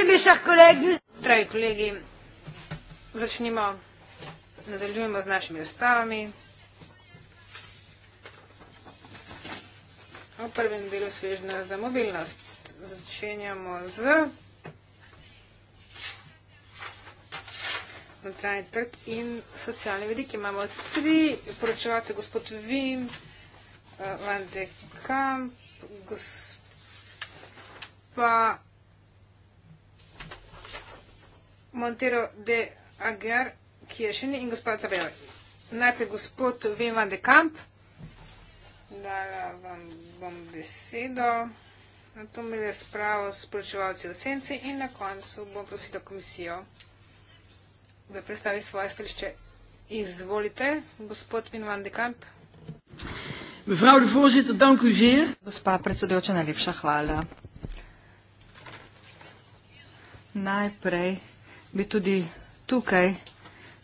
Zdravo, mi šah kolegi. Zdravo, kolegi. Začnimo, nadaljujemo z našimi razpravami. V prvem delu svežna za mobilnost. Začenjamo z notranji trg in socialni vidiki. Imamo tri poročevalce, gospod Vim, eh, Van de Kamp, gospod pa Montero de Aguiar Kiršini in gospod Trebeve. Najprej gospod Vima de Kamp. Dala vam bom besedo. Na to mi je spravo s poročevalci v senci in na koncu bom prosila komisijo, da predstavi svoje stališče. Izvolite, gospod Vin van de Kamp. Mevrouw de voorzitter, dank u zeer. Gospa predsedujoča, najlepša hvala. Najprej bi tudi tukaj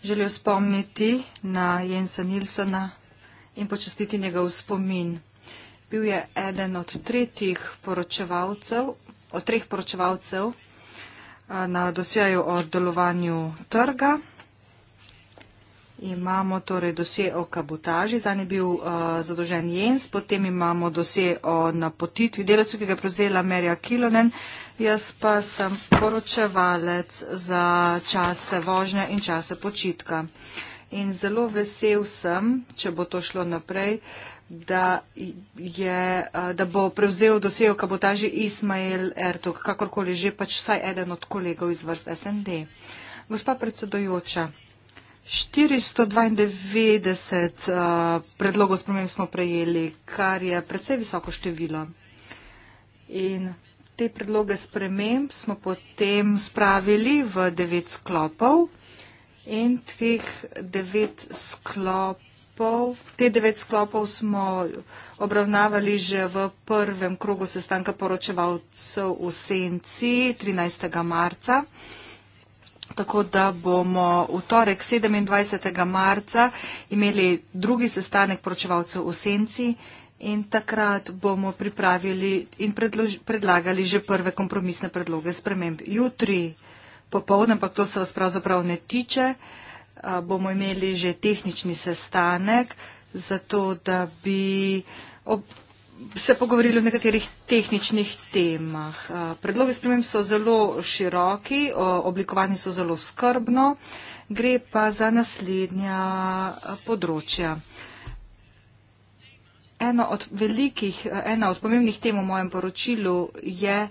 želel spomniti na Jensa Nilsona in počastiti njegov spomin. Bil je eden od tretjih poročevalcev, od treh poročevalcev eh, na dosjeju o delovanju trga. Imamo torej dosje o kabotaži, zanje je bil uh, eh, zadožen Jens, potem imamo dosje o napotitvi delavcev, ki ga je prevzela Merja Kilonen, uh, Jaz pa sem poročevalec za čase vožnje in čase počitka. In zelo vesel sem, če bo to šlo naprej, da, je, da bo prevzel dosejo kabotaži Ismail Ertug, kakorkoli že pač vsaj eden od kolegov iz vrst SND. Gospa predsedojoča, 492 uh, predlogov spremem smo prejeli, kar je predvsej visoko število. In te predloge sprememb smo potem spravili v devet sklopov in teh devet sklop. Te devet sklopov smo obravnavali že v prvem krogu sestanka poročevalcev v Senci 13. marca, tako da bomo v torek 27. marca imeli drugi sestanek poročevalcev v Senci in takrat bomo pripravili in predlož, predlagali že prve kompromisne predloge sprememb. Jutri popovdne, ampak to se vas pravzaprav ne tiče, bomo imeli že tehnični sestanek, zato da bi ob, se pogovorili o nekaterih tehničnih temah. Predloge sprememb so zelo široki, oblikovani so zelo skrbno, gre pa za naslednja področja. Eno od velikih, ena od pomembnih tem v mojem poročilu je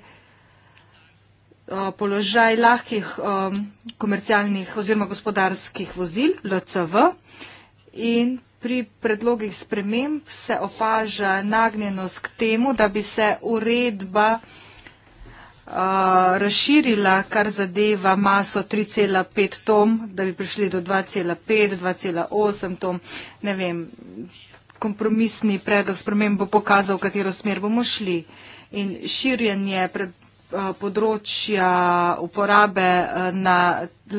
položaj lahkih komercialnih oziroma gospodarskih vozil, LCV, in pri predlogih sprememb se opaža nagnjenost k temu, da bi se uredba razširila, kar zadeva maso 3,5 tom, da bi prišli do 2,5, 2,8 tom, ne vem, kompromisni predlog sprememb bo pokazal, v katero smer bomo šli. In širjenje pred, eh, področja uporabe eh, na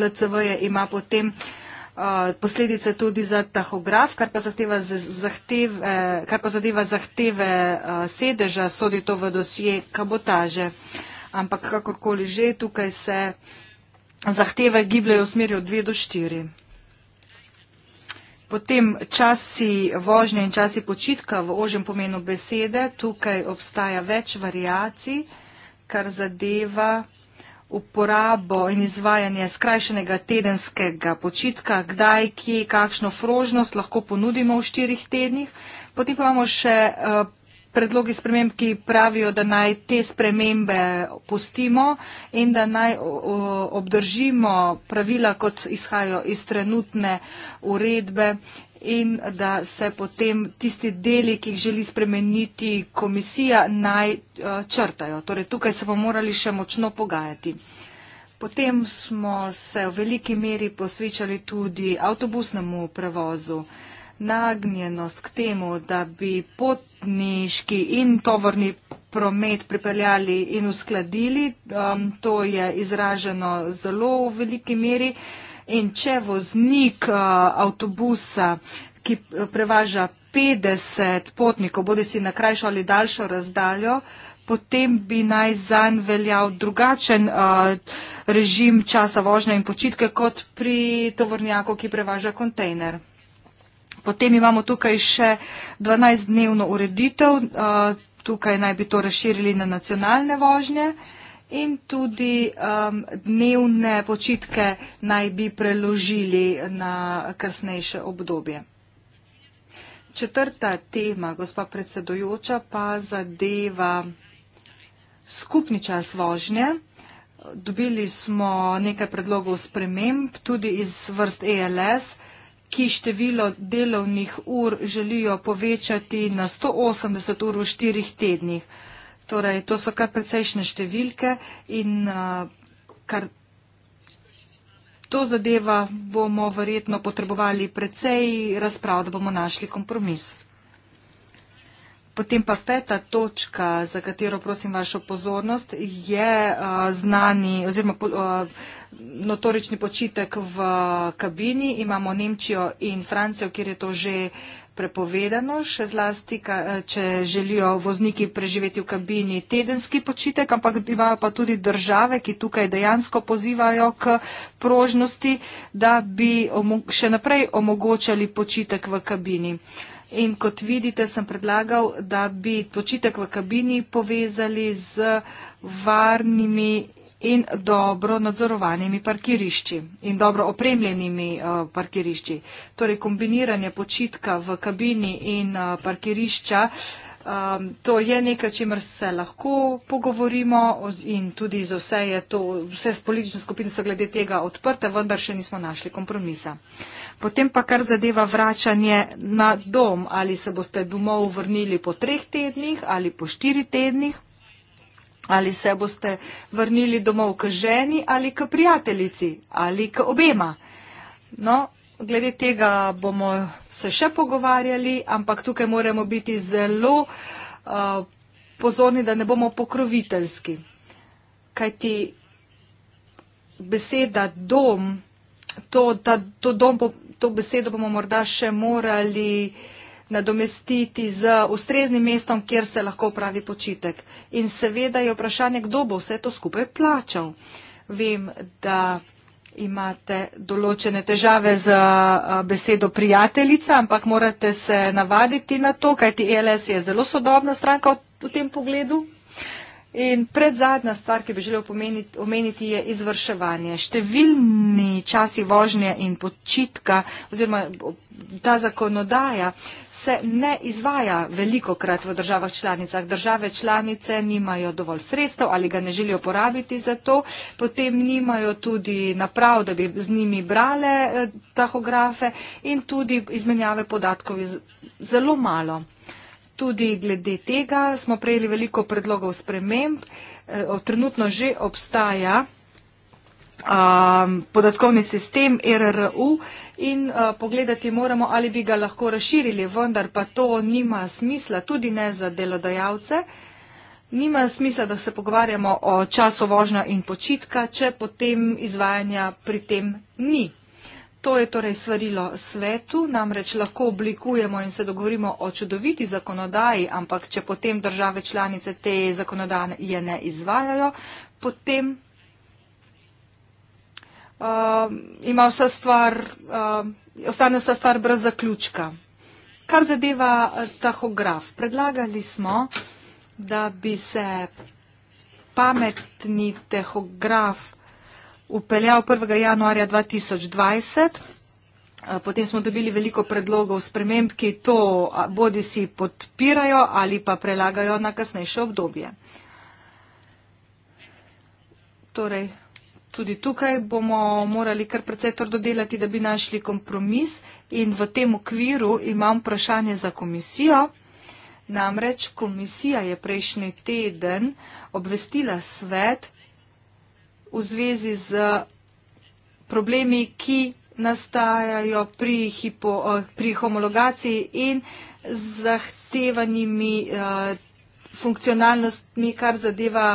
LCV-je ima potem eh, posledice tudi za tahograf, kar pa, zahteve, kar pa zadeva zahteve sedeža, sodi to v dosje kabotaže. Ampak kakorkoli že, tukaj se zahteve gibljajo v smeri od 2 do 4. Potem časi vožnje in časi počitka v ožjem pomenu besede. Tukaj obstaja več variacij, kar zadeva uporabo in izvajanje skrajšanega tedenskega počitka, kdaj, kje, kakšno frožnost lahko ponudimo v štirih tednih. Potem pa imamo še eh, predlogi sprememb, ki pravijo, da naj te spremembe pustimo in da naj obdržimo pravila, kot izhajajo iz trenutne uredbe in da se potem tisti deli, ki jih želi spremeniti komisija, naj črtajo. Torej, tukaj se bomo morali še močno pogajati. Potem smo se v veliki meri posvečali tudi avtobusnemu prevozu nagnjenost k temu, da bi potniški in tovorni promet pripeljali in uskladili, um, to je izraženo zelo v veliki meri. In če voznik uh, avtobusa, ki uh, prevaža 50 potnikov, bodi si na krajšo ali daljšo razdaljo, potem bi naj zanj veljal drugačen uh, režim časa vožnje in počitke kot pri tovornjaku, ki prevaža kontejner. Potem imamo tukaj še 12-dnevno ureditev, eh, tukaj naj bi to razširili na nacionalne vožnje in tudi um, dnevne počitke naj bi preložili na kasnejše obdobje. Četrta tema, gospa predsedojoča, pa zadeva skupni čas vožnje. Dobili smo nekaj predlogov sprememb, tudi iz vrst ELS ki število delovnih ur želijo povečati na 180 ur v štirih tednih. Torej, to so kar precejšne številke in uh, kar to zadeva bomo verjetno potrebovali precej razprav, da bomo našli kompromis. Potem pa peta točka, za katero prosim vašo pozornost, je eh, znani oziroma eh, notorični počitek v kabini. Imamo Nemčijo in Francijo, kjer je to že prepovedano, še zlasti, eh, če želijo vozniki preživeti v kabini tedenski počitek, ampak imajo pa tudi države, ki tukaj dejansko pozivajo k prožnosti, da bi še naprej omogočali počitek v kabini. Uh, In kot vidite, sem predlagal, da bi počitek v kabini povezali z varnimi in dobro nadzorovanimi parkirišči in dobro opremljenimi eh, parkirišči. Torej kombiniranje počitka v kabini in eh, parkirišča. Um, to je nekaj, čimer se lahko pogovorimo in tudi za vse je to, vse politične skupine so glede tega odprte, vendar še nismo našli kompromisa. Potem pa kar zadeva vračanje na dom, ali se boste domov vrnili po treh tednih ali po štiri tednih, ali se boste vrnili domov k ženi ali k prijateljici ali k obema. No, glede tega bomo se še pogovarjali, ampak tukaj moramo biti zelo uh, pozorni, da ne bomo pokroviteljski. Kaj ti beseda dom, to, ta, to, dom bo, to besedo bomo morda še morali nadomestiti z ustreznim mestom, kjer se lahko pravi počitek. In seveda je vprašanje, kdo bo vse to skupaj plačal. Vem, da imate določene težave z besedo prijateljica, ampak morate se navaditi na to, kajti ELS je zelo sodobna stranka v tem pogledu. In predzadnja stvar, ki bi želel omeniti, je izvrševanje. Številni časi vožnje in počitka oziroma ta zakonodaja se ne izvaja veliko krat v državah članicah. Države članice nimajo dovolj sredstev ali ga ne želijo porabiti za to, potem nimajo tudi naprav, da bi z njimi brale eh, tahografe in tudi izmenjave podatkov je zelo malo. Tudi glede tega smo prejeli veliko predlogov sprememb. Eh, trenutno že obstaja um, podatkovni sistem RRU, in uh, pogledati moramo, ali bi ga lahko razširili, vendar pa to nima smisla, tudi ne za delodajalce. Nima smisla, da se pogovarjamo o času vožnja in počitka, če potem izvajanja pri tem ni. To je torej svarilo svetu, namreč lahko oblikujemo in se dogovorimo o čudoviti zakonodaji, ampak če potem države članice te zakonodaje ne izvajajo, potem uh, ima vsa stvar, uh, ostane vsa stvar brez zaključka. Kar zadeva eh, tahograf, predlagali smo, da bi se pametni tahograf upeljal 1. januarja 2020. Eh, potem smo dobili veliko predlogov sprememb, ki to bodi si podpirajo ali pa prelagajo na kasnejše obdobje. Torej, Tudi tukaj bomo morali kar precej trdo delati, da bi našli kompromis in v tem okviru imam vprašanje za komisijo. Namreč komisija je prejšnji teden obvestila svet v zvezi z problemi, ki nastajajo pri, hipo, eh, pri homologaciji in zahtevanimi eh, funkcionalnostmi, kar zadeva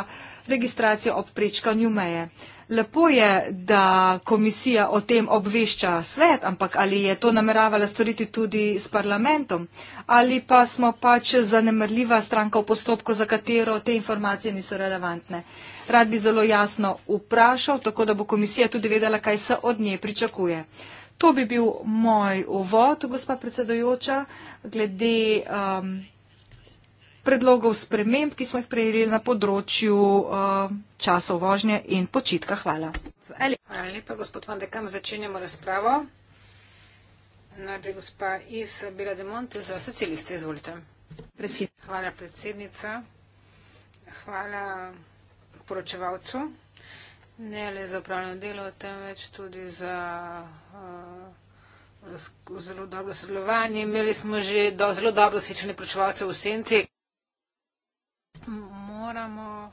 registracijo ob prečkanju meje. Lepo je, da komisija o tem obvešča svet, ampak ali je to nameravala storiti tudi s parlamentom? Ali pa smo pač zanemrljiva stranka v postopku, za katero te informacije niso relevantne? Rad bi zelo jasno vprašal, tako da bo komisija tudi vedela, kaj se od nje pričakuje. To bi bil moj uvod, gospa predsedojoča, glede. Um, predlogov sprememb, ki smo jih prejeli na področju eh, časov vožnje in počitka. Hvala. Ali. Hvala lepa, gospod Vandekam, začenjamo razpravo. Najprej gospa iz Bela de Monte za socialiste, izvolite. Presidna. Hvala predsednica, hvala poročevalcu, ne le za upravljeno delo, temveč tudi za uh, zelo dobro sodelovanje. Imeli smo že do, zelo dobro srečanje poročevalcev v senci moramo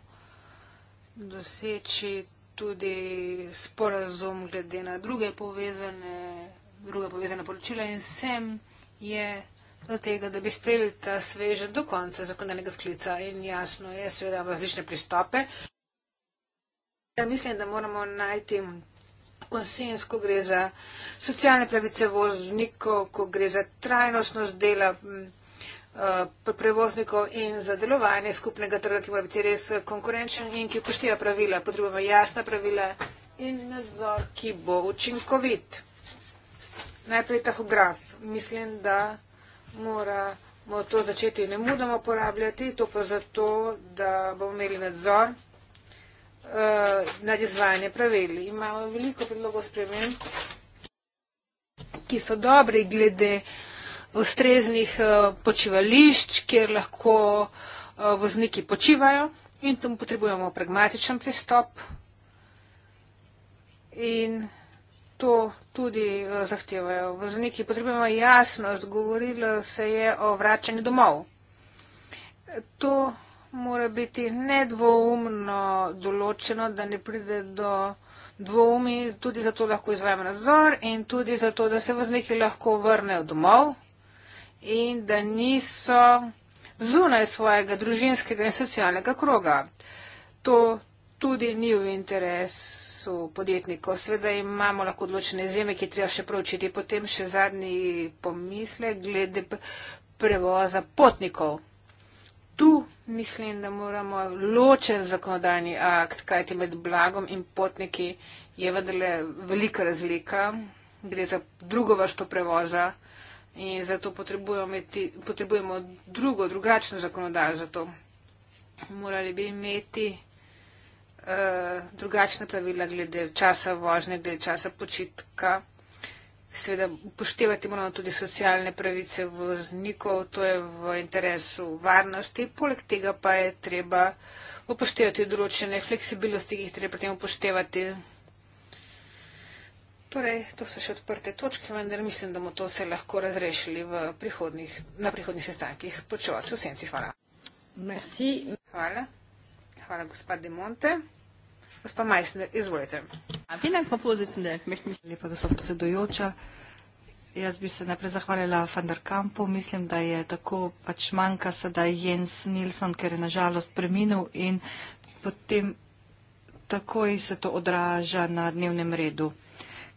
doseči tudi sporazum glede na druge povezane, druge povezane poročila in sem je do tega, da bi sprejeli ta sveže do konca zakonodajnega sklica in jasno je seveda različne pristope. Ja mislim, da moramo najti konsens, ko gre za socialne pravice voznikov, ko gre za trajnostnost dela. Eh, prevoznikov in za delovanje skupnega trga, ki mora biti res konkurenčen in ki upošteva pravila. Potrebujemo jasna pravila in nadzor, ki bo učinkovit. Najprej tahograf. Mislim, da moramo to začeti ne mudoma uporabljati, to pa zato, da bomo imeli nadzor uh, nad izvajanjem pravil. Imamo veliko predlogov spremen, ki so dobri glede uh, ustreznih eh, počivališč, kjer lahko eh, vozniki počivajo in tam potrebujemo pragmatičen pristop. In to tudi eh, zahtevajo vozniki. Potrebujemo jasnost, govorilo se je o vračanju domov. To mora biti nedvoumno določeno, da ne pride do dvomi, tudi zato lahko izvajamo nadzor in tudi zato, da se vozniki lahko vrnejo domov in da niso zunaj svojega družinskega in socialnega kroga. To tudi ni v interesu podjetnikov. Sveda imamo lahko odločene izjeme, ki treba še pravčiti. Potem še zadnji pomisle glede prevoza potnikov. Tu mislim, da moramo ločen zakonodajni akt, kajti med blagom in potniki je vendarle velika razlika. Gre za drugo vrsto prevoza in zato potrebujemo, imeti, potrebujemo drugo, drugačno zakonodajo za to. Morali bi imeti uh, eh, drugačne pravila glede časa vožnje, glede časa počitka. Seveda upoštevati moramo tudi socialne pravice voznikov, to je v interesu varnosti. Poleg tega pa je treba upoštevati določene fleksibilnosti, ki jih treba potem upoštevati. Torej, to so še odprte točke, vendar mislim, da bomo to se lahko razrešili prihodnih, na prihodnih sestankih. Spočevač v senci, hvala. Merci. Hvala. Hvala, gospa De Monte. Gospa Majsner, izvolite. Vinen, pa pozicine. Lepa, gospa predsedujoča. Jaz bi se najprej zahvalila Fanderkampu. Mislim, da je tako pač manjka sedaj Jens Nilsson, ker je nažalost preminil in potem takoj se to odraža na dnevnem redu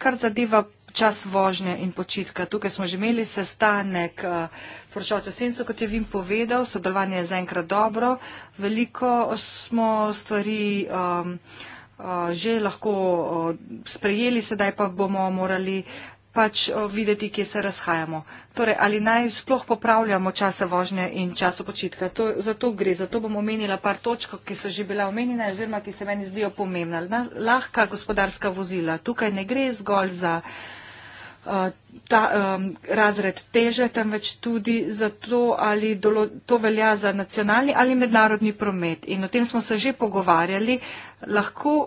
kar zadeva čas vožnje in počitka. Tukaj smo že imeli sestanek uh, eh, poročalcev Senco, kot je Vim povedal, sodelovanje je zaenkrat dobro, veliko smo stvari um, uh, že lahko uh, sprejeli, sedaj pa bomo morali pač videti, kje se razhajamo. Torej, ali naj sploh popravljamo časa vožnje in časa počitka. To, za to gre, zato bom omenila par točk, ki so že bila omenjena, oziroma ki se meni zdijo pomembna. Lahka gospodarska vozila. Tukaj ne gre zgolj za uh, ta um, razred teže, temveč tudi za to, ali dolo, to velja za nacionalni ali mednarodni promet. In o tem smo se že pogovarjali. Lahko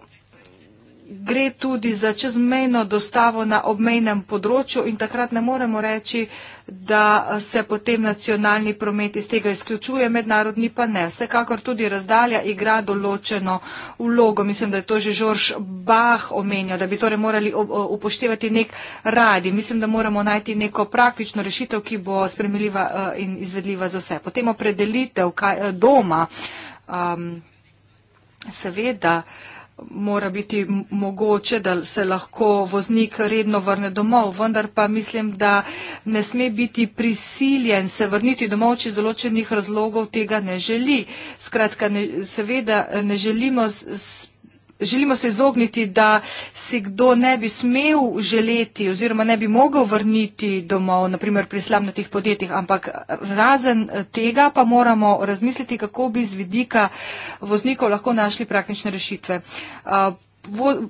gre tudi za čezmejno dostavo na obmejnem področju in takrat ne moremo reči, da se potem nacionalni promet iz tega izključuje, mednarodni pa ne. Vsekakor tudi razdalja igra določeno vlogo. Mislim, da je to že Žorž Bah omenjal, da bi torej morali upoštevati nek radi. Mislim, da moramo najti neko praktično rešitev, ki bo spremljiva e, in izvedljiva za vse. Potem opredelitev kaj, e, doma. Um, seveda, uh, mora biti mogoče, da se lahko voznik redno vrne domov, vendar pa mislim, da ne sme biti prisiljen se vrniti domov, če iz določenih razlogov tega ne želi. Skratka, ne, seveda ne želimo. S, s, Želimo se izogniti, da si kdo ne bi smel želeti oziroma ne bi mogel vrniti domov, naprimer pri slabnatih podjetjih, ampak razen eh, tega pa moramo razmisliti, kako bi z vidika voznikov lahko našli praktične rešitve. Eh, vo, eh,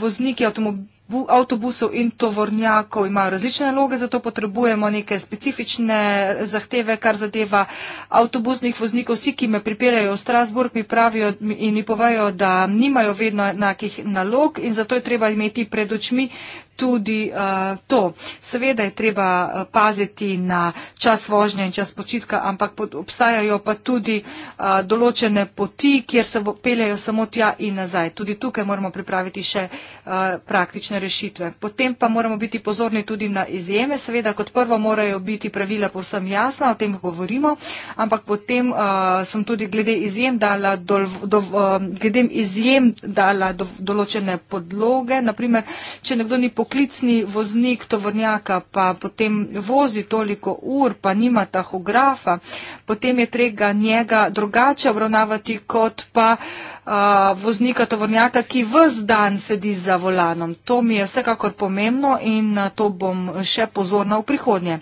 voznik je avtomobil avtobusov in tovornjakov imajo različne naloge, zato potrebujemo neke specifične zahteve, kar zadeva avtobusnih voznikov. Vsi, ki me pripeljajo v Strasburg, mi pravijo in mi povejo, da nimajo vedno enakih nalog in zato je treba imeti pred očmi tudi uh, to. Seveda je treba eh, paziti na čas vožnje in čas počitka, ampak pod, obstajajo pa tudi uh, določene poti, kjer se peljajo samo tja in nazaj. Tudi tukaj moramo pripraviti še uh, praktične rešitve. Potem pa moramo biti pozorni tudi na izjeme. Seveda kot prvo morajo biti pravila povsem jasna, o tem govorimo, ampak potem uh, sem tudi glede izjem dala, dol, do, uh, glede izjem dala do, določene podloge. Naprimer, če nekdo ni pokojnil, poklicni voznik tovornjaka pa potem vozi toliko ur, pa nima tahografa, potem je treba njega drugače obravnavati kot pa a, voznika tovornjaka, ki vse dan sedi za volanom. To mi je vsekakor pomembno in na to bom še pozorna v prihodnje.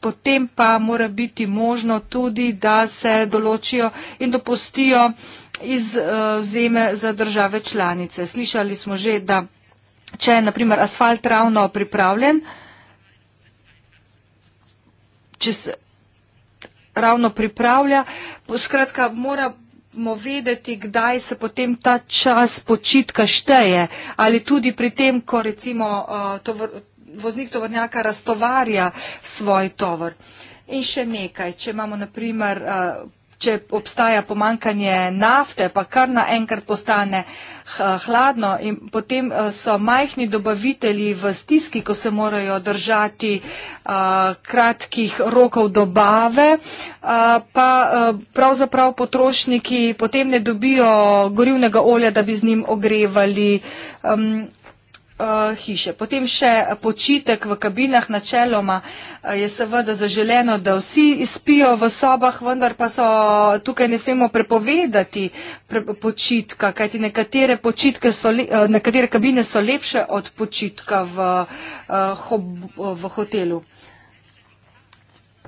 Potem pa mora biti možno tudi, da se določijo in dopustijo izzeme uh, za države članice. Slišali smo že, da če je naprimer asfalt ravno pripravljen, če se ravno pripravlja, skratka mora vedeti, kdaj se potem ta čas počitka šteje ali tudi pri tem, ko recimo uh, tovr, voznik tovornjaka raztovarja svoj tovor. In še nekaj, če imamo naprimer uh, če obstaja pomankanje nafte, pa kar naenkrat postane hladno in potem eh, so majhni dobavitelji v stiski, ko se morajo držati eh, kratkih rokov dobave, eh, pa pravzaprav potrošniki potem ne dobijo gorivnega olja, da bi z njim ogrevali Eh, hiše. Potem še počitek v kabinah načeloma eh, je seveda zaželeno, da vsi spijo v sobah, vendar pa so tukaj ne smemo prepovedati pre počitka, kajti nekatere, so, eh, nekatere kabine so lepše od počitka v, v hotelu.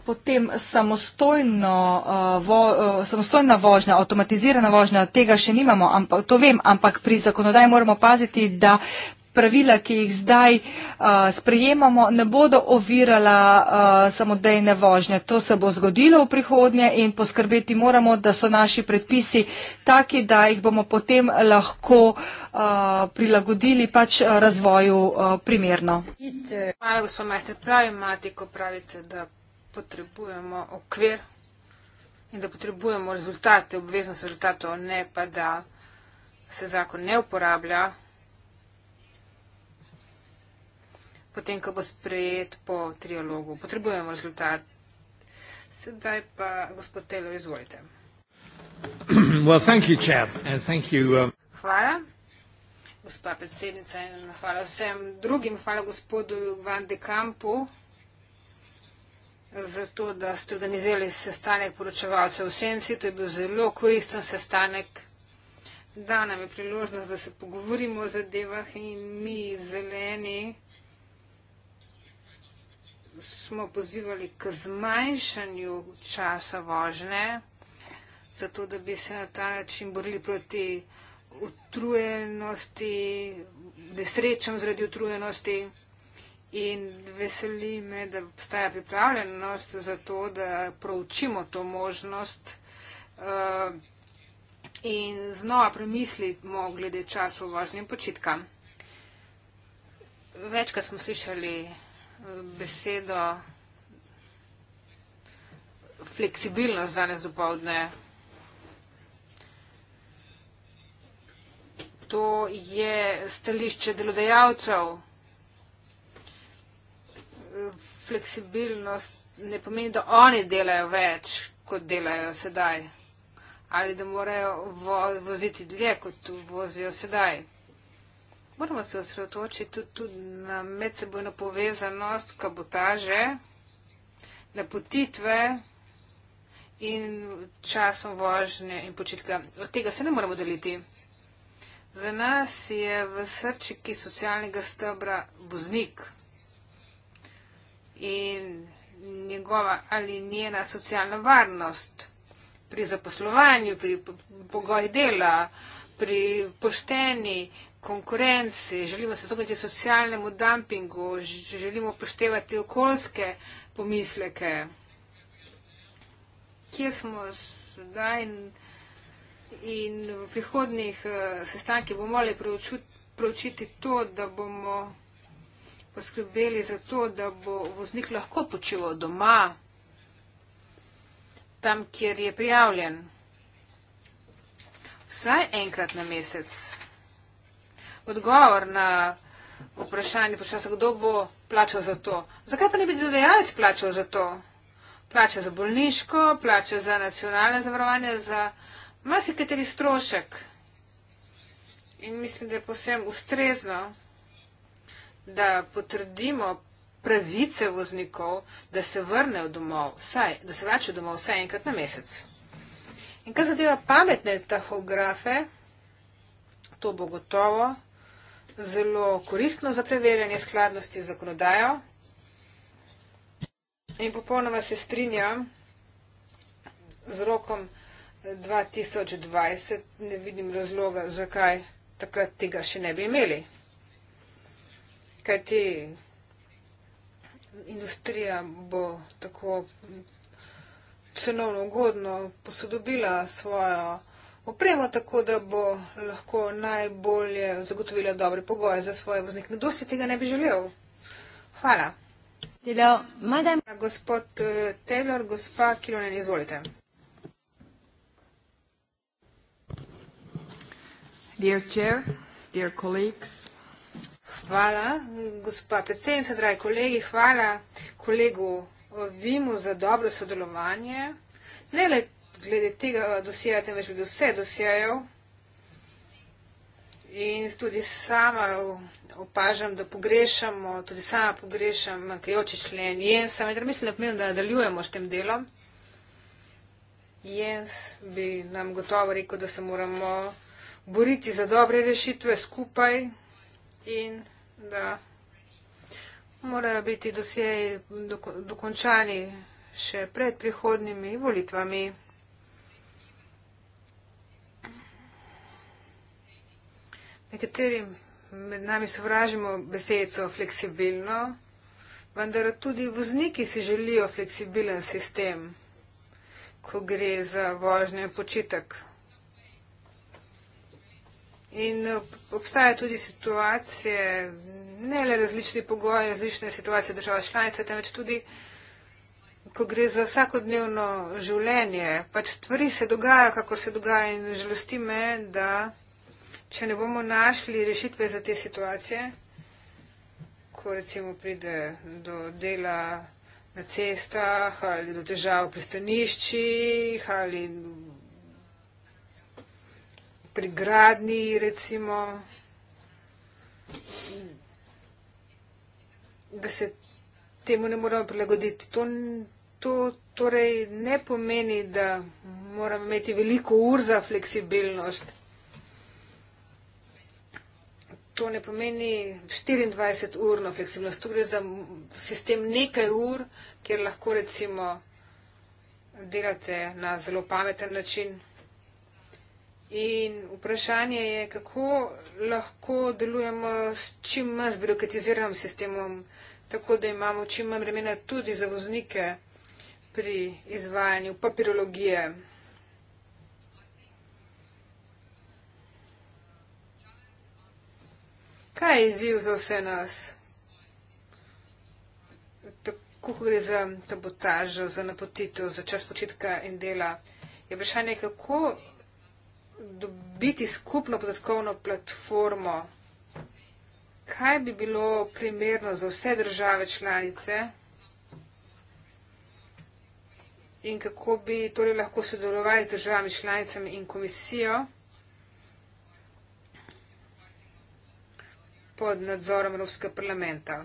Potem samostojno, uh, vo, uh, samostojna vožnja, avtomatizirana vožnja, tega še nimamo, ampak, to vem, ampak pri zakonodaji moramo paziti, da pravila, ki jih zdaj uh, sprejemamo, ne bodo ovirala uh, samodejne vožnje. To se bo zgodilo v prihodnje in poskrbeti moramo, da so naši predpisi taki, da jih bomo potem lahko uh, prilagodili pač razvoju primerno. Hvala, gospod Majster. Pravi mati, ko pravite, da potrebujemo okvir in da potrebujemo rezultate, obveznost rezultatov, ne pa da se zakon ne uporablja. potem, ko bo sprejet po trialogu. Potrebujemo rezultat. Sedaj pa, gospod Taylor, izvolite. Well, you, chap, you, um... Hvala, gospa predsednica, in hvala vsem drugim. Hvala gospodu Van de Kampu za to, da ste organizirali sestanek poročevalcev v Senci. To je bil zelo koristen sestanek. Da nam je priložnost, da se pogovorimo o zadevah in mi zeleni smo pozivali k zmanjšanju časa vožnje, zato da bi se na ta način borili proti utrujenosti, nesrečam zaradi utrujenosti. In veseli me, da obstaja pripravljenost za to, da proučimo to možnost eh, in znova premislimo glede času vožnje in počitka. Večkrat smo slišali besedo fleksibilnost danes dopovdne. To je stališče delodajalcev. Fleksibilnost ne pomeni, da oni delajo več, kot delajo sedaj. Ali da morajo voziti dlje, kot vozijo sedaj moramo se osredotočiti tudi, tudi na medsebojno povezanost, kabotaže, napotitve in časom vožnje in počitka. Od tega se ne moramo deliti. Za nas je v srčiki socialnega stebra voznik in njegova ali njena socialna varnost pri zaposlovanju, pri pogoji dela, pri pošteni, konkurenci, želimo se zogniti socialnemu dumpingu, želimo upoštevati okoljske pomisleke. Kjer smo zdaj in, in v prihodnih eh, sestankih bomo morali preučiti to, da bomo poskrbeli za to, da bo voznik lahko počival doma, tam, kjer je prijavljen. Vsaj enkrat na mesec odgovor na vprašanje, počasa, kdo bo plačal za to. Zakaj pa ne bi delodajalec plačal za to? Plača za bolniško, plača za nacionalne zavarovanje, za marsikateri strošek. In mislim, da je posebno ustrezno, da potrdimo pravice voznikov, da se vrnejo domov, vsaj, da se vračajo domov vsaj enkrat na mesec. In kar zadeva pametne tahografe, to bo gotovo zelo koristno za preverjanje skladnosti zakonodajo. In popolnoma se strinjam z rokom 2020, ne vidim razloga, zakaj takrat tega še ne bi imeli. Kajti industrija bo tako cenovno ugodno posodobila svojo opremo, tako da bo lahko najbolje zagotovila dobre pogoje za svoje voznike. Kdo si tega ne bi želel? Hvala. Delo, madam. Ja, gospod eh, Taylor, gospa Kilonen, izvolite. Dear chair, dear colleagues. Hvala, gospa predsednica, dragi kolegi, hvala kolegu Vimu za dobro sodelovanje. Ne le glede tega dosjeja, temveč glede vse dosjejev. In tudi sama opažam, da pogrešamo, tudi sama pogrešam manjkajoči člen Jensa, vendar mislim, da pomembno, da nadaljujemo s tem delom. Jens bi nam gotovo rekel, da se moramo boriti za dobre rešitve skupaj in da morajo biti dosjeji dokončani še pred prihodnimi volitvami. Nekateri med nami sovražimo besedico fleksibilno, vendar tudi vozniki si želijo fleksibilen sistem, ko gre za vožnjo in počitek. In eh, obstaja tudi situacije, ne le različni pogoji, različne situacije država članice, temveč tudi, ko gre za vsakodnevno življenje. Pač stvari se dogajajo, kakor se dogaja in žalosti me, da če ne bomo našli rešitve za te situacije, ko recimo pride do dela na cestah ali do težav v pristaniščih ali pri gradni recimo, da se temu ne moramo prilagoditi. To, to torej ne pomeni, da moramo imeti veliko ur za fleksibilnost, to ne pomeni 24-urno fleksibilnost, tu gre za sistem nekaj ur, kjer lahko recimo delate na zelo pameten način. In vprašanje je, kako lahko delujemo s čim manj zbirokratiziranim sistemom, tako da imamo čim manj vremena tudi za voznike pri izvajanju papirologije. Kaj je izziv za vse nas? Tako, ko gre za tabotažo, za napotitev, za čas počitka in dela, je vprašanje, kako dobiti skupno podatkovno platformo. Kaj bi bilo primerno za vse države članice? In kako bi torej lahko sodelovali z državami članicami in komisijo? pod nadzorom Ruske parlamenta.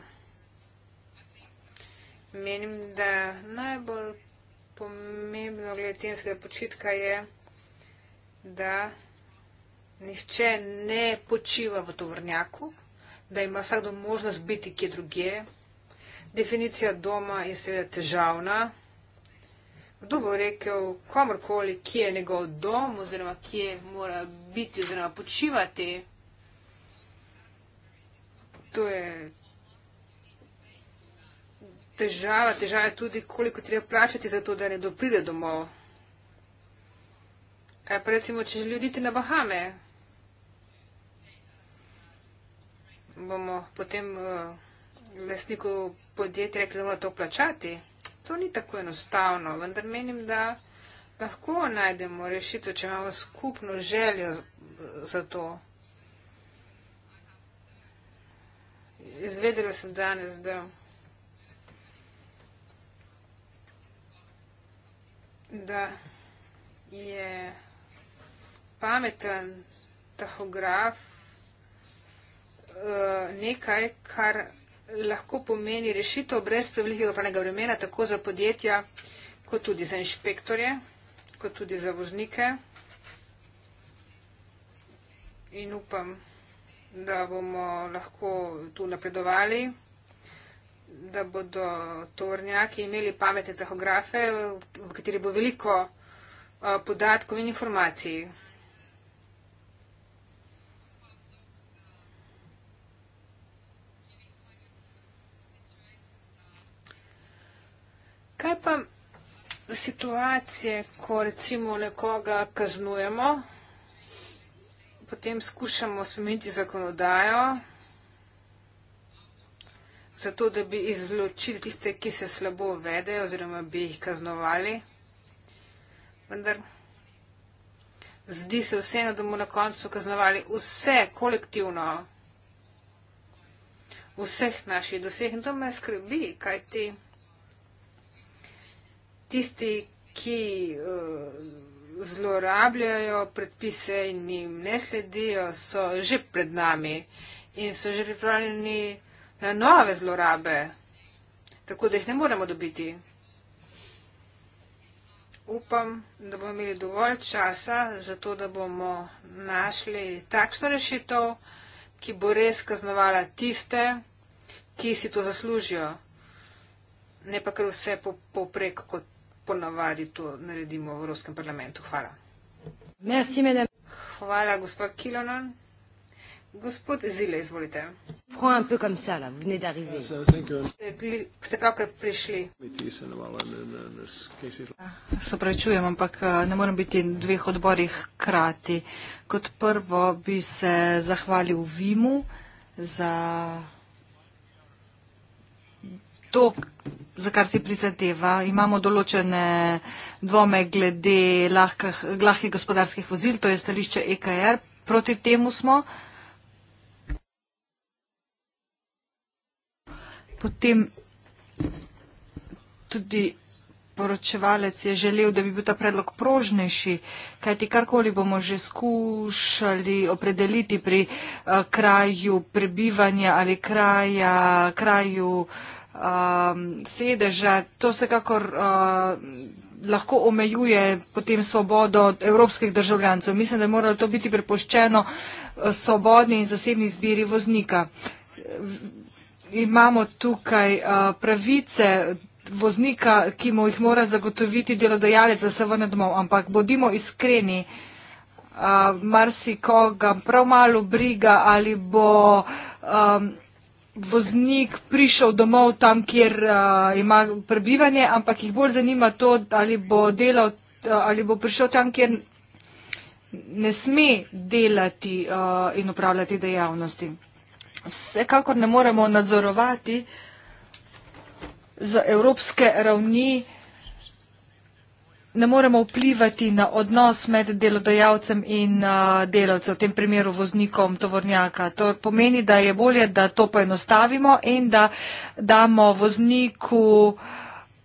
Menim, da najbolj pomembno glede tenskega počitka je, da nihče ne počiva v tovrnjaku, da ima vsakdo možnost biti kje druge. Definicija doma je seveda težavna. Kdo bo rekel komorkoli, kje je njegov dom oziroma kje mora biti oziroma počivati? to je težava. Težava je tudi, koliko treba plačati za to, da ne dopride domov. Kaj pa recimo, če želi oditi na Bahame? Bomo potem uh, eh, lesniku podjetja rekli, da mora to plačati. To ni tako enostavno, vendar menim, da lahko najdemo rešitev, če imamo skupno željo za to. Izvedela sem danes, da da je pameten tahograf eh, nekaj, kar lahko pomeni rešitev brez prevelikega upravnega vremena, tako za podjetja, kot tudi za inšpektorje, kot tudi za voznike. In upam, da je to nekaj, kar lahko pomeni rešitev brez prevelikega upravnega vremena, tako za podjetja, kot tudi za inšpektorje, kot tudi za voznike. In upam, da je to nekaj, kar lahko pomeni rešitev brez prevelikega upravnega vremena, tako za podjetja, kot tudi za inšpektorje, kot tudi za voznike da bomo lahko tu napredovali, da bodo tovornjaki imeli pametne tahografe, v kateri bo veliko podatkov in informacij. Kaj pa situacije, ko recimo nekoga kaznujemo? potem skušamo spremeniti zakonodajo, zato da bi izločili tiste, ki se slabo vedejo oziroma bi jih kaznovali. Vendar zdi se vseeno, da bomo na koncu kaznovali vse kolektivno, vseh naših doseh in to me skrbi, kaj ti tisti, ki. Uh, zlorabljajo predpise in jim ne sledijo, so že pred nami in so že pripravljeni na nove zlorabe, tako da jih ne moremo dobiti. Upam, da bomo imeli dovolj časa za to, da bomo našli takšno rešitev, ki bo res kaznovala tiste, ki si to zaslužijo, ne pa kar vse poprek kot ponavadi to naredimo v Evropskem parlamentu. Hvala. Merci, Hvala, gospod Kilonon. Gospod Zile, izvolite. Eh, ste pravkar prišli. Se pravi, čujem, ampak eh, ne moram biti v dveh odborih krati. Kot prvo bi se zahvalil Vimu za to, za kar si prizadeva. Imamo določene dvome glede lahkih, lahkih gospodarskih vozil, to je stališče EKR. Proti temu smo. Potem tudi poročevalec je želel, da bi bil ta predlog prožnejši, kajti karkoli bomo že skušali opredeliti pri uh, kraju prebivanja ali kraja, kraju. Uh, um, sedeža. To vsekakor uh, lahko omejuje potem svobodo evropskih državljancev. Mislim, da mora to biti prepoščeno uh, svobodni in zasebni zbiri voznika. Imamo tukaj uh, pravice voznika, ki mu jih mora zagotoviti delodajalec, da se vrne domov. Ampak bodimo iskreni, uh, marsikoga prav malo briga ali bo. Um, voznik prišel domov tam, kjer uh, ima prebivanje, ampak jih bolj zanima to, ali bo, delal, uh, ali bo prišel tam, kjer ne sme delati uh, in upravljati dejavnosti. Vsekakor ne moremo nadzorovati z evropske ravni uh, ne moremo vplivati na odnos med delodajalcem in delavcem, v tem primeru voznikom tovornjaka. To pomeni, da je bolje, da to poenostavimo in da damo vozniku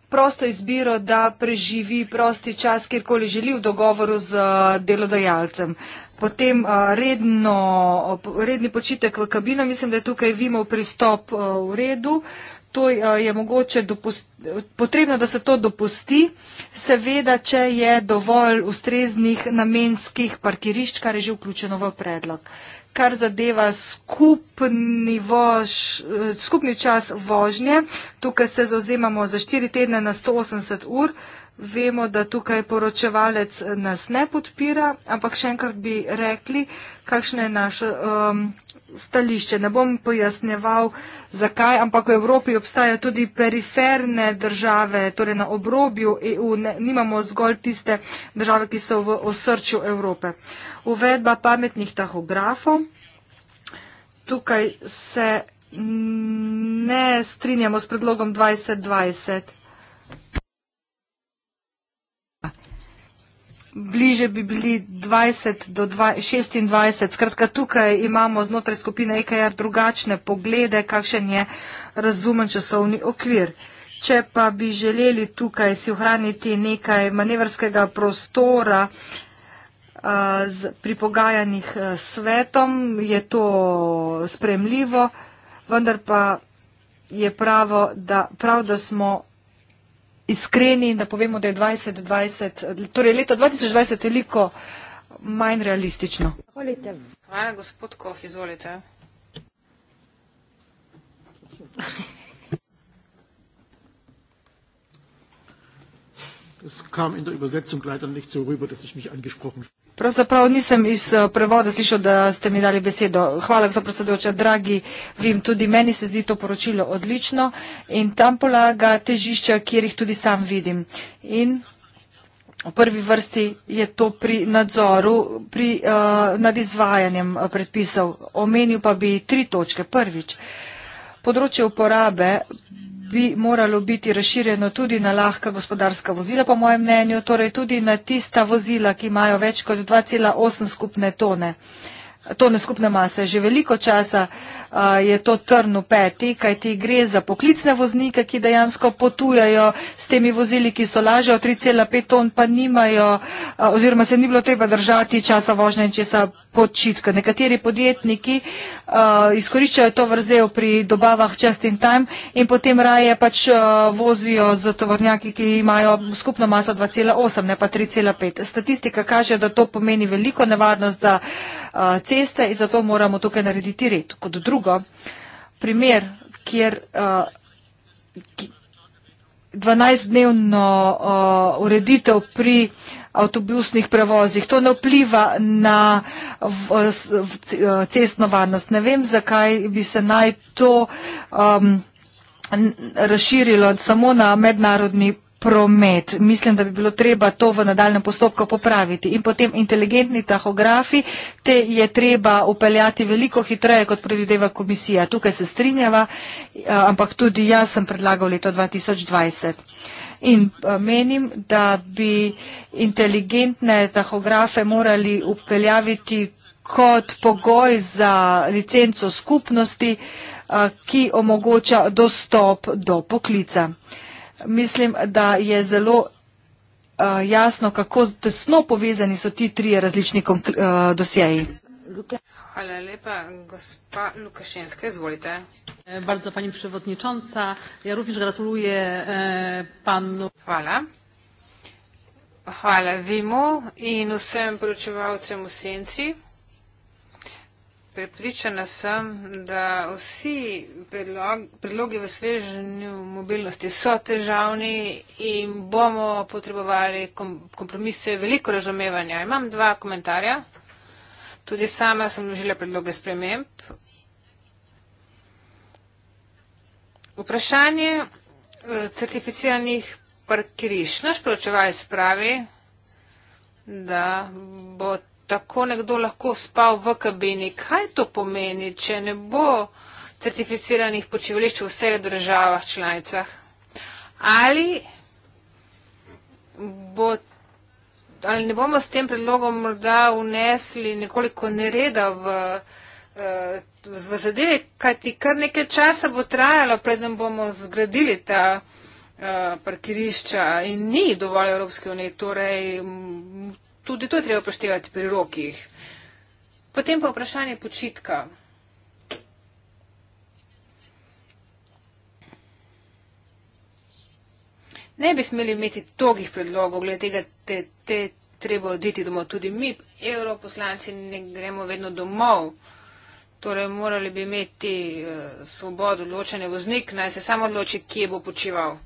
prosto izbiro, da preživi prosti čas, kjerkoli želi v dogovoru z delodajalcem. Potem redno, redni počitek v kabino, mislim, da je tukaj Vimov pristop v redu to eh, je mogoče potrebno, da se to dopusti, seveda, če je dovolj ustreznih namenskih parkirišč, kar je že vključeno v predlog. Kar zadeva skupni, vož, eh, skupni čas vožnje, tukaj se zauzemamo za 4 tedne na 180 ur. Vemo, da tukaj poročevalec nas ne podpira, ampak še enkrat bi rekli, kakšno je naše um, stališče. Ne bom pojasnjeval, zakaj, ampak v Evropi obstajajo tudi periferne države, torej na obrobju EU, ne, nimamo zgolj tiste države, ki so v osrčju Evrope. Uvedba pametnih tahografov. Tukaj se ne strinjamo s predlogom 2020 bliže bi bili 20 do 20, 26. Skratka, tukaj imamo znotraj skupine EKR drugačne poglede, kakšen je razumen časovni okvir. Če pa bi želeli tukaj si ohraniti nekaj manevrskega prostora uh, pri pogajanjih svetom, je to spremljivo, vendar pa je pravo, da, prav, da smo iskreni in da povemo, da je 2020, torej leto 2020 veliko manj realistično. Hvala, gospod Kof, izvolite. Es kam in der Übersetzung leider nicht so rüber, dass ich mich angesprochen fühle. Pravzaprav nisem iz eh, prevoda slišal, da ste mi dali besedo. Hvala, gospod predsedujoča. Dragi Vim, tudi meni se zdi to poročilo odlično in tam polaga težišča, kjer jih tudi sam vidim. In v prvi vrsti je to pri nadzoru, pri uh, eh, nadizvajanjem eh, predpisov. Omenil pa bi tri točke. Prvič, področje uporabe bi moralo biti razširjeno tudi na lahka gospodarska vozila, po mojem mnenju, torej tudi na tista vozila, ki imajo več kot 2,8 skupne tone, tone skupne mase. Že veliko časa uh, je to trn v peti, kajti gre za poklicne voznike, ki dejansko potujajo s temi vozili, ki so lažje od 3,5 ton, pa nimajo oziroma se ni bilo treba držati časa vožnje in česa počitka. Nekateri podjetniki izkoriščajo to vrzel pri dobavah just in time in potem raje pač vozijo z tovornjaki, ki imajo skupno maso 2,8, ne pa 3,5. Statistika kaže, da to pomeni veliko nevarnost za ceste in zato moramo tukaj narediti red. Kot drugo, drugo. Primer, kjer uh, 12-dnevno uh, ureditev pri avtobusnih prevozih, to ne vpliva na v, v, v, uh, cestno varnost. Ne vem, zakaj bi se naj to um, razširilo samo na mednarodni promet. Mislim, da bi bilo treba to v nadaljem postopku popraviti. In potem inteligentni tahografi, te je treba upeljati veliko hitreje, kot predvideva komisija. Tukaj se strinjava, eh, ampak tudi jaz sem predlagal leto 2020. In eh, menim, da bi inteligentne tahografe morali upeljaviti kot pogoj za licenco skupnosti, eh, ki omogoča dostop do poklica mislim, da je zelo uh, jasno, kako tesno povezani so ti trije različni uh, dosjeji. Hvala lepa, gospa Lukašenska, izvolite. E, bardzo pani przewodnicząca, ja również gratuluję e, panu. Hvala. Hvala vimu in vsem poročevalcem v senci. Pripričana sem, da vsi predlogi v svežnju mobilnosti so težavni in bomo potrebovali kom kompromise veliko razumevanja. Imam dva komentarja. Tudi sama sem vložila predloge sprememb. Vprašanje eh, certificiranih parkiriš. Naš poročevalec pravi, da bo tako nekdo lahko spal v kabini. Kaj to pomeni, če ne bo certificiranih počivališč v vseh državah članicah? Ali, bo, ali ne bomo s tem predlogom morda unesli nekoliko nereda v, v, eh, v zadeve, kajti kar nekaj časa bo trajalo, predem bomo zgradili ta eh, parkirišča in ni dovolj Evropske unije, torej Tudi to je treba upoštevati pri rokih. Potem pa vprašanje počitka. Ne bi smeli imeti togih predlogov, glede tega te, te treba oditi domov. Tudi mi, europoslanci, ne gremo vedno domov. Torej, morali bi imeti uh, svobodo, ločene voznik, naj se samo odloči, kje bo počival.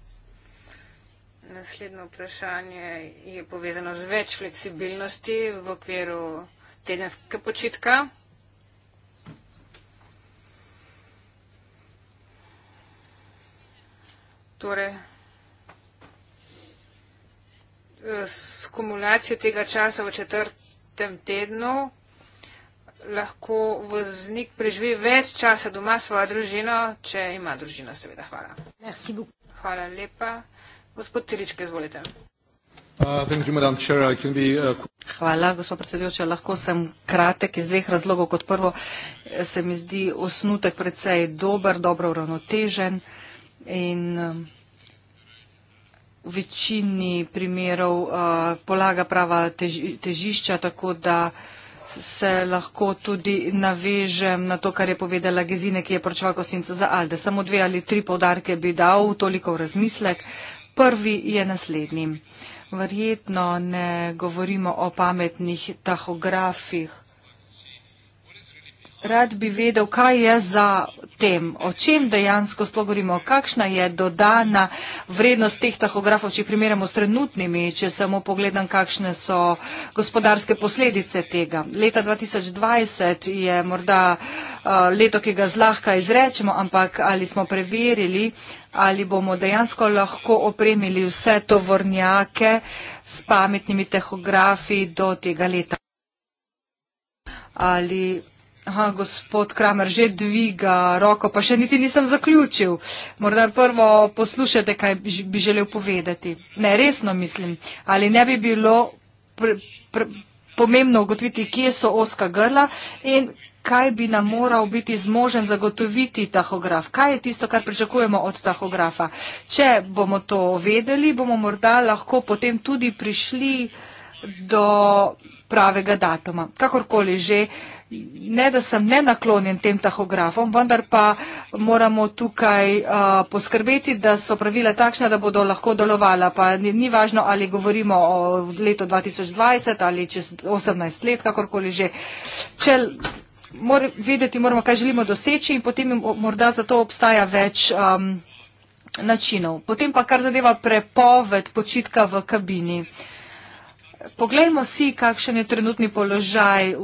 Naslednje vprašanje je povezano z več fleksibilnosti v okviru tedenskega počitka. Torej, s kumulacijo tega časa v četrtem tednu lahko voznik preživi več časa doma s svojo družino, če ima družino, seveda. Hvala. Hvala lepa. Uh, uh, Hvala, gospod predsedujoča. Lahko sem kratek iz dveh razlogov. Kot prvo eh, se mi zdi osnutek predvsej dober, dobro uravnotežen in um, v večini primerov uh, polaga prava težišča, tako da se lahko tudi navežem na to, kar je povedala Gezine, ki je pročeval kosenca za Alde. Samo dve ali tri povdarke bi dal, toliko v razmislek. Prvi je naslednji. Verjetno ne govorimo o pametnih tahografih, rad bi vedel, kaj je za tem, o čem dejansko sploh govorimo, kakšna je dodana vrednost teh tahografov, če primerjamo s trenutnimi, če samo pogledam, kakšne so gospodarske posledice tega. Leta 2020 je morda eh, leto, ki ga zlahka izrečemo, ampak ali smo preverili, ali bomo dejansko lahko opremili vse to vrnjake s pametnimi tahografi do tega leta. Ali Aha, gospod Kramer že dviga roko, pa še niti nisem zaključil. Morda prvo poslušate, kaj bi želel povedati. Ne, resno mislim. Ali ne bi bilo pre, pre, pomembno ugotoviti, kje so oska grla in kaj bi nam moral biti zmožen zagotoviti tahograf? Kaj je tisto, kar pričakujemo od tahografa? Če bomo to vedeli, bomo morda lahko potem tudi prišli do pravega datuma. Kakorkoli že ne da sem nenaklonjen tem tahografom, vendar pa moramo tukaj uh, poskrbeti, da so pravila takšna, da bodo lahko delovala. Pa ni, ni važno, ali govorimo o letu 2020 ali čez 18 let, kakorkoli že. Če mor, videti moramo, kaj želimo doseči in potem morda za to obstaja več. Um, Načinov. Potem pa kar zadeva prepoved počitka v kabini. Uh, Poglejmo si, kakšen je trenutni položaj v,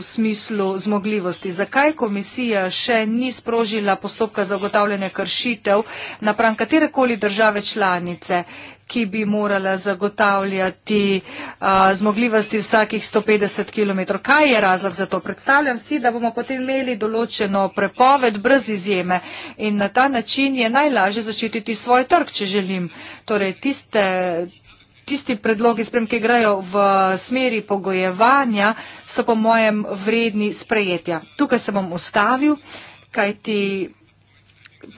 v smislu zmogljivosti. Zakaj komisija še ni sprožila postopka za ugotavljanje kršitev napram katerekoli države članice, ki bi morala zagotavljati a, zmogljivosti vsakih 150 km? Kaj je razlog za to? Predstavljam si, da bomo potem imeli določeno prepoved brez izjeme in na ta način je najlažje zaščititi svoj trg, če želim. Torej, tiste, tisti predlogi sprem, ki grejo v smeri pogojevanja, so po mojem vredni sprejetja. Tukaj se bom ustavil, kajti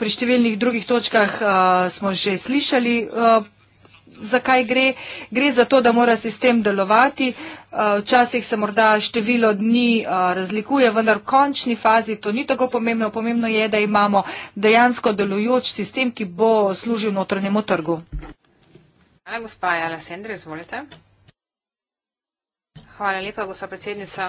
pri številnih drugih točkah uh, smo že slišali, uh, eh, zakaj gre. Gre za to, da mora sistem delovati. Eh, včasih se morda število dni razlikuje, vendar v končni fazi to ni tako pomembno. Pomembno je, da imamo dejansko delujoč sistem, ki bo služil notranjemu trgu. Hvala, gospa Jala Sendre, izvolite. Hvala lepa, gospa predsednica.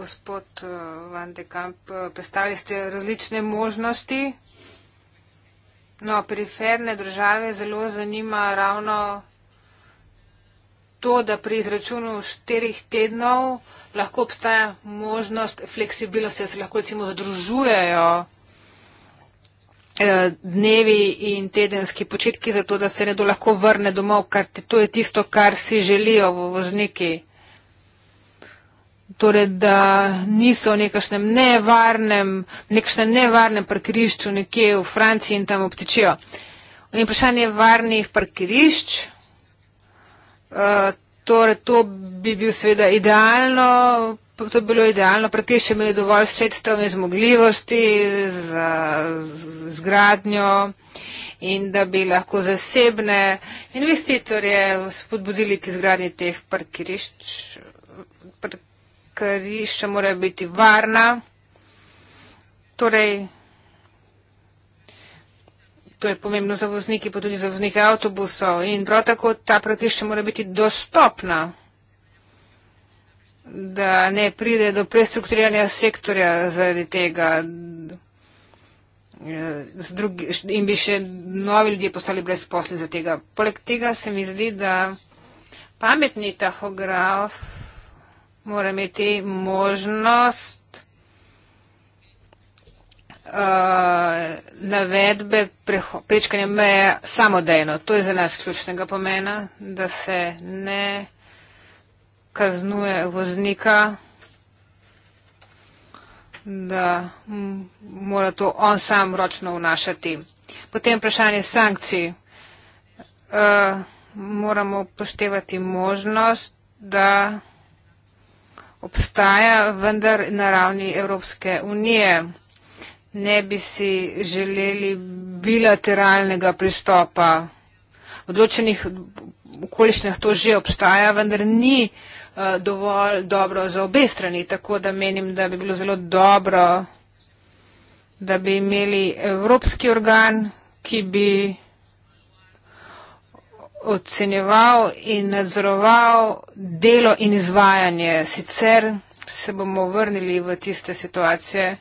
Gospod eh, Van de Kamp, eh, predstavili ste različne možnosti. No, periferne države zelo zanima ravno to, da pri izračunu štirih tednov lahko obstaja možnost fleksibilnosti, da se lahko recimo združujejo Eh, dnevi in tedenski počitki, zato da se nekdo lahko vrne domov, ker to je tisto, kar si želijo v vožniki. Torej, da niso v nekašnem nevarnem, nekašnem nevarnem parkirišču nekje v Franciji in tam obtičijo. In vprašanje varnih parkirišč. Uh, Torej, to bi bil seveda idealno, to bi bilo idealno, pred te še imeli dovolj sredstev in zmogljivosti za zgradnjo in da bi lahko zasebne investitorje spodbudili k izgradnji teh parkirišč. Parkirišča morajo biti varna. Torej, to je pomembno za voznike, pa tudi za voznike avtobusov. In prav tako ta parkirišča mora biti dostopna, da ne pride do prestrukturiranja sektorja zaradi tega. Drugi, in bi še novi ljudje postali brez posli za tega. Poleg tega se mi zdi, da pametni tahograf mora imeti možnost Eh, navedbe prečkanja meje samodejno. To je za nas ključnega pomena, da se ne kaznuje voznika, da mora to on sam ročno vnašati. Potem vprašanje sankcij. Uh, moramo upoštevati možnost, da obstaja vendar na ravni Evropske unije ne bi si želeli bilateralnega pristopa. V odločenih okoliščinah to že obstaja, vendar ni eh, dovolj dobro za obe strani, tako da menim, da bi bilo zelo dobro, da bi imeli evropski organ, ki bi ocenjeval in nadzoroval delo in izvajanje. Sicer se bomo vrnili v tiste situacije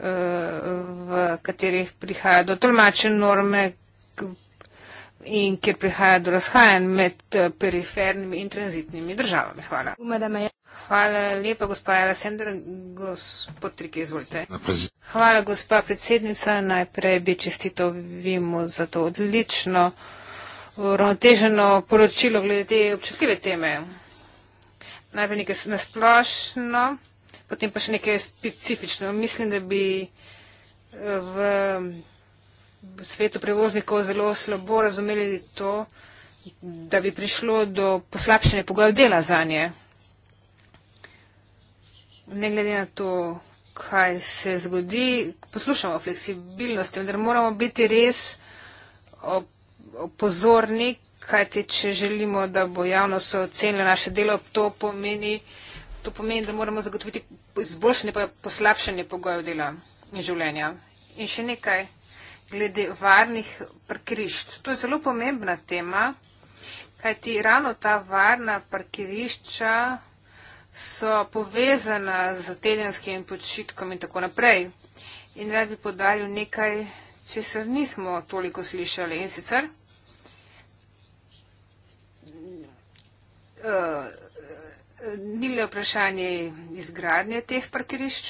v katerih prihaja do tolmačen norme in kjer prihaja do razhajanj med eh, perifernimi in tranzitnimi državami. Hvala. Hvala lepa, gospa Alessandr. Gospod Trike, izvolite. Hvala, gospa predsednica. Najprej bi čestito Vimu za to odlično uravnoteženo poročilo glede občutljive teme. Najprej nekaj nasplošno potem pa še nekaj specifično. Mislim, da bi eh, v svetu prevoznikov zelo slabo razumeli to, da bi prišlo do poslabšanja pogojev dela za nje. Ne glede na to, kaj se zgodi, poslušamo o fleksibilnosti, vendar moramo biti res opozorni, kajte če želimo, da bo javnost ocenila naše delo, to pomeni, to pomeni, da moramo zagotoviti izboljšanje pa poslabšanje pogojev dela in življenja. In še nekaj glede varnih parkirišč. To je zelo pomembna tema, kajti ravno ta varna parkirišča so povezana z tedenskim počitkom in tako naprej. In rad bi podaril nekaj, če se nismo toliko slišali in sicer. Uh, ni le vprašanje izgradnje teh parkirišč,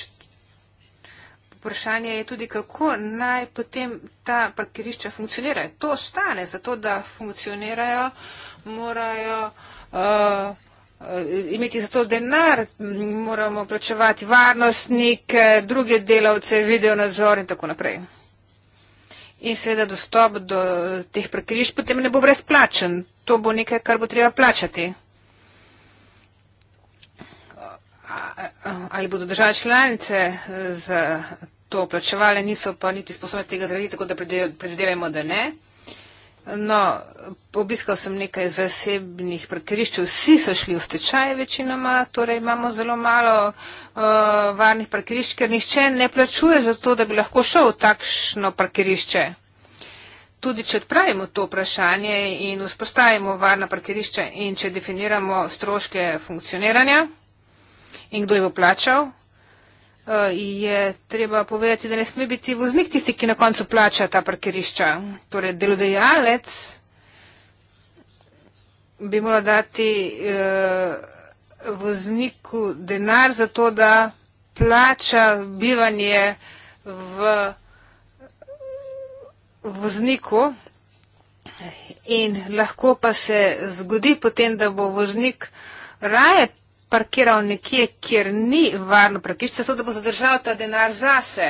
vprašanje je tudi, kako naj potem ta parkirišča funkcionira. To stane, zato da funkcionirajo, morajo uh, imeti za to denar, moramo plačevati varnostnike, druge delavce, video nadzor in tako naprej. In seveda dostop do teh parkirišč potem ne bo brezplačen. To bo nekaj, kar bo treba plačati ali bodo države članice eh, z to plačevale, niso pa niti sposobne tega zrediti, tako da predvidevamo, da ne. No, obiskal sem nekaj zasebnih parkirišč, vsi so šli v stečaj večinoma, torej imamo zelo malo uh, varnih parkirišč, ker nihče ne plačuje za to, da bi lahko šel v takšno parkirišče. Tudi, če odpravimo to vprašanje in vzpostavimo varna parkirišča in če definiramo stroške funkcioniranja, in kdo jo bo plačal. Eh, je treba povedati, da ne sme biti voznik tisti, ki na koncu plača ta parkirišča. Torej, delodajalec bi moral dati eh, vozniku denar za to, da plača bivanje v vozniku. In lahko pa se zgodi potem, da bo voznik raje parkiral nekje, kjer ni varno parkirišče, so da bo zadržal ta denar zase.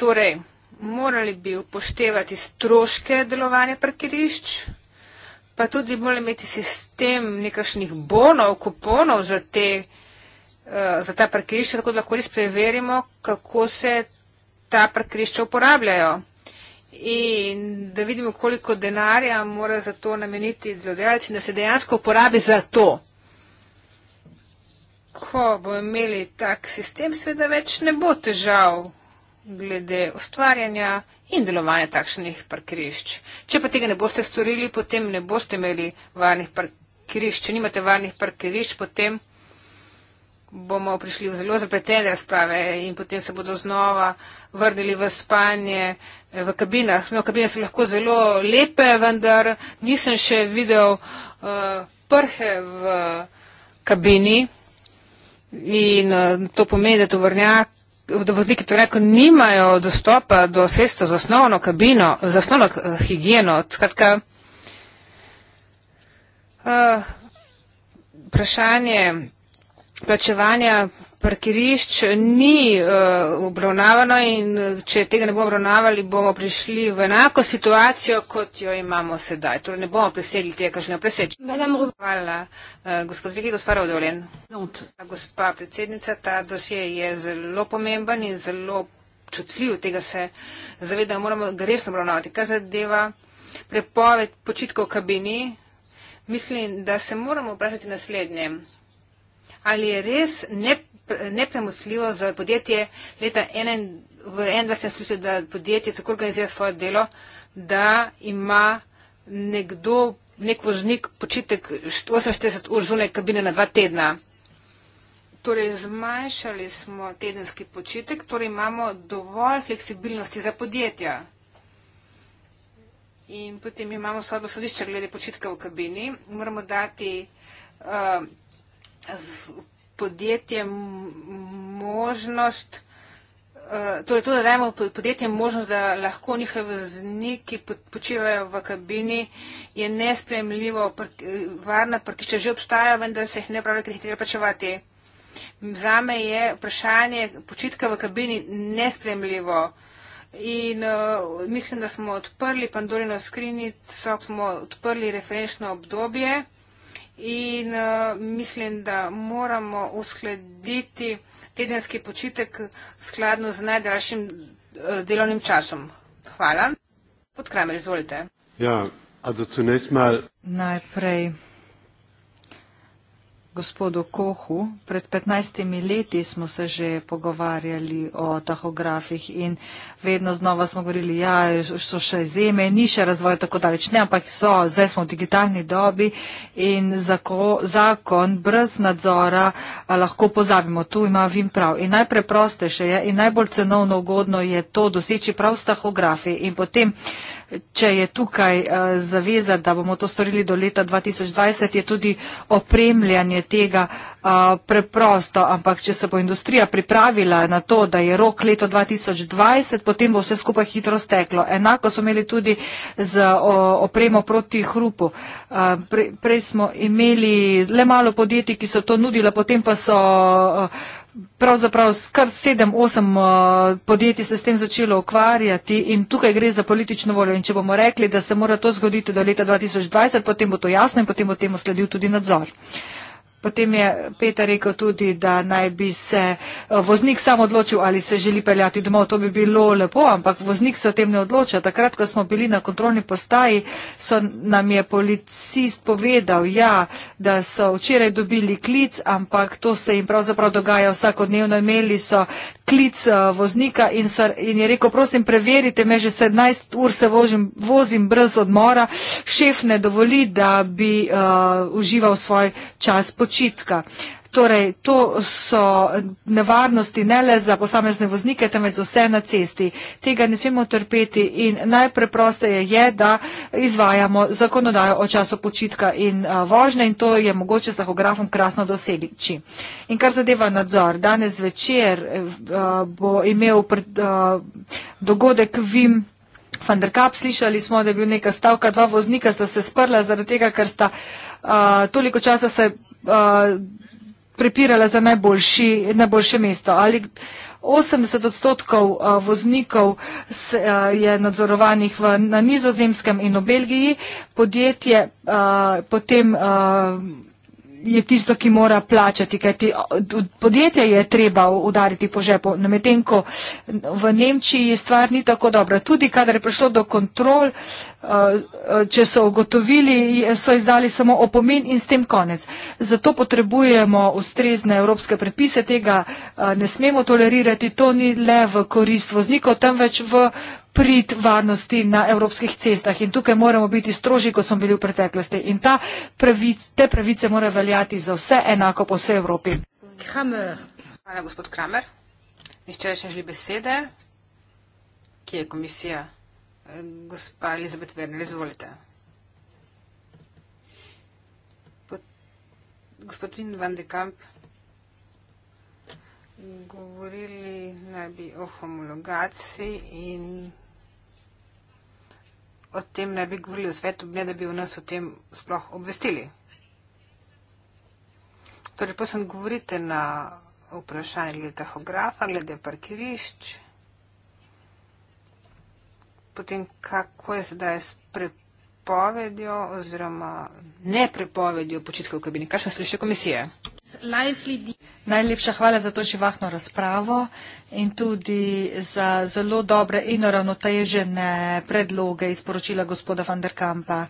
Torej, morali bi upoštevati stroške delovanja parkirišč, pa tudi morali imeti sistem nekašnih bonov, kuponov za, te, uh, za ta parkirišče, tako da lahko res preverimo, kako se ta parkirišča uporabljajo. In da vidimo, koliko denarja mora za to nameniti delodajalci, da se dejansko uporabi za to ko bo imeli tak sistem, seveda več ne bo težav glede ustvarjanja in delovanja takšnih parkirišč. Če pa tega ne boste storili, potem ne boste imeli varnih parkirišč. Če nimate varnih parkirišč, potem bomo prišli v zelo zapletene razprave in potem se bodo znova vrnili v spanje eh, v kabinah. No, kabine so lahko zelo lepe, vendar nisem še videl uh, prhe v kabini. In uh, to pomeni, da, tovrnjak, da vozniki tovrnjakov nimajo dostopa do sredstva za osnovno kabino, za osnovno eh, higieno. Skratka, uh, vprašanje plačevanja parkirišč ni uh, obravnavano in eh, če tega ne bomo obravnavali, bomo prišli v enako situacijo, kot jo imamo sedaj. Torej ne bomo presegli tega, kar želimo preseči. Hvala, uh, gospod Viki, gospod Rodolen. Ja, gospa predsednica, ta dosje je zelo pomemben in zelo čutljiv, tega se zavedamo, moramo ga resno obravnavati. Kaj zadeva prepoved počitka v kabini, mislim, da se moramo vprašati naslednje. Ali je res ne, nepremostljivo za podjetje. Leta 2021 sem slišal, da podjetje tako organizira svoje delo, da ima nekdo, nek vožnik počitek 48 ur zunaj kabine na dva tedna. Torej, zmanjšali smo tedenski počitek, torej imamo dovolj fleksibilnosti za podjetja. In potem imamo sodbo sodišča glede počitka v kabini. Moramo dati uh, podjetje možnost, eh, torej to, da dajemo podjetjem možnost, da lahko njihovi vozniki počivajo v kabini, je nespremljivo, eh, varna parkišča že obstaja, vendar se jih ne upravlja, ker jih treba plačevati. Zame je vprašanje počitka v kabini nespremljivo. In uh, mislim, da smo odprli Pandorino skrinico, smo odprli referenčno obdobje in eh, mislim, da moramo uskladiti tedenski počitek skladno z najdaljšim eh, delovnim časom. Hvala. Podkramer, izvolite. Ja, a do tu nesmal. Najprej gospodu Kohu. Pred 15 leti smo se že pogovarjali o tahografih in vedno znova smo govorili, ja, so še zeme, ni še razvoj tako daleč. Ne, ampak so, zdaj smo v digitalni dobi in zako, zakon brez nadzora lahko pozabimo. Tu ima vim prav. In najpreprostejše je in najbolj cenovno ugodno je to doseči prav s tahografi in potem če je tukaj eh, zaveza, da bomo to storili do leta 2020, je tudi opremljanje tega eh, preprosto. Ampak, če se bo industrija pripravila na to, da je rok leto 2020, potem bo vse skupaj hitro steklo. Enako smo imeli tudi z opremo proti hrupu. Eh, prej smo imeli le malo podjetij, ki so to nudila, potem pa so pravzaprav kar sedem, osem eh, podjetij se s tem začelo ukvarjati in tukaj gre za politično voljo. In če bomo rekli, da se mora to zgoditi do leta 2020, potem bo to jasno in potem bo temu sledil tudi nadzor. Uh, Potem je Peter rekel tudi, da naj bi se eh, voznik sam odločil, ali se želi peljati domov. To bi bilo lepo, ampak voznik se o tem ne odloča. Takrat, ko smo bili na kontrolni postaji, so nam je policist povedal, ja, da so včeraj dobili klic, ampak to se jim pravzaprav dogaja vsakodnevno. Imeli so klic eh, voznika in, so, in je rekel, prosim, preverite me, že 17 ur se vozim, vozim brez odmora. Šef ne dovoli, da bi uh, užival svoj čas. Poči počitka. Torej, to so nevarnosti ne le za posamezne voznike, temveč za vse na cesti. Tega ne smemo trpeti in najpreprosteje je, da izvajamo zakonodajo o času počitka in vožnje in to je mogoče s tahografom krasno doseči. In kar zadeva nadzor, danes večer eh, bo imel dogodek Vim. Fandrkap, slišali smo, da je bil neka stavka, dva voznika sta se sprla zaradi tega, ker sta uh, toliko časa se Eh, prepirala za najboljši, najboljše mesto. Ali 80 odstotkov eh, voznikov eh, je nadzorovanih v, na nizozemskem in v Belgiji, podjetje potem je tisto, ki mora plačati, kajti podjetje je treba udariti po žepu. Na no, medtem, ko v Nemčiji stvar ni tako dobra. Tudi, kadar je prišlo do kontrol, eh, eh, če so ugotovili, so izdali samo opomen in s tem konec. Zato potrebujemo ustrezne evropske predpise, tega eh, ne smemo tolerirati, to ni le v korist voznikov, temveč v prid varnosti na evropskih cestah. In tukaj moramo biti strožji, kot smo bili v preteklosti. In pravic, te pravice morajo veljati za vse enako po vsej Evropi. Kramer. Hvala, gospod Kramer. Nihče še želi besede. Kje je komisija? Eh, gospa Elizabeth Werner, izvolite. Gospod Vin van de Kamp, govorili naj bi o homologaciji in o tem ne bi govorili v svetu, ne da bi v nas o tem sploh obvestili. Torej, posem govorite na vprašanje glede tahografa, glede parkirišč, potem kako je sedaj s prepovedjo oziroma neprepovedjo počitkov v kabini. Kakšne so še komisije? Najlepša hvala za to živahno razpravo in tudi za zelo dobre in ravnotežene predloge iz poročila gospoda van der Kampa.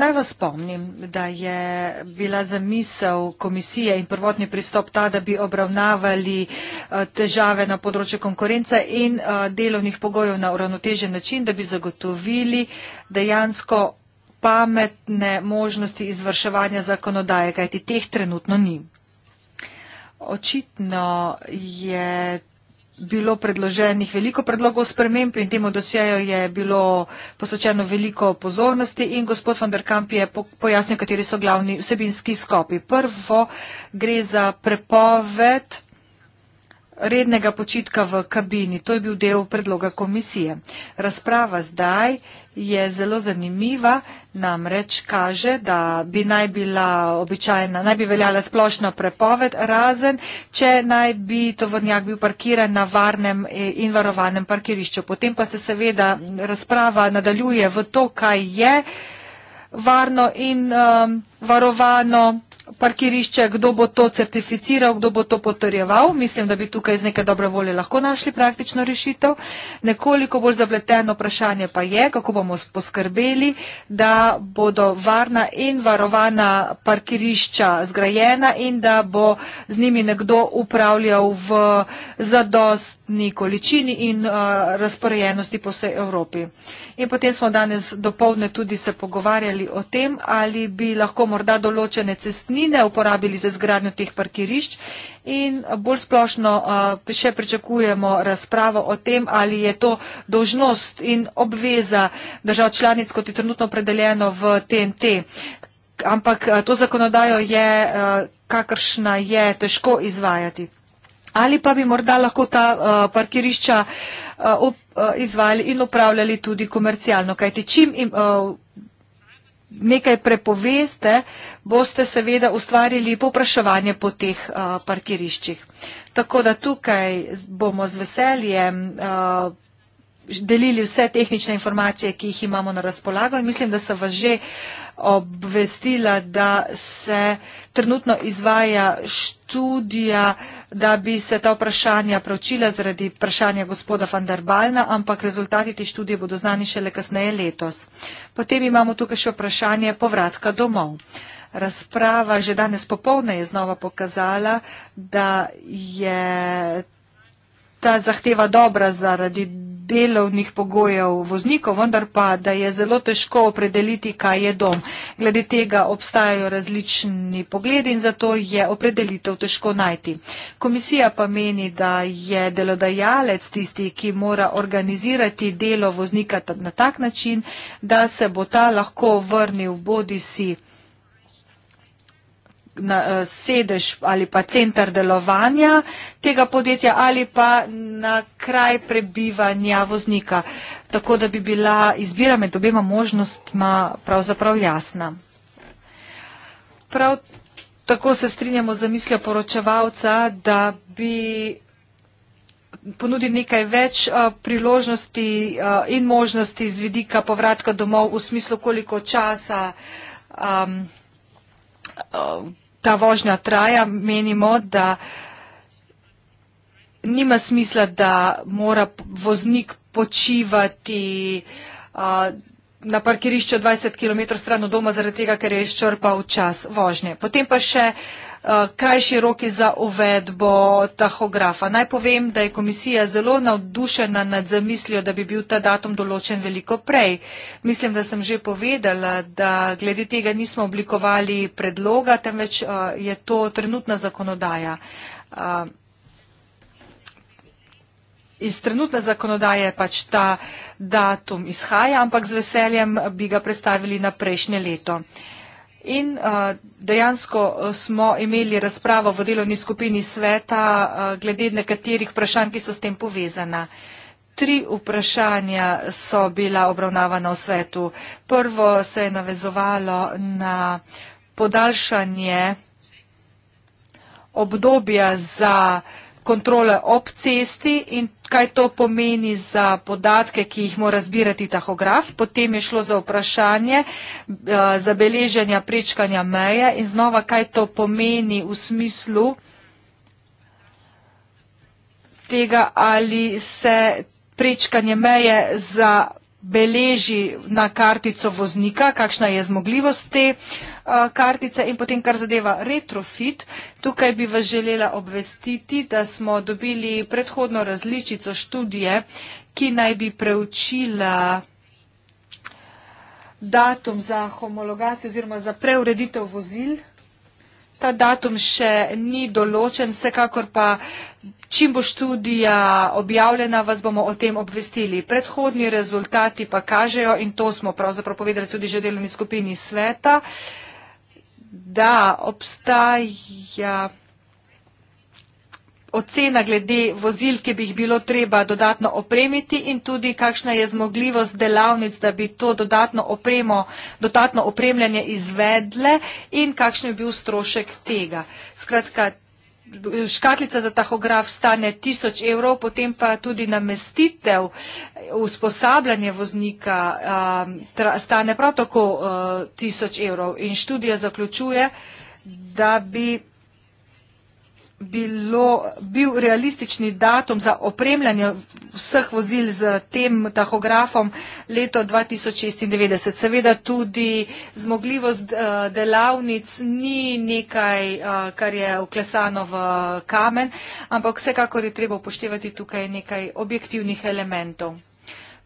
Naj vas spomnim, da je bila zamisel komisije in prvotni pristop ta, da bi obravnavali eh, težave na področju konkurence in eh, delovnih pogojev na uravnotežen način, da bi zagotovili dejansko pametne možnosti izvrševanja zakonodaje, kajti teh trenutno ni očitno je bilo predloženih veliko predlogov sprememb in temu dosjeju je bilo posvečeno veliko pozornosti in gospod van der Kamp je pojasnil, kateri so glavni vsebinski skopi. Prvo gre za prepoved rednega počitka v kabini. To je bil del predloga komisije. Razprava zdaj je zelo zanimiva, namreč kaže, da bi naj bila običajna, naj bi veljala splošna prepoved, razen, če naj bi tovornjak bil parkiran na varnem eh, in varovanem parkirišču. Potem pa se seveda razprava nadaljuje v to, kaj je varno in um, varovano parkirišče, kdo bo to certificiral, kdo bo to potrjeval. Mislim, da bi tukaj iz neke dobre volje lahko našli praktično rešitev. Nekoliko bolj zapleteno vprašanje pa je, kako bomo poskrbeli, da bodo varna in varovana parkirišča zgrajena in da bo z njimi nekdo upravljal v zadost ni količini in eh, razporejenosti po vsej Evropi. In potem smo danes dopovdne tudi se pogovarjali o tem, ali bi lahko morda določene cestnine uporabili za zgradnjo teh parkirišč in bolj splošno eh, še pričakujemo razpravo o tem, ali je to dožnost in obveza držav članic, kot je trenutno predeljeno v TNT. Ampak eh, to zakonodajo je, kakršna je, težko izvajati. Ali pa bi morda lahko ta uh, parkirišča uh, op, uh, eh, izvali in upravljali tudi komercialno, kajti čim im, uh, nekaj prepoveste, boste seveda ustvarili popraševanje po teh uh, parkiriščih. Tako da tukaj bomo z veseljem. Uh, delili vse tehnične informacije, ki jih imamo na razpolago in mislim, da so vas že obvestila, da se trenutno izvaja študija, da bi se ta vprašanja pravčila zaradi vprašanja gospoda van der Balna, ampak rezultati te študije bodo znani šele kasneje letos. Potem imamo tukaj še vprašanje povratka domov. Razprava že danes popolne je znova pokazala, da je ta zahteva dobra zaradi delovnih pogojev voznikov, vendar pa, da je zelo težko opredeliti, kaj je dom. Glede tega obstajajo različni pogledi in zato je opredelitev težko najti. Komisija pa meni, da je delodajalec tisti, ki mora organizirati delo voznika na tak način, da se bo ta lahko vrnil bodi si na, eh, sedež ali pa centar delovanja tega podjetja ali pa na kraj prebivanja voznika. Tako da bi bila izbira med obema možnostma pravzaprav jasna. Prav tako se strinjamo za mislijo poročevalca, da bi ponudi nekaj več eh, priložnosti eh, in možnosti z vidika povratka domov v smislu, koliko časa um, ta vožnja traja, menimo, da nima smisla, da mora voznik počivati na parkirišču 20 km stran od doma, zaradi tega, ker je izčrpal čas vožnje. Potem pa še Eh, krajši roki za uvedbo tahografa. Naj povem, da je komisija zelo navdušena nad zamislijo, da bi bil ta datum določen veliko prej. Mislim, da sem že povedala, da glede tega nismo oblikovali predloga, temveč eh, je to trenutna zakonodaja. Eh, iz trenutne zakonodaje pač ta datum izhaja, ampak z veseljem bi ga predstavili na prejšnje leto. In uh, dejansko uh, smo imeli razpravo v delovni skupini sveta uh, glede nekaterih vprašanj, ki so s tem povezana. Tri vprašanja so bila obravnavana v svetu. Prvo se je navezovalo na podaljšanje obdobja za vprašanje, kontrole ob cesti in kaj to pomeni za podatke, ki jih mora zbirati tahograf. Potem je šlo za vprašanje eh, zabeleženja prečkanja meje in znova, kaj to pomeni v smislu tega, ali se prečkanje meje za prečkanje beleži na kartico voznika, kakšna je zmogljivost te kartice in potem kar zadeva retrofit. Tukaj bi vas želela obvestiti, da smo dobili predhodno različico študije, ki naj bi preučila datum za homologacijo oziroma za preureditev vozil. Ta datum še ni določen, vsekakor pa čim bo študija objavljena, vas bomo o tem obvestili. Predhodni rezultati pa kažejo, in to smo pravzaprav povedali tudi že delovni skupini sveta, da obstaja ocena glede vozil, ki bi jih bilo treba dodatno opremiti in tudi kakšna je zmogljivost delavnic, da bi to dodatno, opremo, dodatno opremljanje izvedle in kakšen je bil strošek tega. Skratka, škatlica za tahograf stane 1000 evrov, potem pa tudi namestitev, usposabljanje voznika um, stane prav tako 1000 uh, evrov in študija zaključuje, da bi bilo, bil realistični datum za opremljanje vseh vozil z tem tahografom leto 2096. Seveda tudi zmogljivost eh, delavnic ni nekaj, eh, kar je uklesano v eh, kamen, ampak vsekakor je treba upoštevati tukaj nekaj objektivnih elementov.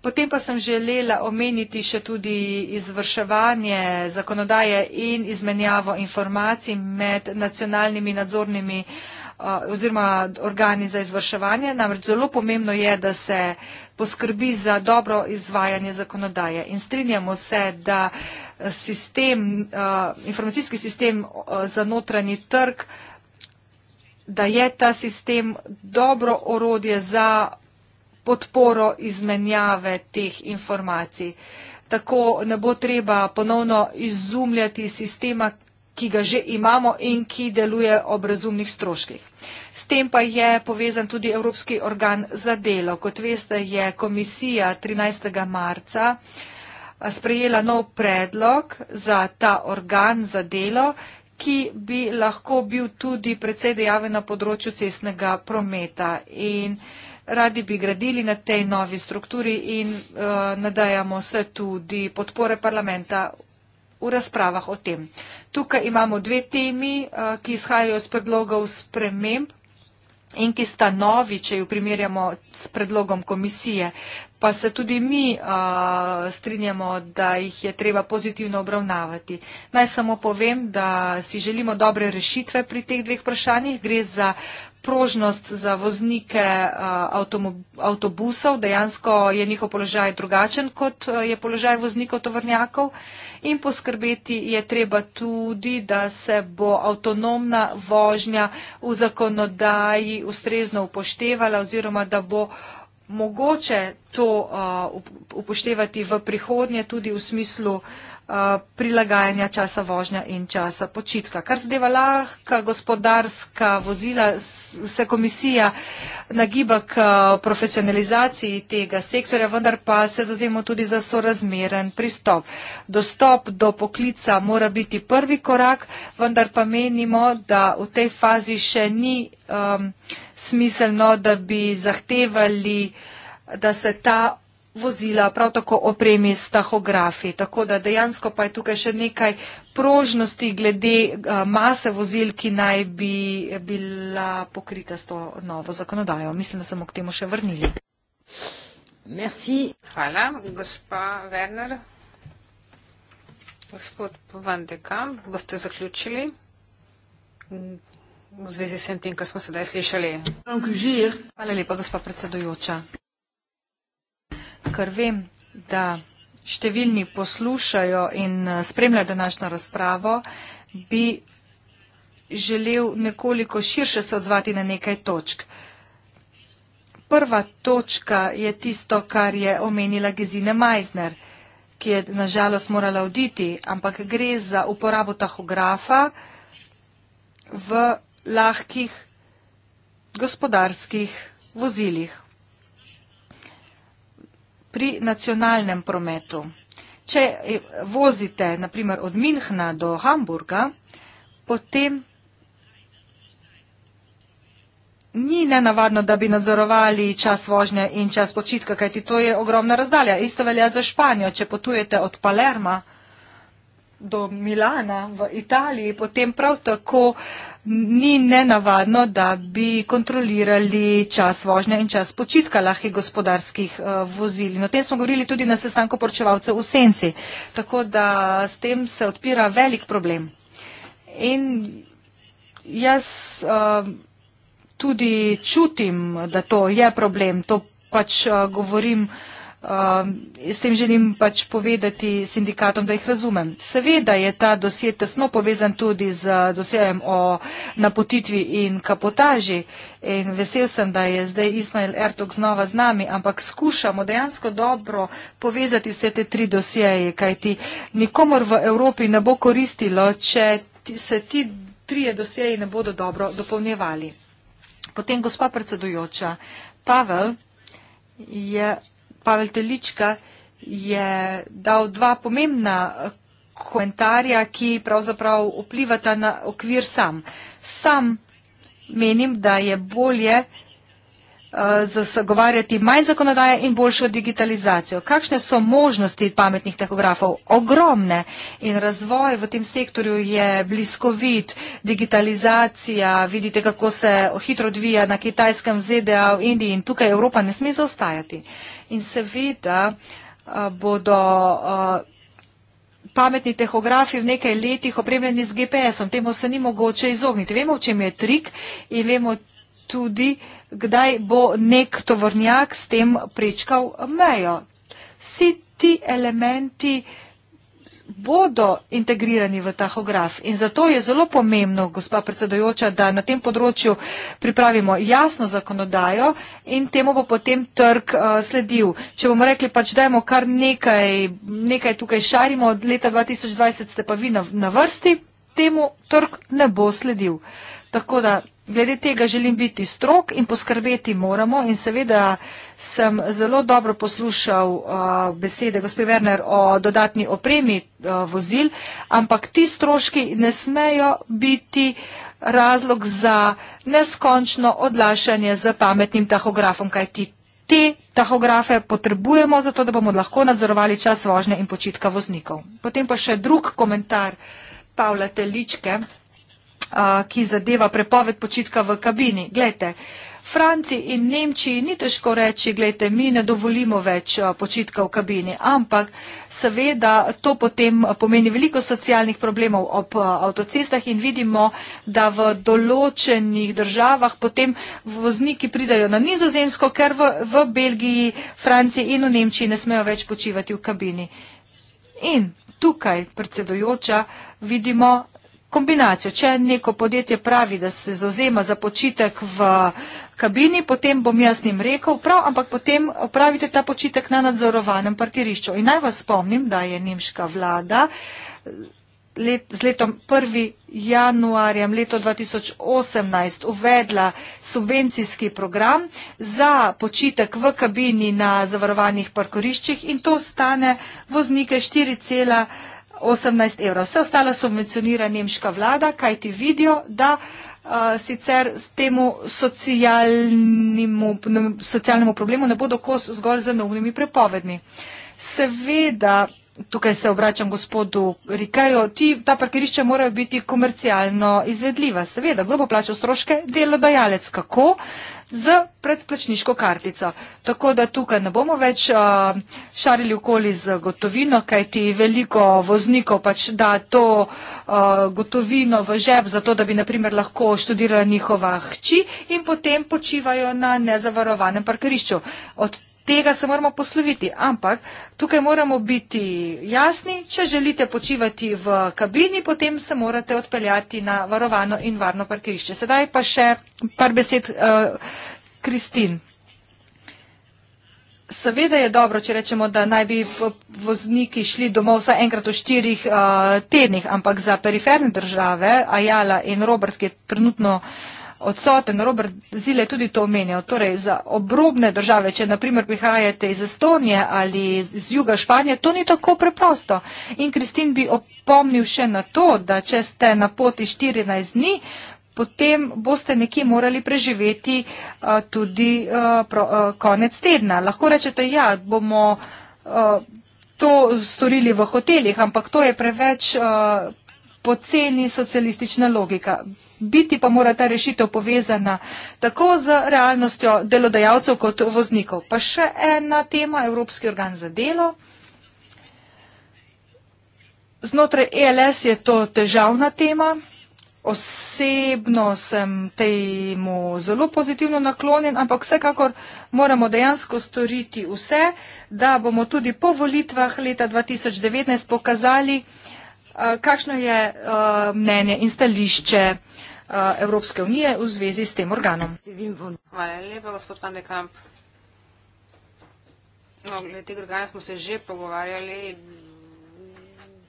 Potem pa sem želela omeniti še tudi izvrševanje zakonodaje in izmenjavo informacij med nacionalnimi nadzornimi uh, oziroma organi za izvrševanje. Namreč zelo pomembno je, da se poskrbi za dobro izvajanje zakonodaje. In strinjamo se, da sistem, informacijski sistem za notranji trg, da je ta sistem dobro orodje za podporo izmenjave teh informacij. Tako ne bo treba ponovno izumljati sistema, ki ga že imamo in ki deluje ob razumnih stroških. S tem pa je povezan tudi Evropski organ za delo. Kot veste, je komisija 13. marca sprejela nov predlog za ta organ za delo, ki bi lahko bil tudi predvsej dejaven na področju cestnega prometa. In radi bi gradili na tej novi strukturi in uh, nadajamo se tudi podpore parlamenta v razpravah o tem. Tukaj imamo dve temi, eh, ki izhajajo iz predlogov sprememb in ki sta novi, če jo primerjamo s predlogom komisije pa se tudi mi uh, strinjamo, da jih je treba pozitivno obravnavati. Naj samo povem, da si želimo dobre rešitve pri teh dveh vprašanjih. Gre za prožnost za voznike uh, avtomob, avtobusov, dejansko je njihov položaj drugačen, kot je položaj voznikov tovrnjakov. In poskrbeti je treba tudi, da se bo avtonomna vožnja v zakonodaji ustrezno upoštevala oziroma da bo mogoče to uh, upoštevati v prihodnje tudi v smislu uh, prilagajanja časa vožnja in časa počitka. Kar zadeva lahka gospodarska vozila, se komisija nagiba k uh, profesionalizaciji tega sektorja, vendar pa se zazemo tudi za sorazmeren pristop. Dostop do poklica mora biti prvi korak, vendar pa menimo, da v tej fazi še ni. Um, smiselno, da bi zahtevali, da se ta vozila prav tako opremi s tahografi. Tako da dejansko pa je tukaj še nekaj prožnosti glede eh, mase vozil, ki naj bi bila pokrita s to novo zakonodajo. Mislim, da se bomo k temu še vrnili. Merci. Hvala, gospa Werner. Gospod Vandekam, boste zaključili? v zvezi s tem, kar smo sedaj slišali. Hvala lepa, gospa predsedujoča. Ker vem, da številni poslušajo in eh, spremljajo današnjo razpravo, bi želel nekoliko širše se odzvati na nekaj točk. Prva točka je tisto, kar je omenila Gezine Meisner, ki je nažalost morala oditi, ampak gre za uporabo tahografa v lahkih gospodarskih vozilih. Pri nacionalnem prometu. Če vozite naprimer od Minhna do Hamburga, potem ni nenavadno, da bi nadzorovali čas vožnje in čas počitka, kajti to je ogromna razdalja. Isto velja za Španijo. Če potujete od Palerma, do Milana v Italiji, potem prav tako ni nenavadno, da bi kontrolirali čas vožnje in čas počitka lahkih gospodarskih uh, vozil. In o tem smo govorili tudi na sestanku poročevalcev v Senci. Tako da s tem se odpira velik problem. In jaz uh, tudi čutim, da to je problem. To pač uh, govorim uh, Um, s tem želim pač povedati sindikatom, da jih razumem. Seveda je ta dosje tesno povezan tudi z dosjejem o napotitvi in kapotaži in vesel sem, da je zdaj Ismail Ertog znova z nami, ampak skušamo dejansko dobro povezati vse te tri dosjeje, kajti nikomor v Evropi ne bo koristilo, če se ti trije dosjeji ne bodo dobro dopolnjevali. Potem gospa predsedujoča, Pavel je Pavel Telička je dal dva pomembna komentarja, ki pravzaprav vplivata na okvir sam. Sam menim, da je bolje Eh, zagovarjati manj zakonodaje in boljšo digitalizacijo. Kakšne so možnosti pametnih tehografov? Ogromne in razvoj v tem sektorju je bliskovit, digitalizacija, vidite, kako se hitro odvija na kitajskem ZDA v Indiji in tukaj Evropa ne sme zaostajati. In seveda eh, bodo eh, pametni tehografi v nekaj letih opremljeni z GPS-om. Temu se ni mogoče izogniti. Vemo, v čem je trik in vemo tudi, kdaj bo nek tovornjak s tem prečkal mejo. Vsi ti elementi bodo integrirani v tahograf in zato je zelo pomembno, gospa predsedojoča, da na tem področju pripravimo jasno zakonodajo in temu bo potem trg uh, sledil. Če bomo rekli, pač dajmo kar nekaj, nekaj tukaj šarimo, od leta 2020 ste pa vi na, na vrsti, temu trg ne bo sledil. Tako da Glede tega želim biti strok in poskrbeti moramo in seveda sem zelo dobro poslušal uh, besede gospe Werner o dodatni opremi uh, vozil, ampak ti stroški ne smejo biti razlog za neskončno odlašanje z pametnim tahografom, kaj ti te tahografe potrebujemo zato, da bomo lahko nadzorovali čas vožnje in počitka voznikov. Potem pa še drug komentar Pavla Teličke ki zadeva prepoved počitka v kabini. Glejte, Franciji in Nemčiji ni težko reči, glejte, mi ne dovolimo več počitka v kabini, ampak seveda to potem pomeni veliko socialnih problemov ob avtocestah in vidimo, da v določenih državah potem vozniki pridajo na nizozemsko, ker v, v Belgiji, Franciji in v Nemčiji ne smejo več počivati v kabini. In tukaj, predsedujoča, vidimo kombinacijo. Če neko podjetje pravi, da se zauzema za počitek v kabini, potem bom jaz njim rekel prav, ampak potem pravite ta počitek na nadzorovanem parkirišču. In naj vas spomnim, da je nemška vlada let, z letom 1. januarjem leto 2018 uvedla subvencijski program za počitek v kabini na zavarovanih parkiriščih in to stane voznike 4,5 18 evrov. Vse ostalo subvencionira nemška vlada, kaj ti vidijo, da uh, sicer s temu socialnemu, socialnemu problemu ne bodo kos zgolj z novnimi prepovedmi. Seveda, tukaj se obračam gospodu Rikejo, ta parkirišča morajo biti komercialno izvedljiva. Seveda, kdo bo plačal stroške? Delodajalec. Kako? Uh, z predplačniško kartico. Tako da tukaj ne bomo več uh, šarili okoli z gotovino, kajti veliko voznikov pač da to uh, gotovino v žep, zato da bi naprimer lahko študirala njihova hči in potem počivajo na nezavarovanem parkirišču tega se moramo posloviti. Ampak tukaj moramo biti jasni, če želite počivati v kabini, potem se morate odpeljati na varovano in varno parkirišče. Sedaj pa še par besed eh, Kristin. Uh, Seveda je dobro, če rečemo, da naj bi vozniki šli domov vsaj enkrat v štirih uh, tednih, ampak za periferne države, Ajala in Robert, ki je trenutno uh, odsoten, Robert Zile tudi to omenjal, torej za obrobne države, če naprimer prihajate iz Estonije ali iz juga Španije, to ni tako preprosto. In Kristin bi opomnil še na to, da če ste na poti 14 dni, potem boste nekje morali preživeti a, tudi a, pro, a, konec tedna. Lahko rečete, ja, bomo a, to storili v hotelih, ampak to je preveč. A, poceni socialistična logika. Biti pa mora ta rešitev povezana tako z realnostjo delodajalcev kot voznikov. Pa še ena tema, Evropski organ za delo. Znotraj ELS je to težavna tema. Osebno sem temu zelo pozitivno naklonjen, ampak vsekakor moramo dejansko storiti vse, da bomo tudi po volitvah leta 2019 pokazali, eh, kakšno je eh, mnenje in stališče. Eh, Evropske unije v zvezi s tem organom. Hvala lepa, gospod Van de Kamp. No, glede tega organa smo se že pogovarjali.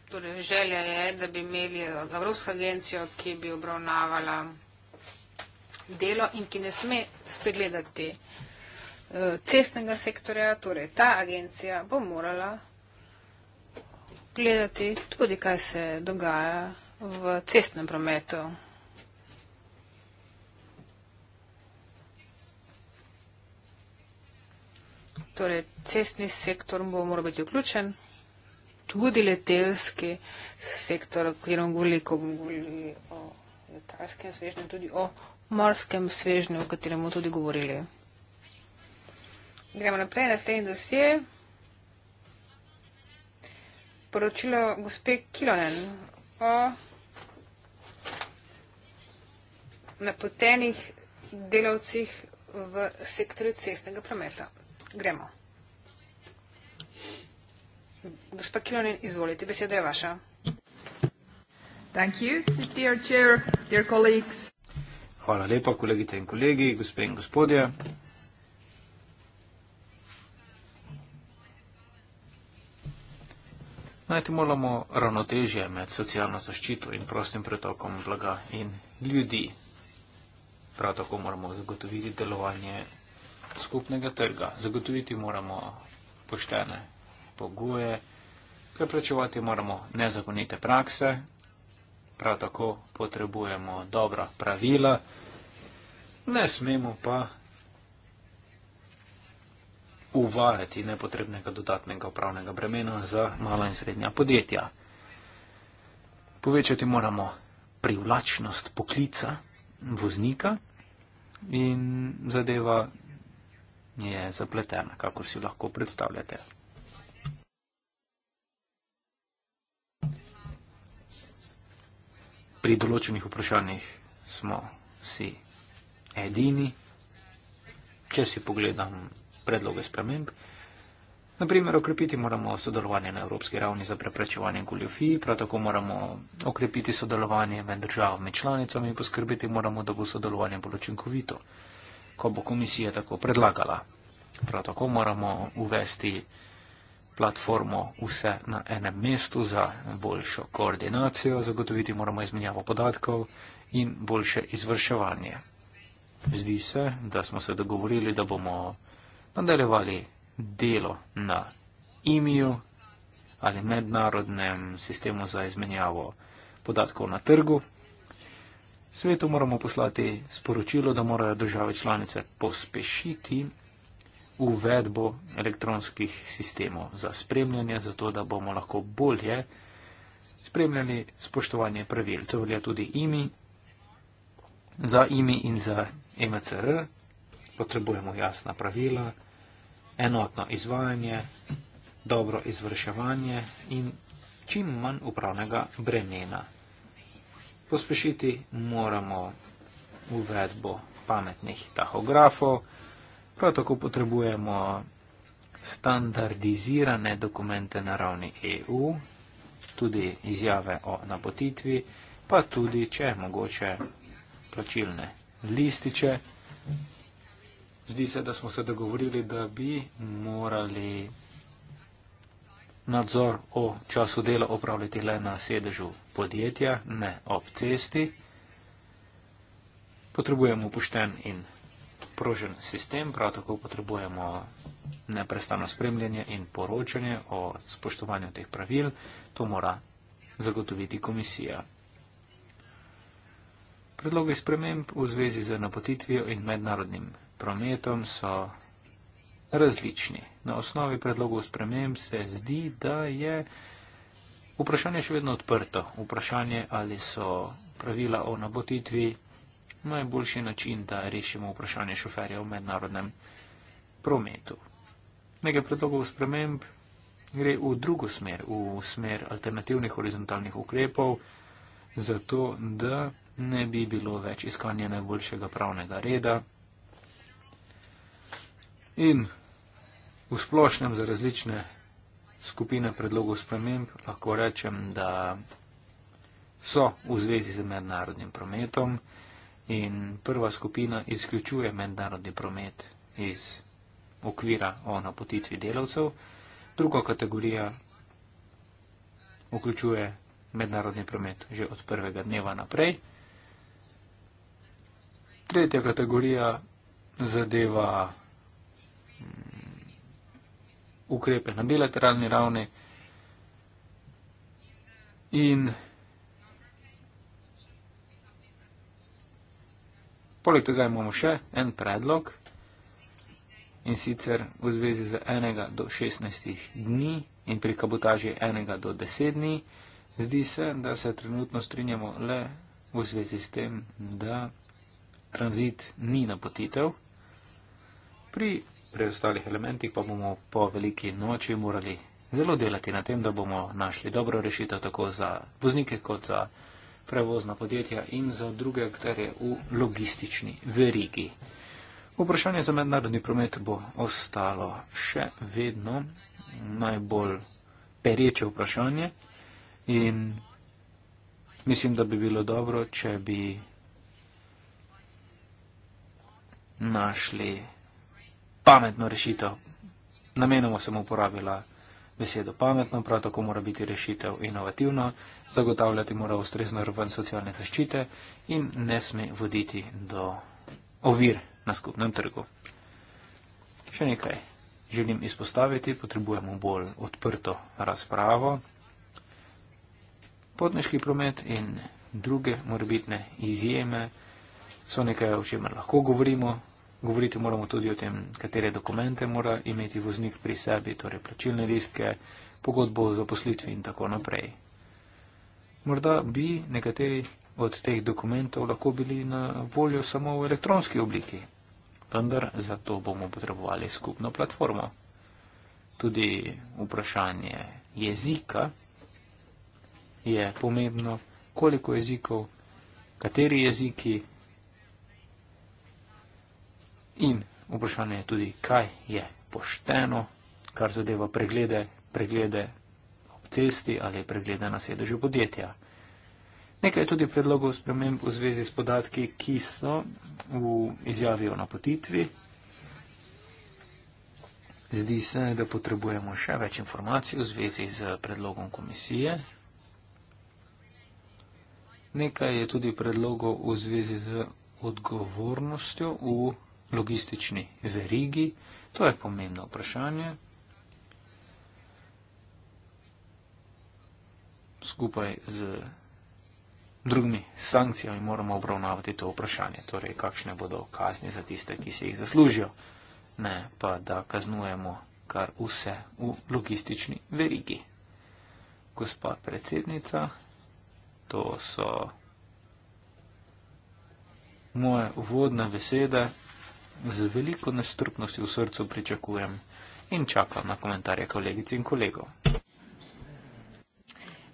Torej, želja je, da bi imeli Evropsko agencijo, ki bi obravnavala delo in ki ne sme spregledati eh, cestnega sektorja, torej ta agencija bo morala gledati tudi, kaj se dogaja v cestnem prometu. Torej, cestni sektor bo moral biti vključen, tudi letelski sektor, kjer bomo govorili, ko bomo govorili o letalskem svežnju, tudi o morskem svežnju, o katerem bomo tudi govorili. Gremo naprej, naslednji dosje. Poročilo gospe Kilonen o napotenih delavcih v sektorju cestnega prometa. Gremo. Gospa Kilonin, izvolite, beseda je vaša. Thank you, dear chair, dear colleagues. Hvala lepa, kolegite in kolegi, gospe in gospodje. Najti moramo ravnotežje med socialno zaščito in prostim pretokom blaga in ljudi. Prav tako moramo zagotoviti delovanje skupnega trga. Zagotoviti moramo poštene pogoje, preprečevati moramo nezakonite prakse, prav tako potrebujemo dobra pravila, ne smemo pa uvajati nepotrebnega dodatnega upravnega bremena za mala in srednja podjetja. Povečati moramo privlačnost poklica voznika in zadeva je zapletena, kakor si lahko predstavljate. Pri določenih vprašanjih smo vsi edini, če si pogledam predloge sprememb. Naprimer, okrepiti moramo sodelovanje na evropski ravni za preprečevanje goljofij, prav tako moramo okrepiti sodelovanje med državami članicami in poskrbiti moramo, da bo sodelovanje bolj učinkovito ko bo komisija tako predlagala. Prav tako moramo uvesti platformo vse na enem mestu za boljšo koordinacijo, zagotoviti moramo izmenjavo podatkov in boljše izvrševanje. Zdi se, da smo se dogovorili, da bomo nadaljevali delo na imiju ali mednarodnem sistemu za izmenjavo podatkov na trgu svetu moramo poslati sporočilo, da morajo države članice pospešiti uvedbo elektronskih sistemov za spremljanje, zato da bomo lahko bolje spremljali spoštovanje pravil. To velja tudi imi, za imi in za MCR. Potrebujemo jasna pravila, enotno izvajanje, dobro izvrševanje in čim manj upravnega bremena pospešiti moramo uvedbo pametnih tahografov, prav tako potrebujemo standardizirane dokumente na ravni EU, tudi izjave o napotitvi, pa tudi, če je mogoče, plačilne lističe. Zdi se, da smo se dogovorili, da bi morali nadzor o času dela opravljati le na sedežu podjetja, ne ob cesti. Potrebujemo pošten in prožen sistem, prav tako potrebujemo neprestano spremljanje in poročanje o spoštovanju teh pravil. To mora zagotoviti komisija. Predloge sprememb v zvezi z napotitvijo in mednarodnim prometom so različni. Na osnovi predlogov sprememb se zdi, da je vprašanje še vedno odprto. Vprašanje, ali so pravila o nabotitvi najboljši način, da rešimo vprašanje šoferja v mednarodnem prometu. Nekaj predlogov sprememb gre v drugo smer, v smer alternativnih horizontalnih ukrepov, zato da ne bi bilo več iskanje najboljšega pravnega reda, in v splošnem za različne skupine predlogov sprememb lahko rečem, da so v zvezi z mednarodnim prometom in prva skupina izključuje mednarodni promet iz okvira o napotitvi delavcev, druga kategorija vključuje mednarodni promet že od prvega dneva naprej. Tretja kategorija zadeva ukrepe na bilateralni ravni in poleg tega imamo še en predlog in sicer v zvezi z enega do 16 dni in pri kabotaži enega do 10 dni. Zdi se, da se trenutno strinjamo le v zvezi s tem, da tranzit ni napotitev. Pri pri ostalih elementih pa bomo po veliki noči morali zelo delati na tem, da bomo našli dobro rešitev tako za voznike kot za prevozna podjetja in za druge akterje v logistični verigi. Vprašanje za mednarodni promet bo ostalo še vedno najbolj pereče vprašanje in mislim, da bi bilo dobro, če bi našli pametno rešitev. Namenoma sem uporabila besedo pametno, prav tako mora biti rešitev inovativna, zagotavljati mora ustrezno raven socialne zaščite in ne sme voditi do ovir na skupnem trgu. Še nekaj želim izpostaviti, potrebujemo bolj odprto razpravo. Potniški promet in druge morbitne izjeme so nekaj, o čemer lahko govorimo, Govoriti moramo tudi o tem, katere dokumente mora imeti voznik pri sebi, torej plačilne listke, pogodbo o zaposlitvi in tako naprej. Morda bi nekateri od teh dokumentov lahko bili na voljo samo v elektronski obliki, vendar za to bomo potrebovali skupno platformo. Tudi vprašanje jezika je pomembno, koliko jezikov, kateri jeziki In vprašanje je tudi, kaj je pošteno, kar zadeva preglede, preglede ob cesti ali preglede na sedežu podjetja. Nekaj je tudi predlogov sprememb v zvezi s podatki, ki so v izjavi o napotitvi. Zdi se, da potrebujemo še več informacij v zvezi z predlogom komisije. Nekaj je tudi predlogov v zvezi z odgovornostjo v logistični verigi? To je pomembno vprašanje. Skupaj z drugimi sankcijami moramo obravnavati to vprašanje, torej kakšne bodo kazni za tiste, ki se jih zaslužijo, ne pa da kaznujemo kar vse v logistični verigi. Gospa predsednica, to so moje uvodne besede z veliko nestrpnosti v srcu pričakujem in čakam na komentarje kolegic in kolegov.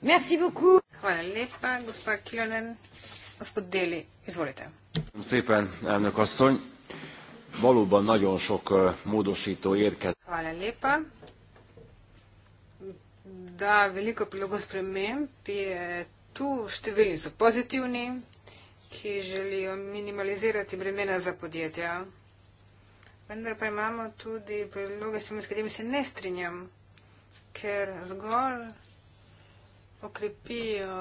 Merci beaucoup. Hvala lepa, gospa Kilonen. Gospod Deli, izvolite. Szépen, elnök asszony. Valóban nagyon sok módosító érkezik. Hvala lepa. Da, veliko prilogo sprememb je tu, številni so pozitivni, ki želijo minimalizirati bremena za podjetja vendar pa imamo tudi predloge, s katerimi se ne strinjam, ker zgolj okrepijo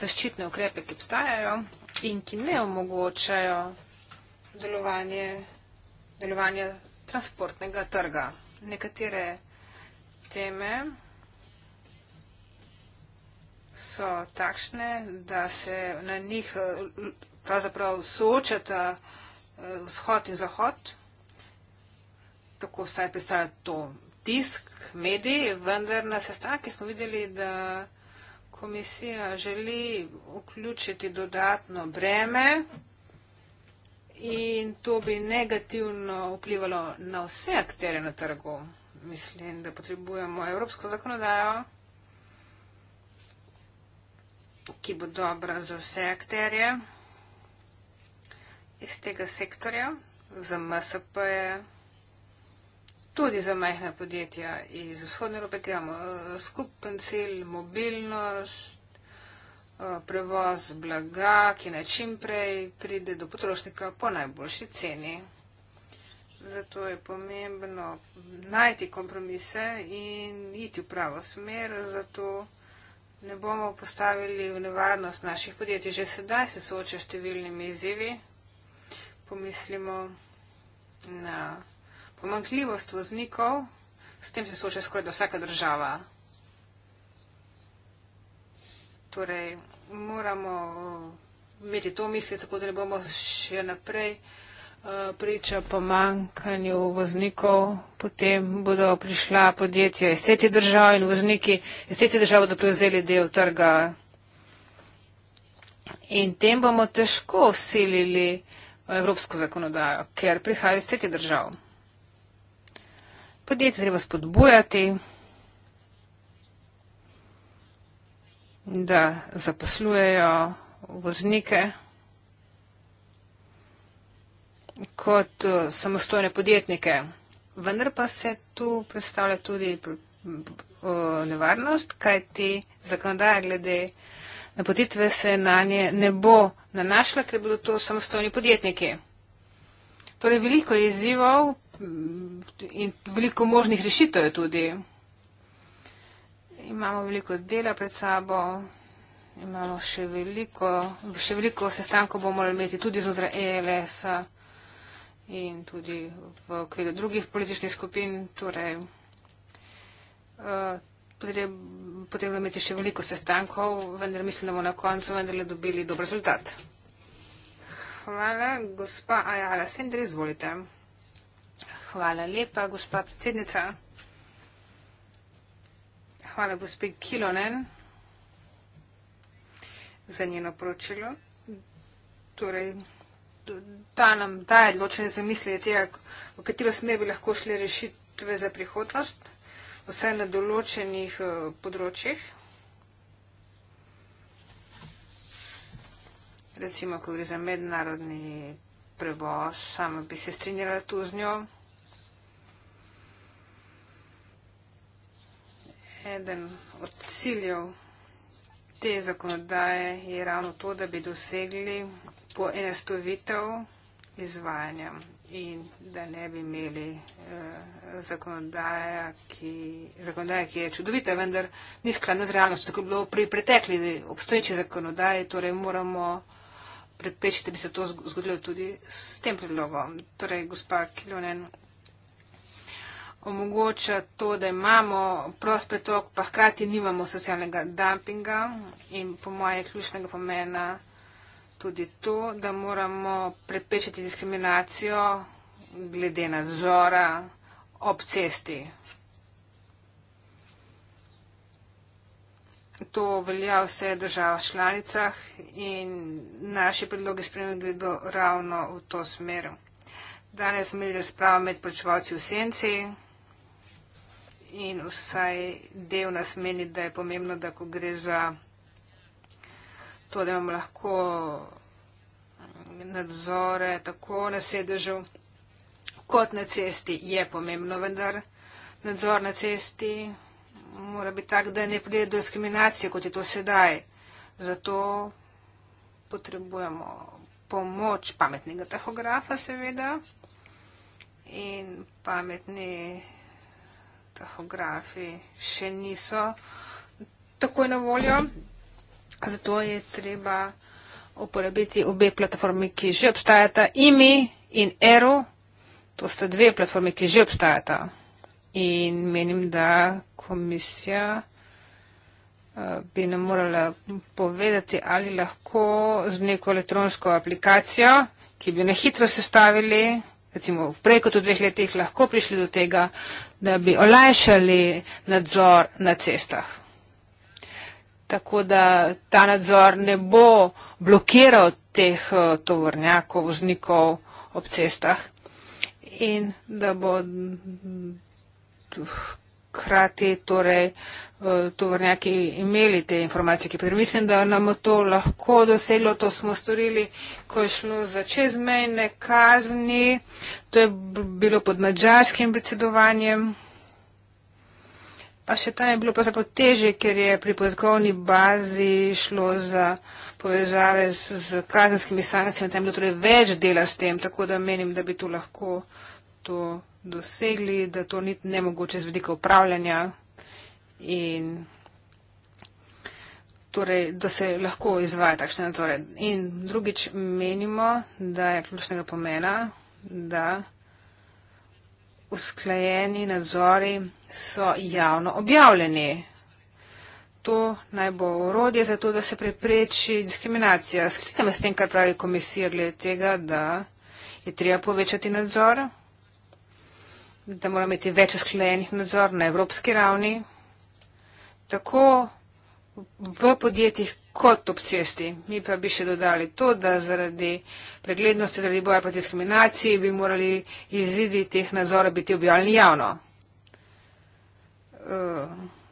zaščitne ukrepe, ki obstajajo in ki ne omogočajo delovanje, delovanje transportnega trga. Nekatere teme so takšne, da se na njih pravzaprav soočata vzhod in zahod, tako vsaj predstavlja to tisk, mediji, vendar na sestanki smo videli, da komisija želi vključiti dodatno breme in to bi negativno vplivalo na vse akterje na trgu. Mislim, da potrebujemo evropsko zakonodajo, ki bo dobra za vse akterje iz tega sektorja, za MSP-je, tudi za majhna podjetja iz vzhodne Evrope, ker imamo eh, skupen cilj, mobilnost, eh, prevoz blaga, ki naj čimprej pride do potrošnika po najboljši ceni. Zato je pomembno najti kompromise in iti v pravo smer, zato ne bomo postavili v nevarnost naših podjetij. Že sedaj se sooča številnimi izzivi pomislimo na pomankljivost voznikov, s tem se sooča skoraj da vsaka država. Torej, moramo uh, imeti to misli, tako da ne bomo še naprej uh, priča pomankanju voznikov, potem bodo prišla podjetja iz tretjih držav in vozniki iz tretjih držav bodo prevzeli del trga. In tem bomo težko usilili uh, evropsko zakonodajo, ker prihaja iz tretjih držav. Podjetje treba spodbujati, da zaposlujejo voznike kot eh, samostojne podjetnike. Vendar pa se tu predstavlja tudi eh, nevarnost, kaj ti zakonodaja glede napotitve se na nje ne bo nanašla, ker bodo to samostojni podjetniki. Torej, veliko je izzivov mm, in veliko možnih rešitev je tudi. Imamo veliko dela pred sabo, imamo še veliko, še veliko sestankov bomo morali imeti tudi znotraj ELS-a in tudi v okviru drugih političnih skupin. Torej, uh, potrebno imeti še veliko sestankov, vendar mislim, da bomo na koncu vendarle dobili dober rezultat. Hvala, gospa Ajala Sender, izvolite. Hvala lepa, gospa predsednica. Hvala, gospe Kilonen, za njeno poročilo. Torej, ta nam daje odločene zamisle tega, v katero smer bi lahko šli rešitve za prihodnost vse na določenih eh, področjih. Recimo, ko gre za mednarodni prevoz, sama bi se strinjala tu z njo. Eden od ciljev te zakonodaje je ravno to, da bi dosegli poenostavitev izvajanja in da ne bi imeli uh, eh, zakonodaje, ki, zakonodaje, ki je čudovita, vendar ni skladna z realnostjo, tako je bilo pri pretekli obstoječi zakonodaji, torej moramo prepečiti, da bi se to zgodilo tudi s tem predlogom. Torej, gospa Kilonen omogoča to, da imamo prost pretok, pa hkrati nimamo socialnega dumpinga in po moje ključnega pomena tudi to, da moramo preprečiti diskriminacijo glede nadzora ob cesti. To velja v vseh državah članicah in naši predlogi spremembe gredo ravno v to smer. Danes smo imeli razpravo med poročevalci v senci in vsaj del nas meni, da je pomembno, da ko gre za to, da imamo lahko nadzore tako na sedežu kot na cesti je pomembno, vendar nadzor na cesti mora biti tak, da ne pride do diskriminacije, kot je to sedaj. Zato potrebujemo pomoč pametnega tahografa, seveda, in pametni tahografi še niso takoj na voljo. Okay. Zato je treba uporabiti obe platformi, ki že obstajata, IMI in ERO. To sta dve platformi, ki že obstajata. In menim, da komisija eh, bi nam morala povedati, ali lahko z neko elektronsko aplikacijo, ki bi jo nehitro sestavili, recimo v prej kot v dveh letih, lahko prišli do tega, da bi olajšali nadzor na cestah tako da ta nadzor ne bo blokiral teh eh, tovornjakov, voznikov ob cestah in da bo hkrati torej eh, tovornjaki imeli te informacije, ki mislim, da nam to lahko doselo, to smo storili, ko je šlo za čezmejne kazni, to je bilo pod mađarskim predsedovanjem. Pa še tam je bilo pravzaprav teže, ker je pri podatkovni bazi šlo za povezave z, z kazenskimi sankcijami, tam je bilo torej več dela s tem, tako da menim, da bi tu lahko to dosegli, da to ni nemogoče z vedika upravljanja in torej, da se lahko izvaja takšne nadzore. In drugič menimo, da je ključnega pomena, da usklajeni nadzori so javno objavljeni. To naj bo urodje za to, da se prepreči diskriminacija. Sklicujem s tem, kar pravi komisija glede tega, da je treba povečati nadzor, da moramo imeti več usklajenih nadzor na evropski ravni, tako v podjetjih kot ob cesti. Mi pa bi še dodali to, da zaradi preglednosti, zaradi boja proti diskriminaciji bi morali izidi teh nadzora biti objavljeni javno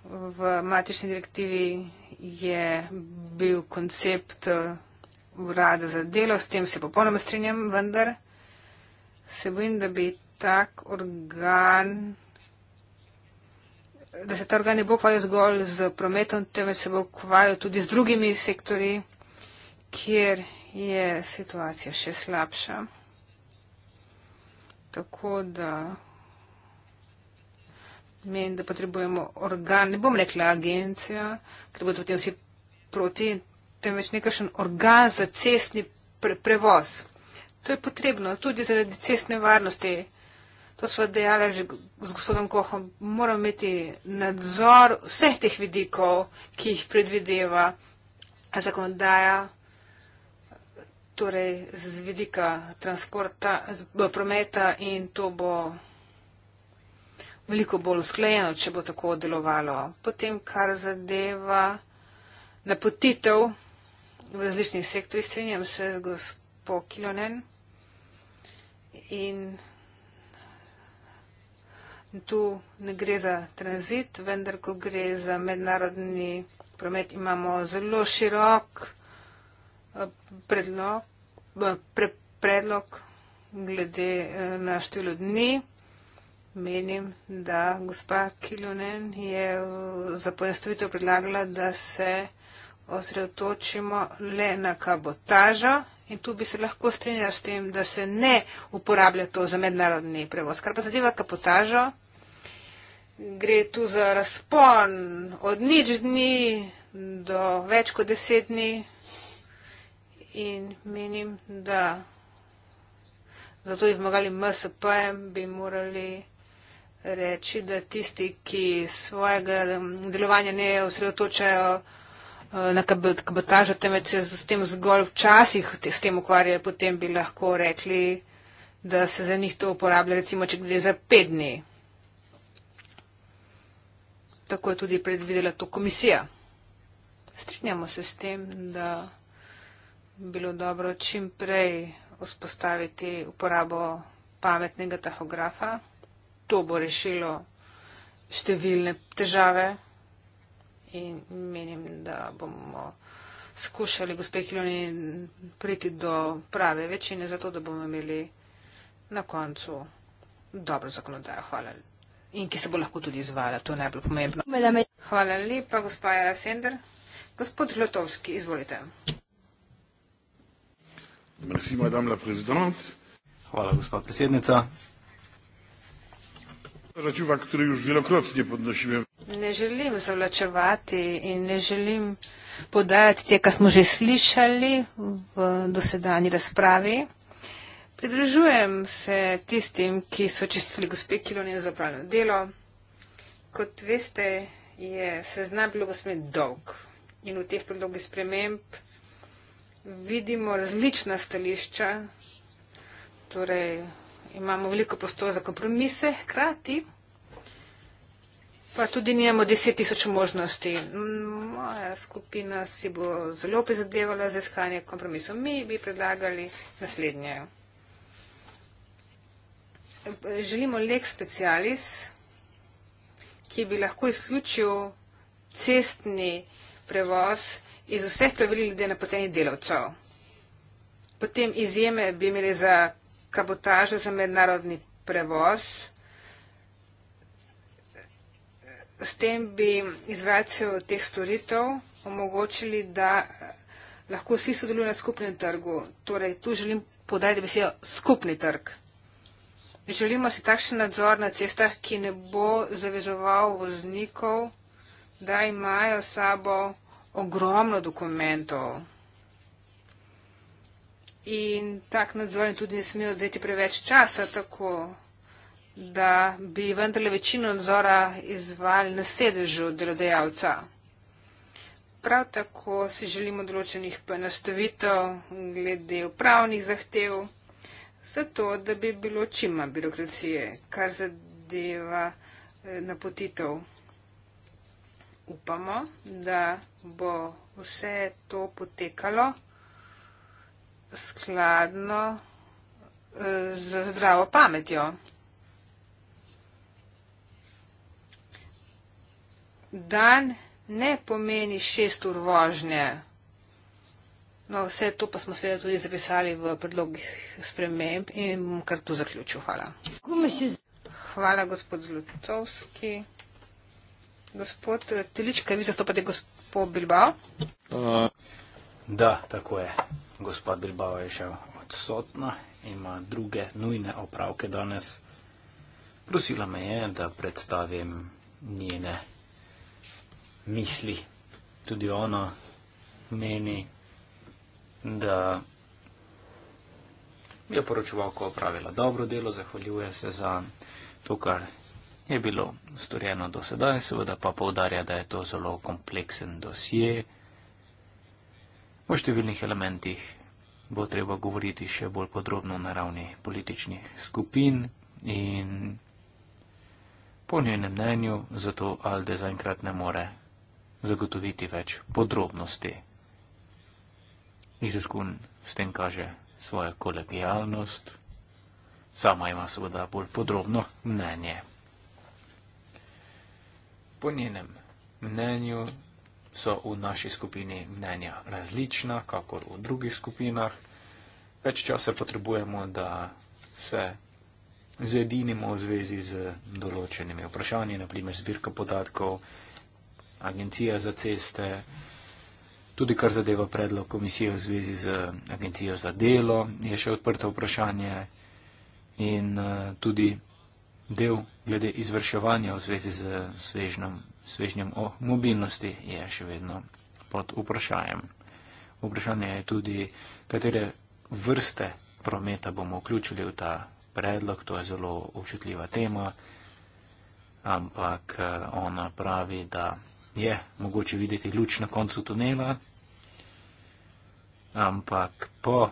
v matični direktivi je bil koncept eh, urada za delo, s tem se popolnoma strinjam, vendar se bojim, da bi tak organ, da se ta organ ne bo ukvarjal zgolj z prometom, temveč se bo ukvarjal tudi z drugimi sektori, kjer je situacija še slabša. Tako da Menim, da potrebujemo organ, ne bom rekla agencija, ker bodo potem vsi proti, temveč nekakšen organ za cestni pre prevoz. To je potrebno tudi zaradi cestne varnosti. To smo dejala že z gospodom Kohom. Moramo imeti nadzor vseh teh vidikov, ki jih predvideva zakonodaja, torej z vidika transporta, prometa in to bo veliko bolj usklajeno, če bo tako delovalo. Potem, kar zadeva napotitev v različnih sektorjih, strinjam se z gospod Kilonen. In tu ne gre za tranzit, vendar, ko gre za mednarodni promet, imamo zelo širok eh, predlog, eh, predlog glede eh, na število dni menim, da gospa Kilunen je za ponestavitev predlagala, da se osredotočimo le na kabotažo in tu bi se lahko strinjal s tem, da se ne uporablja to za mednarodni prevoz. Kar pa zadeva kabotažo, gre tu za razpon od nič dni do več kot deset dni in menim, da zato bi pomagali MSP, bi morali reči, da tisti, ki svojega delovanja ne osredotočajo eh, na kabotažo, temveč se s tem zgolj včasih s tem ukvarjajo, potem bi lahko rekli, da se za njih to uporablja, recimo, če gre za pet dni. Tako je tudi predvidela to komisija. Strinjamo se s tem, da bi bilo dobro čim prej vzpostaviti uporabo pametnega tahografa to bo rešilo številne težave in menim, da bomo skušali, gospe Kiljoni, priti do prave večine, zato da bomo imeli na koncu dobro zakonodajo. Hvala. In ki se bo lahko tudi izvala, to je najbolj pomembno. Hvala lepa, gospa Jara Sender. Gospod Zlotovski, izvolite. Merci, madame la présidente. Hvala, gospa predsednica računa, ki jo že velikokrat podnošujem. Ne želim zavlačevati in ne želim podajati tega, kar smo že slišali v dosedanji razpravi. Pridružujem se tistim, ki so čestili gospe Kilonijo za pravno delo. Kot veste, je seznam bilo gospe dolg in v teh predlogih sprememb vidimo različna stališča. Torej, imamo veliko prostora za kompromise, hkrati pa tudi nijemo deset tisoč možnosti. Moja skupina si bo zelo prizadevala za iskanje kompromisov. Mi bi predlagali naslednje. Želimo lek specialis, ki bi lahko izključil cestni prevoz iz vseh pravil glede napotenih delavcev. Potem izjeme bi imeli za kabotažo za mednarodni prevoz. S tem bi izvajalcev teh storitev omogočili, da lahko vsi sodelujo na skupnem trgu. Torej, tu želim podariti besedo skupni trg. Želimo si takšen nadzor na cestah, ki ne bo zavezoval voznikov, da imajo sabo ogromno dokumentov in tak nadzor jim tudi ne smejo odzeti preveč časa, tako da bi vendarle večino nadzora izvali na sedežu delodajalca. Prav tako si želimo določenih poenostavitev glede upravnih zahtev, zato da bi bilo čim manj birokracije, kar zadeva eh, napotitev. Upamo, da bo vse to potekalo skladno eh, z zdravo pametjo. Dan ne pomeni šest ur vožnje. No, vse to pa smo seveda tudi zapisali v predlogih sprememb in bom kar tu zaključil. Hvala. Hvala, gospod Zlotovski. Gospod eh, Telička, vi zastopate gospod Bilbao? Uh, da, tako je gospa Bilbao je še odsotna, ima druge nujne opravke danes. Prosila me je, da predstavim njene misli. Tudi ona meni, da je poročevalko opravila dobro delo, zahvaljuje se za to, kar je bilo storjeno do sedaj, seveda pa povdarja, da je to zelo kompleksen dosje. V številnih elementih bo treba govoriti še bolj podrobno na ravni političnih skupin in po njenem mnenju zato Alde zaenkrat ne more zagotoviti več podrobnosti. Izeskun s tem kaže svojo kolegijalnost, sama ima seveda bolj podrobno mnenje. Po njenem mnenju so v naši skupini mnenja različna, kakor v drugih skupinah. Več časa potrebujemo, da se zedinimo v zvezi z določenimi vprašanji, naprimer zbirka podatkov, agencija za ceste, tudi kar zadeva predlog komisije v zvezi z agencijo za delo, je še odprto vprašanje in eh, tudi del glede izvrševanja v zvezi z svežnom svežnjem o mobilnosti je še vedno pod vprašanjem. Vprašanje je tudi, katere vrste prometa bomo vključili v ta predlog. To je zelo občutljiva tema, ampak ona pravi, da je mogoče videti luč na koncu tunela, ampak po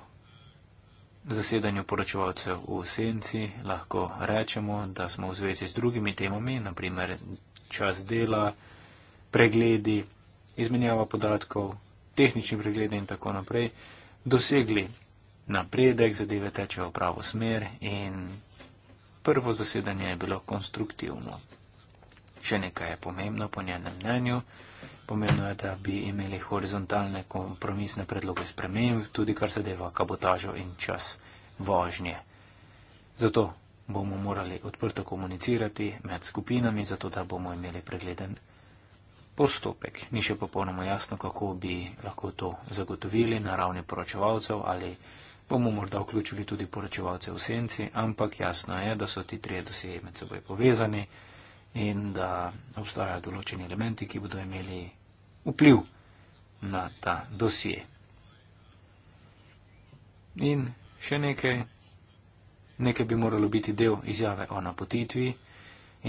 zasedanju poročevalcev v senci lahko rečemo, da smo v zvezi z drugimi temami, naprimer čas dela, pregledi, izmenjava podatkov, tehnični pregledi in tako naprej, dosegli napredek, zadeve tečejo v pravo smer in prvo zasedanje je bilo konstruktivno. Še nekaj je pomembno po njenem mnenju. Pomembno je, da bi imeli horizontalne kompromisne predloge sprememb, tudi kar zadeva kabotažo in čas vožnje. Zato bomo morali odprto komunicirati med skupinami, zato da bomo imeli pregleden postopek. Ni še popolnoma jasno, kako bi lahko to zagotovili na ravni poročevalcev ali bomo morda vključili tudi poročevalce v senci, ampak jasno je, da so ti trije dosije med seboj povezani in da obstajajo določeni elementi, ki bodo imeli vpliv na ta dosije. In še nekaj, Nekaj bi moralo biti del izjave o napotitvi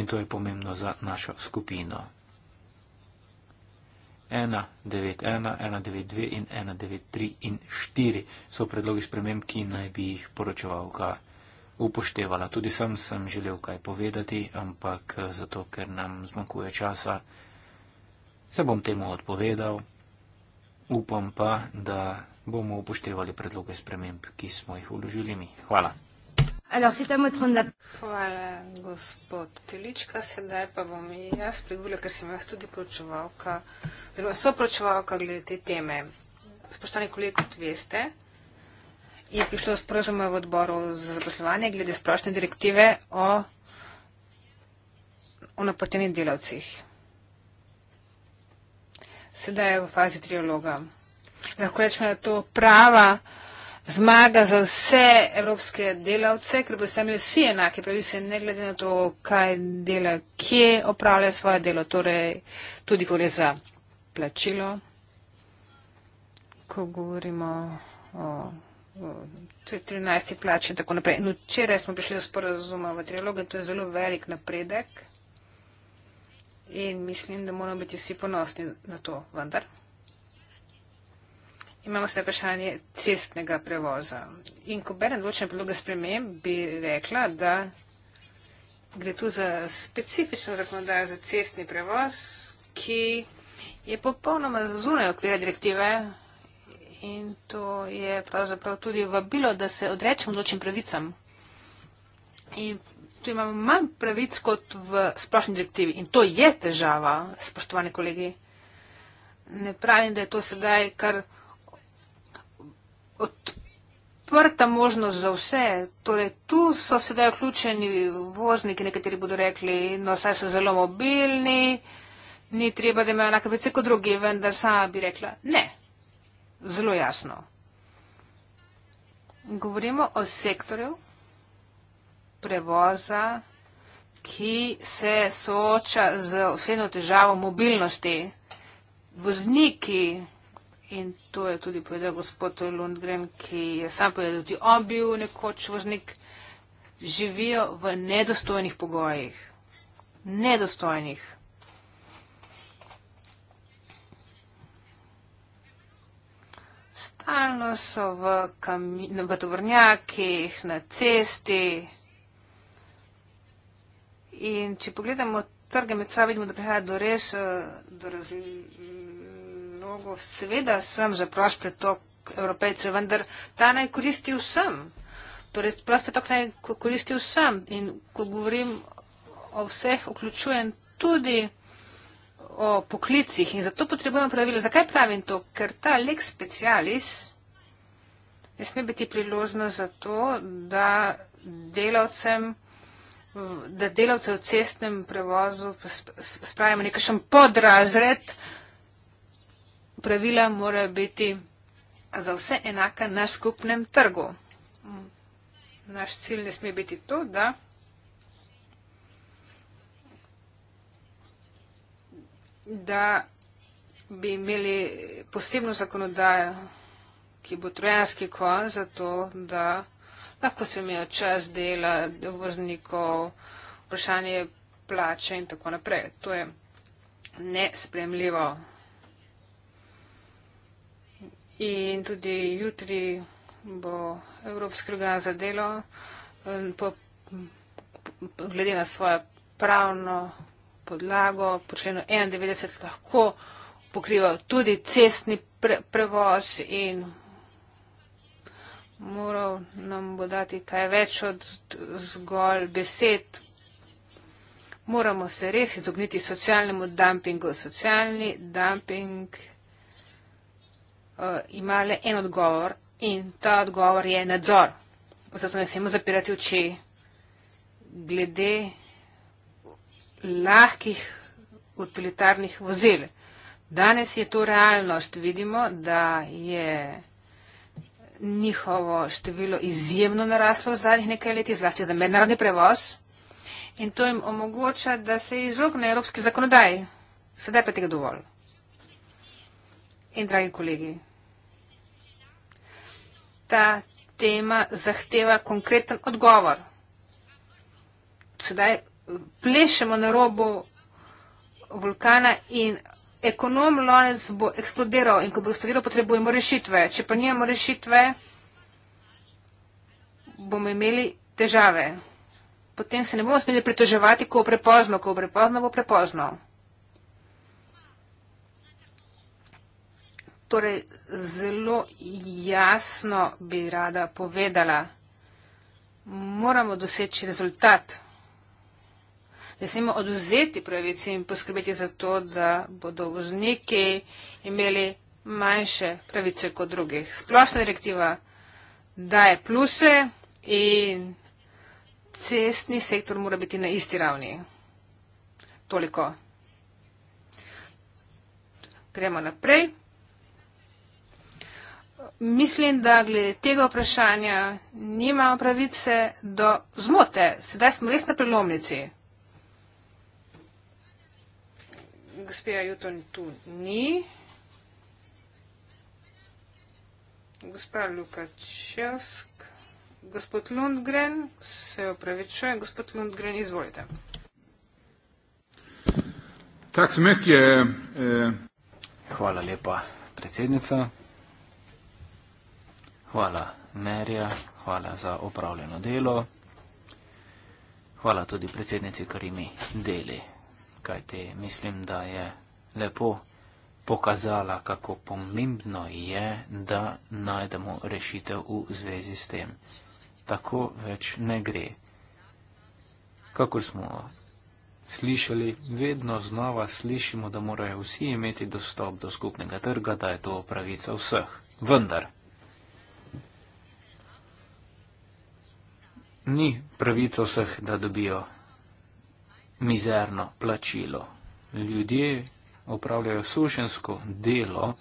in to je pomembno za našo skupino. 1.9.1.1.9.2 in 1.9.3 in 4 so predlogi sprememb, ki naj bi jih poročevalka upoštevala. Tudi sam sem želel kaj povedati, ampak eh, zato, ker nam zmanjkuje časa, se bom temu odpovedal. Upam pa, da bomo upoštevali predloge sprememb, ki smo jih uložili mi. Hvala. Alors, c'est à moi de prendre la parole, gospod Telička. Sedaj pa bom jaz spregovorila, ker sem jaz tudi poročevalka, oziroma soproočevalka glede te teme. Spoštovani kolegi, kot veste, je prišlo sporozuma v odboru za zaposlovanje glede splošne direktive o, o napotenih delavcih. Sedaj je v fazi trialoga. Lahko rečemo, da je to prava zmaga za vse evropske delavce, ker boste imeli vsi enake pravice, ne glede na to, kaj dela, kje opravlja svoje delo, torej tudi gre za plačilo, ko govorimo o. o 13. plače in tako naprej. In včeraj smo prišli do sporazuma v trialogu in to je zelo velik napredek. In mislim, da moramo biti vsi ponosni na to, vendar imamo se vprašanje cestnega prevoza. In ko berem določene predloge sprememb, bi rekla, da gre tu za specifično zakonodajo za cestni prevoz, ki je popolnoma zunaj okvira direktive in to je pravzaprav tudi vabilo, da se odrečemo določenim pravicam. In tu imamo manj pravic kot v splošni direktivi in to je težava, spoštovane kolegi. Ne pravim, da je to sedaj kar odprta možnost za vse. Torej, tu so sedaj vključeni vozniki, nekateri bodo rekli, no saj so zelo mobilni, ni treba, da imajo enake vece kot drugi, vendar sama bi rekla ne. Zelo jasno. Govorimo o sektorju prevoza, ki se sooča z osrednjo težavo mobilnosti. Vozniki In to je tudi povedal gospod Lundgren, ki je sam povedal, da tudi on bil nekoč vrznik, živijo v nedostojnih pogojih. Nedostojnih. Stalno so v, v tovornjakih, na cesti. In če pogledamo trge med sabo, vidimo, da prihaja do res, eh, do razli mnogo. Seveda sem za prost pretok evropejcev, vendar ta naj koristi vsem. Torej, prost pretok naj koristi vsem. In ko govorim o vseh, vključujem tudi o poklicih in zato potrebujemo pravila. Zakaj pravim to? Ker ta lex specialis ne sme biti priložno za to, da delavcem da delavce v cestnem prevozu spravimo nekakšen podrazred, pravila morajo biti za vse enaka na skupnem trgu. Naš cilj ne sme biti to, da da bi imeli posebno zakonodajo, ki bo trojanski konj, zato da lahko se imajo čas dela, voznikov, vprašanje plače in tako naprej. To je nespremljivo in tudi jutri bo Evropski organ za delo eh, po, glede na svojo pravno podlago po členu 91 lahko pokrival tudi cestni pre, prevoz in moral nam bo dati kaj več od zgolj besed. Moramo se res izogniti socialnemu dumpingu. Socialni dumping uh, ima le en odgovor in ta odgovor je nadzor. Zato ne smemo zapirati oči glede lahkih utilitarnih vozil. Danes je to realnost. Vidimo, da je njihovo število izjemno naraslo v zadnjih nekaj leti, zlasti za mednarodni prevoz. In to jim omogoča, da se izognejo evropski zakonodaji. Sedaj pa tega dovolj in dragi kolegi. Ta tema zahteva konkreten odgovor. Sedaj eh, plešemo na robu vulkana in ekonom Lonec bo eksplodiral in ko bo eksplodiral, potrebujemo rešitve. Če pa nijemo rešitve, bomo imeli težave. Potem se ne bomo smeli pritoževati, ko bo prepozno, ko bo prepozno, bo prepozno. Torej, zelo jasno bi rada povedala, moramo doseči rezultat. Ne smemo oduzeti pravici in poskrbeti za to, da bodo vozniki imeli manjše pravice kot drugih. Splošna direktiva daje pluse in cestni sektor mora biti na isti ravni. Toliko. Gremo naprej mislim, da glede tega vprašanja nimamo pravice do zmote. Sedaj smo res na prelomnici. Gospa Juton tu ni. Gospa Lukačevsk. Gospod Lundgren, se upravičujem. Gospod Lundgren, izvolite. Tak smek je. Eh. Hvala lepa, predsednica. Hvala, Merja, hvala za opravljeno delo. Hvala tudi predsednici Karimi Deli, kajte mislim, da je lepo pokazala, kako pomembno je, da najdemo rešitev v zvezi s tem. Tako več ne gre. Kakor smo slišali, vedno znova slišimo, da morajo vsi imeti dostop do skupnega trga, da je to pravica vseh. Vendar. ni pravica vseh, da dobijo mizerno plačilo. Ljudje opravljajo sušensko delo,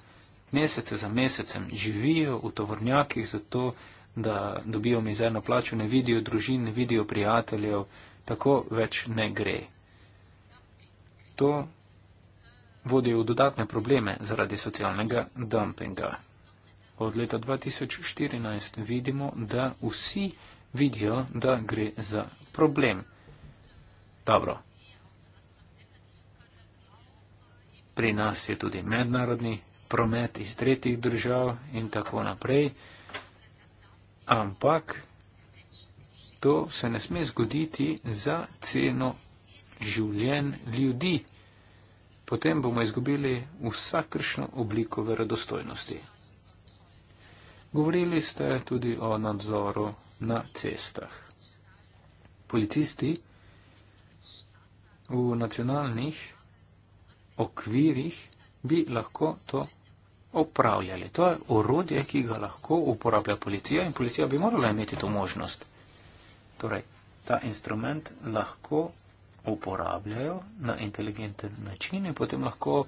mesece za mesecem živijo v tovornjakih zato, da dobijo mizerno plačo, ne vidijo družin, ne vidijo prijateljev, tako več ne gre. To vodijo v dodatne probleme zaradi socialnega dumpinga. Od leta 2014 vidimo, da vsi vidijo, da gre za problem. Dobro. Pri nas je tudi mednarodni promet iz tretjih držav in tako naprej. Ampak to se ne sme zgoditi za ceno življenj ljudi. Potem bomo izgubili vsakršno obliko verodostojnosti. Govorili ste tudi o nadzoru na cestah. Policisti v nacionalnih okvirih bi lahko to opravljali. To je orodje, ki ga lahko uporablja policija in policija bi morala imeti to možnost. Torej, ta instrument lahko uporabljajo na inteligenten način in potem lahko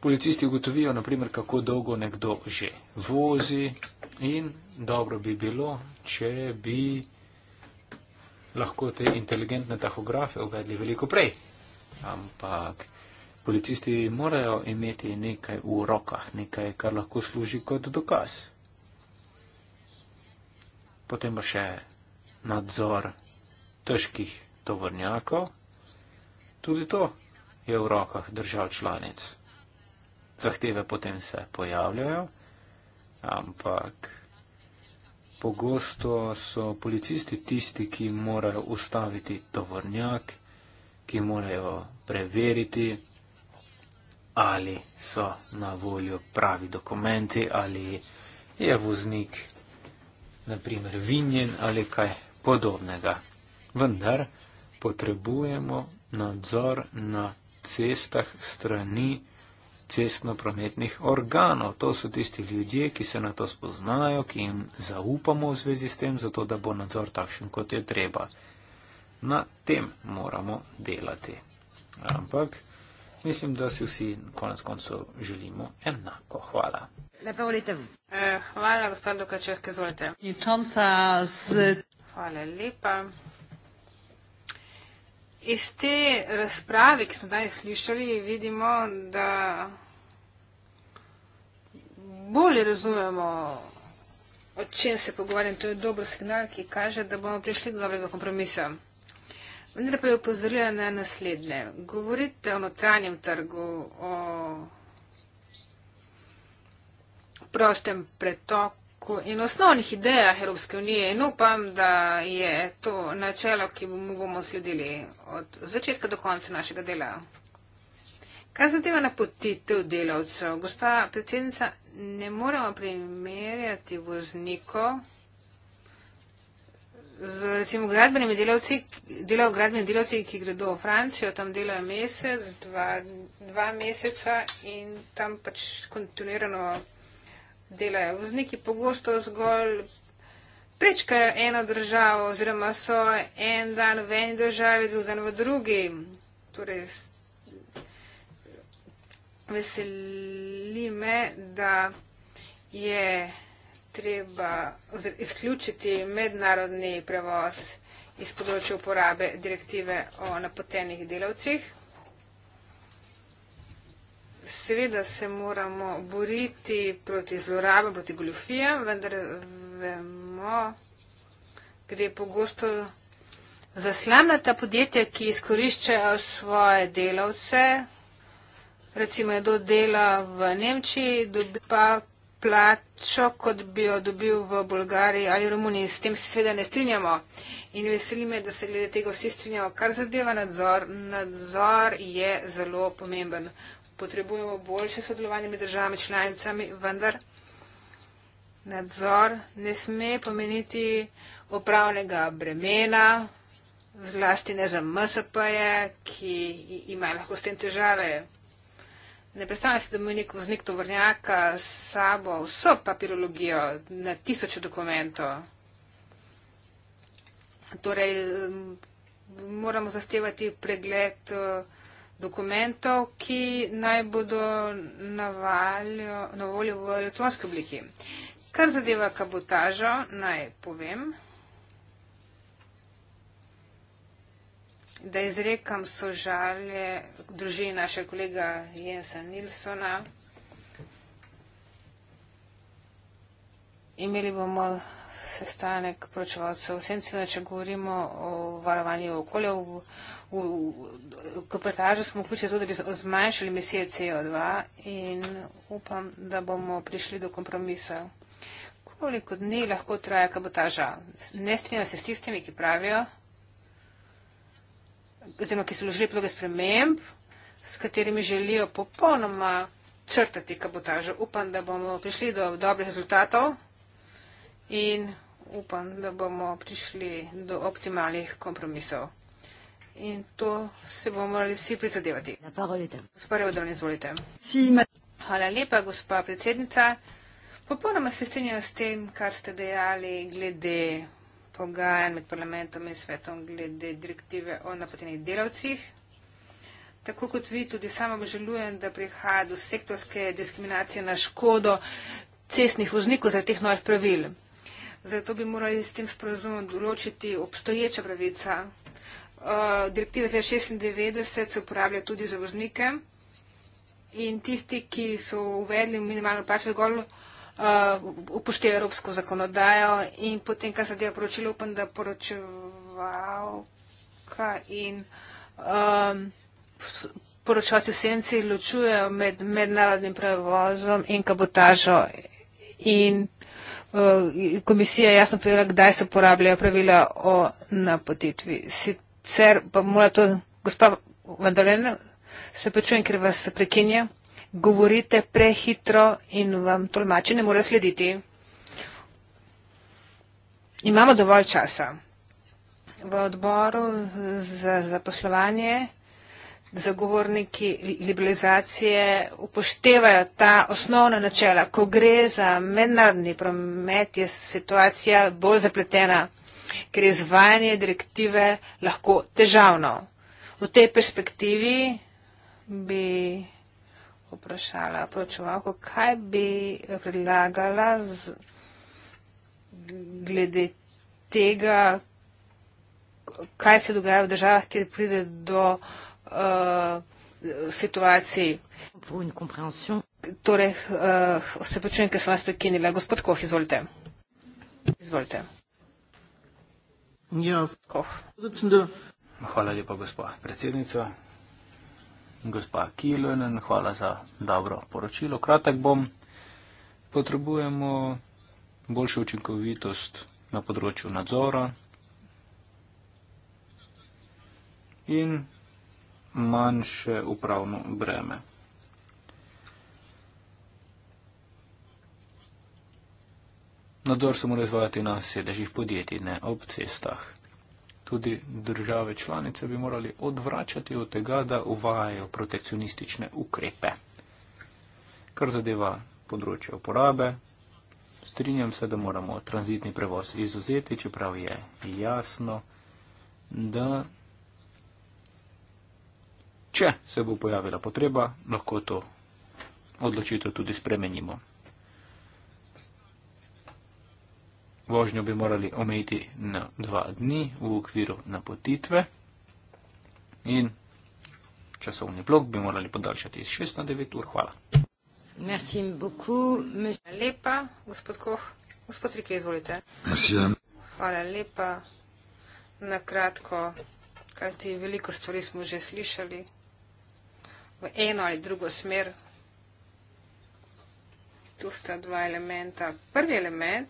policisti ugotovijo, naprimer, kako dolgo nekdo že vozi in dobro bi bilo, če bi lahko te inteligentne tahografe uvedli veliko prej. Ampak policisti morajo imeti nekaj v rokah, nekaj, kar lahko služi kot dokaz. Potem pa še nadzor težkih tovornjakov. Tudi to je v rokah držav članic zahteve potem se pojavljajo, ampak pogosto so policisti tisti, ki morajo ustaviti tovornjak, ki morajo preveriti, ali so na voljo pravi dokumenti, ali je voznik, naprimer, vinjen ali kaj podobnega. Vendar potrebujemo nadzor na cestah strani, cestno-prometnih organov. To so tisti ljudje, ki se na to spoznajo, ki jim zaupamo v zvezi s tem, zato da bo nadzor takšen, kot je treba. Na tem moramo delati. Ampak mislim, da si vsi konec koncev želimo enako. Hvala. Lepo volite. Eh, hvala, gospod Lukačev, ki izvolite. Hvala lepa. Iz te razprave, ki smo danes slišali, vidimo, da bolje razumemo, o čem se pogovarjam. To je dober signal, ki kaže, da bomo prišli do dobrega kompromisa. Vendar pa je upozorila na naslednje. Govorite o notranjem trgu, o prostem pretoku in osnovnih idejah Evropske unije in upam, da je to načelo, ki mu bomo sledili od začetka do konca našega dela. Kar zadeva napotitev delavcev, gospa predsednica, ne moremo primerjati voznikov z recimo gradbenimi delavci, delajo gradbeni delavci, ki gredo v Francijo, tam delajo mesec, dva, dva meseca in tam pač kontinuirano delajo. Vozniki pogosto zgolj prečkajo eno državo oziroma so en dan v eni državi, drug dan v drugi. Torej, veseli me, da je treba izključiti mednarodni prevoz iz področja uporabe direktive o napotenih delavcih seveda se moramo boriti proti zlorabam, proti goljofijam, vendar vemo, gre pogosto za slamnata podjetja, ki izkoriščajo svoje delavce. Recimo je do dela v Nemčiji, dobi pa plačo, kot bi jo dobil v Bolgariji ali Romuniji. S tem se seveda ne strinjamo. In veseli me, da se glede tega vsi strinjamo. Kar zadeva nadzor, nadzor je zelo pomemben potrebujemo boljše sodelovanje med državami članicami, vendar nadzor ne sme pomeniti upravnega bremena, zlasti ne za MSP-je, ki imajo lahko s tem težave. Ne predstavljam si, da mi nek voznik tovornjaka s sabo vso papirologijo na tisoče dokumentov. Torej, moramo zahtevati pregled uh, dokumentov, ki naj bodo na voljo v elektronski obliki. Kar zadeva kabotažo, naj povem, da izrekam sožalje družini našega kolega Jensa Nilsona. Imeli bomo sestanek poročevalcev v Senci, če govorimo o varovanju okolja. V, v, v, ko pretažu smo vključili to, da bi zmanjšali emisije CO2 in upam, da bomo prišli do kompromisa. Koliko dni lahko traja kabotaža? Ne strinjam se s tistimi, ki pravijo, oziroma ki so vložili predloge sprememb, s katerimi želijo popolnoma črtati kabotažo. Upam, da bomo prišli do dobrih rezultatov in upam, da bomo prišli do optimalnih kompromisov in to se bomo morali vsi prizadevati. Hvala lepa, gospa predsednica. Popolnoma se strinjam s tem, kar ste dejali glede pogajanj med parlamentom in svetom, glede direktive o napotenih delavcih. Tako kot vi, tudi sama obžalujem, da prihaja do sektorske diskriminacije na škodo cestnih voznikov zaradi teh novih pravil. Zato bi morali s tem sporozumom določiti obstoječa pravica Eh, direktive 96 se uporablja tudi za voznike in tisti, ki so uvedli minimalno plačo zgolj eh, upoštevajo evropsko zakonodajo in potem, kar zadeva poročilo, upam, da poročevalka in eh, poročevalci v senci ločujejo med mednarodnim prevozom in kabotažo in komisija je jasno povedala, kdaj se uporabljajo pravila o napotitvi situacije. Sicer pa mora to, gospa Vandolena, se počujem, ker vas prekinja. Govorite prehitro in vam tolmači ne more slediti. Imamo dovolj časa. V odboru za zaposlovanje zagovorniki liberalizacije upoštevajo ta osnovna načela. Ko gre za mednarodni promet, je situacija bolj zapletena ker je izvajanje direktive lahko težavno. V tej perspektivi bi vprašala poročevalko, kaj bi predlagala z, glede tega, kaj se dogaja v državah, kjer pride do uh, situacij. Torej, uh, se počujem, ker sem vas prekinila. Gospod Koh, izvolite. Izvolite. Ja, Koh. Hvala lepa, gospa predsednica. Gospa Kilonen, hvala za dobro poročilo. Kratek bom. Potrebujemo boljšo učinkovitost na področju nadzora in manjše upravno breme. Nadzor se mora izvajati na sedežih podjetij, ne ob cestah. Tudi države članice bi morali odvračati od tega, da uvajajo protekcionistične ukrepe. Kar zadeva področje uporabe, strinjam se, da moramo tranzitni prevoz izuzeti, čeprav je jasno, da če se bo pojavila potreba, lahko to odločitev tudi spremenimo. vožnjo bi morali omejiti na dva dni v okviru napotitve in časovni blok bi morali podaljšati iz 6 na 9 ur. Hvala. Merci beaucoup, monsieur. Lepa, gospod Koh. Gospod Rike, izvolite. Merci. Hvala lepa. Na kratko, kajti veliko stvari smo že slišali v eno ali drugo smer. Tu sta dva elementa. Prvi element,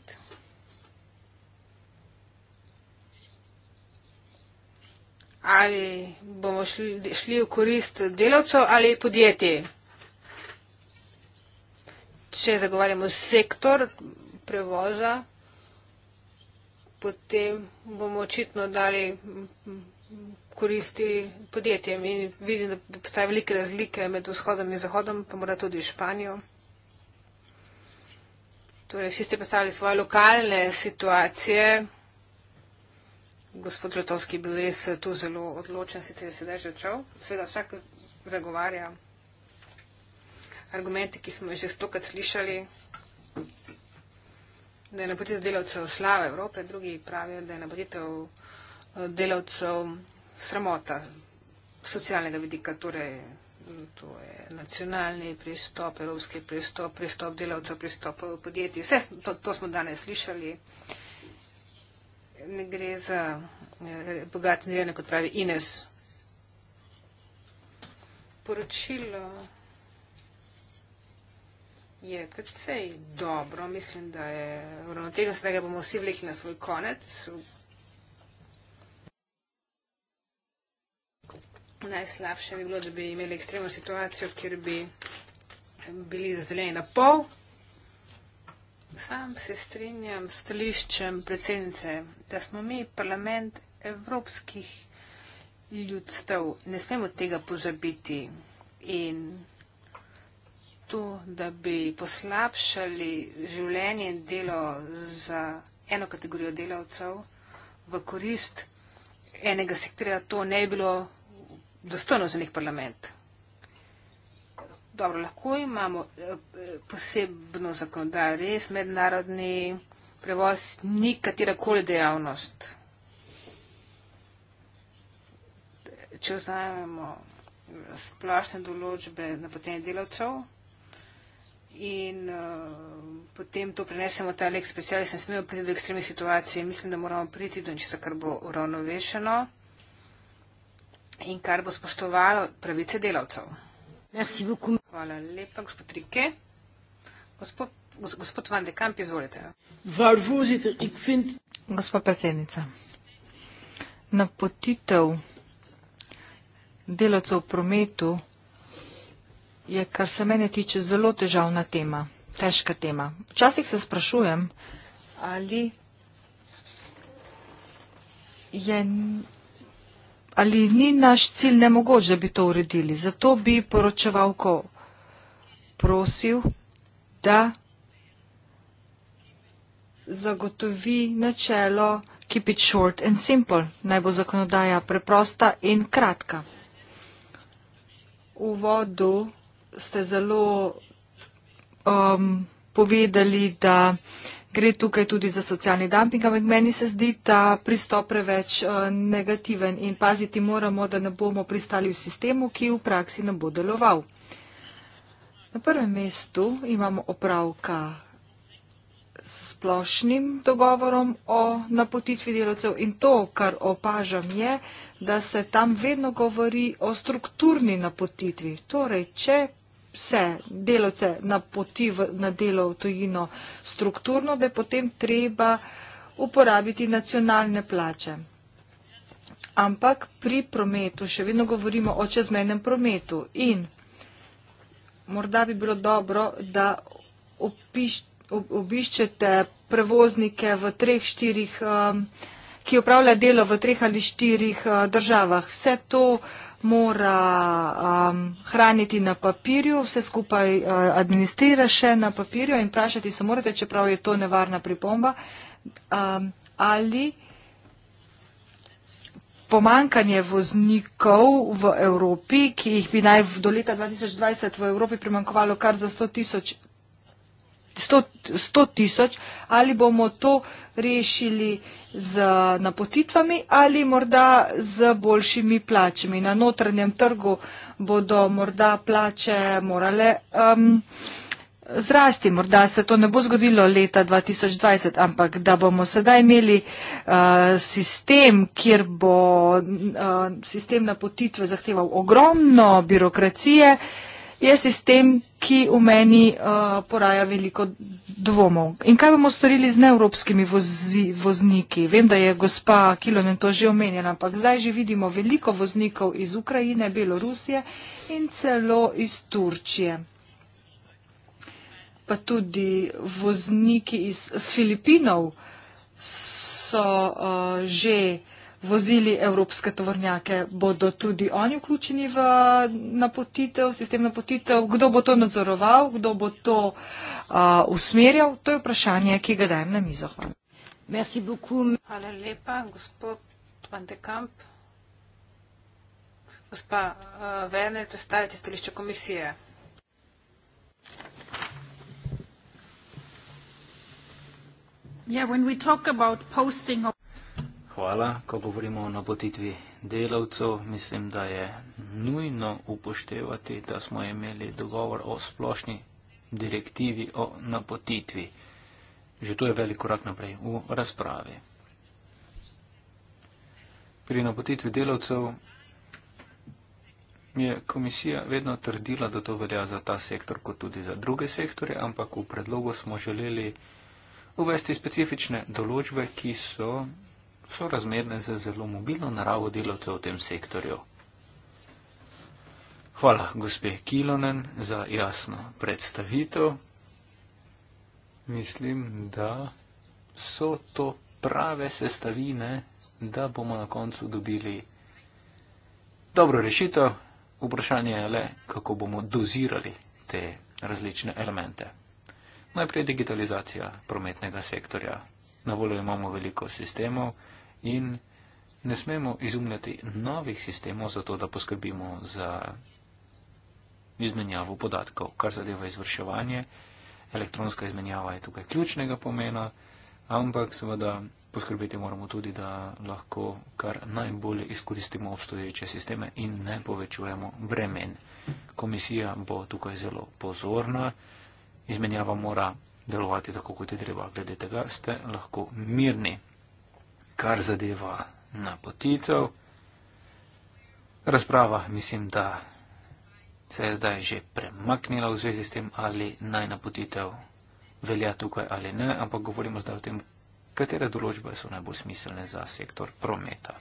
ali bomo šli, šli v korist delavcev ali podjetij. Če zagovarjamo sektor prevoza, potem bomo očitno dali koristi podjetjem in vidim, da postaje velike razlike med vzhodom in zahodom, pa mora tudi Španijo. Torej, vsi ste postavili svoje lokalne situacije gospod Lotovski je bil res eh, tu zelo odločen, sicer je sedaj že odšel. Seveda vsak zagovarja argumente, ki smo že stokrat slišali, da je napotitev delavcev slava Evrope, drugi pravijo, da je napotitev eh, delavcev sramota socialnega vidika, torej mm, to je nacionalni pristop, evropski pristop, pristop delavcev, pristop podjetij. Vse to, to smo danes slišali. Uh, ne gre za eh, bogat in reden, kot pravi Ines. Poročilo je precej dobro, mislim, da je uravnoteženo, sedaj ga bomo vsi vlekli na svoj konec. Najslabše bi bilo, da bi imeli ekstremno situacijo, kjer bi bili zeleni na pol. Sam se strinjam s stališčem predsednice, da smo mi parlament evropskih ljudstev. Ne smemo tega pozabiti in to, da bi poslabšali življenje in delo za eno kategorijo delavcev v korist enega sektorja, to ne bi bilo dostojno za njih parlament dobro, lahko imamo eh, posebno zakonodajo, res mednarodni prevoz ni katerakoli dejavnost. Če vzamemo eh, splošne določbe na potenje delavcev in eh, potem to prenesemo ta lek specialis, ne smemo priti do ekstremne situacije, mislim, da moramo priti do nečesa, kar bo uravnovešeno in kar bo spoštovalo pravice delavcev. Hvala lepa, gospod Rike. Gospod, gospod Van de Kamp, izvolite. Gospod predsednica, napotitev delavcev v prometu je, kar se mene tiče, zelo težavna tema, težka tema. Včasih se sprašujem, ali je ali ni naš cilj nemogoče, da bi to uredili. Zato bi poročevalko prosil, da zagotovi načelo keep it short and simple, naj bo zakonodaja preprosta in kratka. V vodu ste zelo um, povedali, da Gre tukaj tudi za socialni dumping, ampak meni se zdi ta pristop preveč eh, negativen in paziti moramo, da ne bomo pristali v sistemu, ki v praksi ne bo deloval. Na prvem mestu imamo opravka s splošnim dogovorom o napotitvi delovcev in to, kar opažam, je, da se tam vedno govori o strukturni napotitvi. Torej, če vse delavce na poti v, na delo v tojino strukturno, da je potem treba uporabiti nacionalne plače. Ampak pri prometu, še vedno govorimo o čezmenem prometu in morda bi bilo dobro, da opiš, ob, obiščete prevoznike v treh, štirih. Um, ki upravlja delo v treh ali štirih eh, državah. Vse to mora um, hraniti na papirju, vse skupaj uh, administrira še na papirju in vprašati se morate, čeprav je to nevarna pripomba, um, ali pomankanje voznikov v Evropi, ki jih bi naj do leta 2020 v Evropi primankovalo kar za 100 tisoč sto tisoč, ali bomo to rešili z napotitvami ali morda z boljšimi plačami. Na notranjem trgu bodo morda plače morale um, zrasti, morda se to ne bo zgodilo leta 2020, ampak da bomo sedaj imeli uh, sistem, kjer bo uh, sistem napotitve zahteval ogromno birokracije, uh, je sistem, ki v meni uh, poraja veliko dvomov. In kaj bomo storili z neevropskimi vozi, vozniki? Vem, da je gospa Kilonen to že omenjena, ampak zdaj že vidimo veliko voznikov iz Ukrajine, Belorusije in celo iz Turčije. Pa tudi vozniki iz, iz Filipinov so uh, že vozili evropske tovornjake. Bodo tudi oni vključeni v napotitev, sistem napotitev? Kdo bo to nadzoroval, kdo bo to uh, usmerjal? To je vprašanje, ki ga dajem na mizo. Hvala. Hvala lepa, gospod Van de Kamp. Gospa uh, Werner, predstavite stališče komisije. Yeah, when we talk about posting of Hvala. Ko govorimo o napotitvi delavcev, mislim, da je nujno upoštevati, da smo imeli dogovor o splošni direktivi o napotitvi. Že to je velik korak naprej v razpravi. Pri napotitvi delavcev je komisija vedno trdila, da to velja za ta sektor kot tudi za druge sektore, ampak v predlogu smo želeli uvesti specifične določbe, ki so so razmerne za zelo mobilno naravo delavcev v tem sektorju. Hvala, gospe Kilonen, za jasno predstavitev. Mislim, da so to prave sestavine, da bomo na koncu dobili dobro rešitev. Vprašanje je le, kako bomo dozirali te različne elemente. Najprej digitalizacija prometnega sektorja. Na voljo imamo veliko sistemov in ne smemo izumljati novih sistemov za to, da poskrbimo za izmenjavo podatkov, kar zadeva izvrševanje. Elektronska izmenjava je tukaj ključnega pomena, ampak seveda poskrbeti moramo tudi, da lahko kar najbolje izkoristimo obstoječe sisteme in ne povečujemo bremen. Komisija bo tukaj zelo pozorna, izmenjava mora delovati tako, kot je treba. Glede tega ste lahko mirni kar zadeva napotitev. Razprava mislim, da se je zdaj že premaknila v zvezi s tem, ali naj napotitev velja tukaj ali ne, ampak govorimo zdaj o tem, katere določbe so najbolj smiselne za sektor prometa.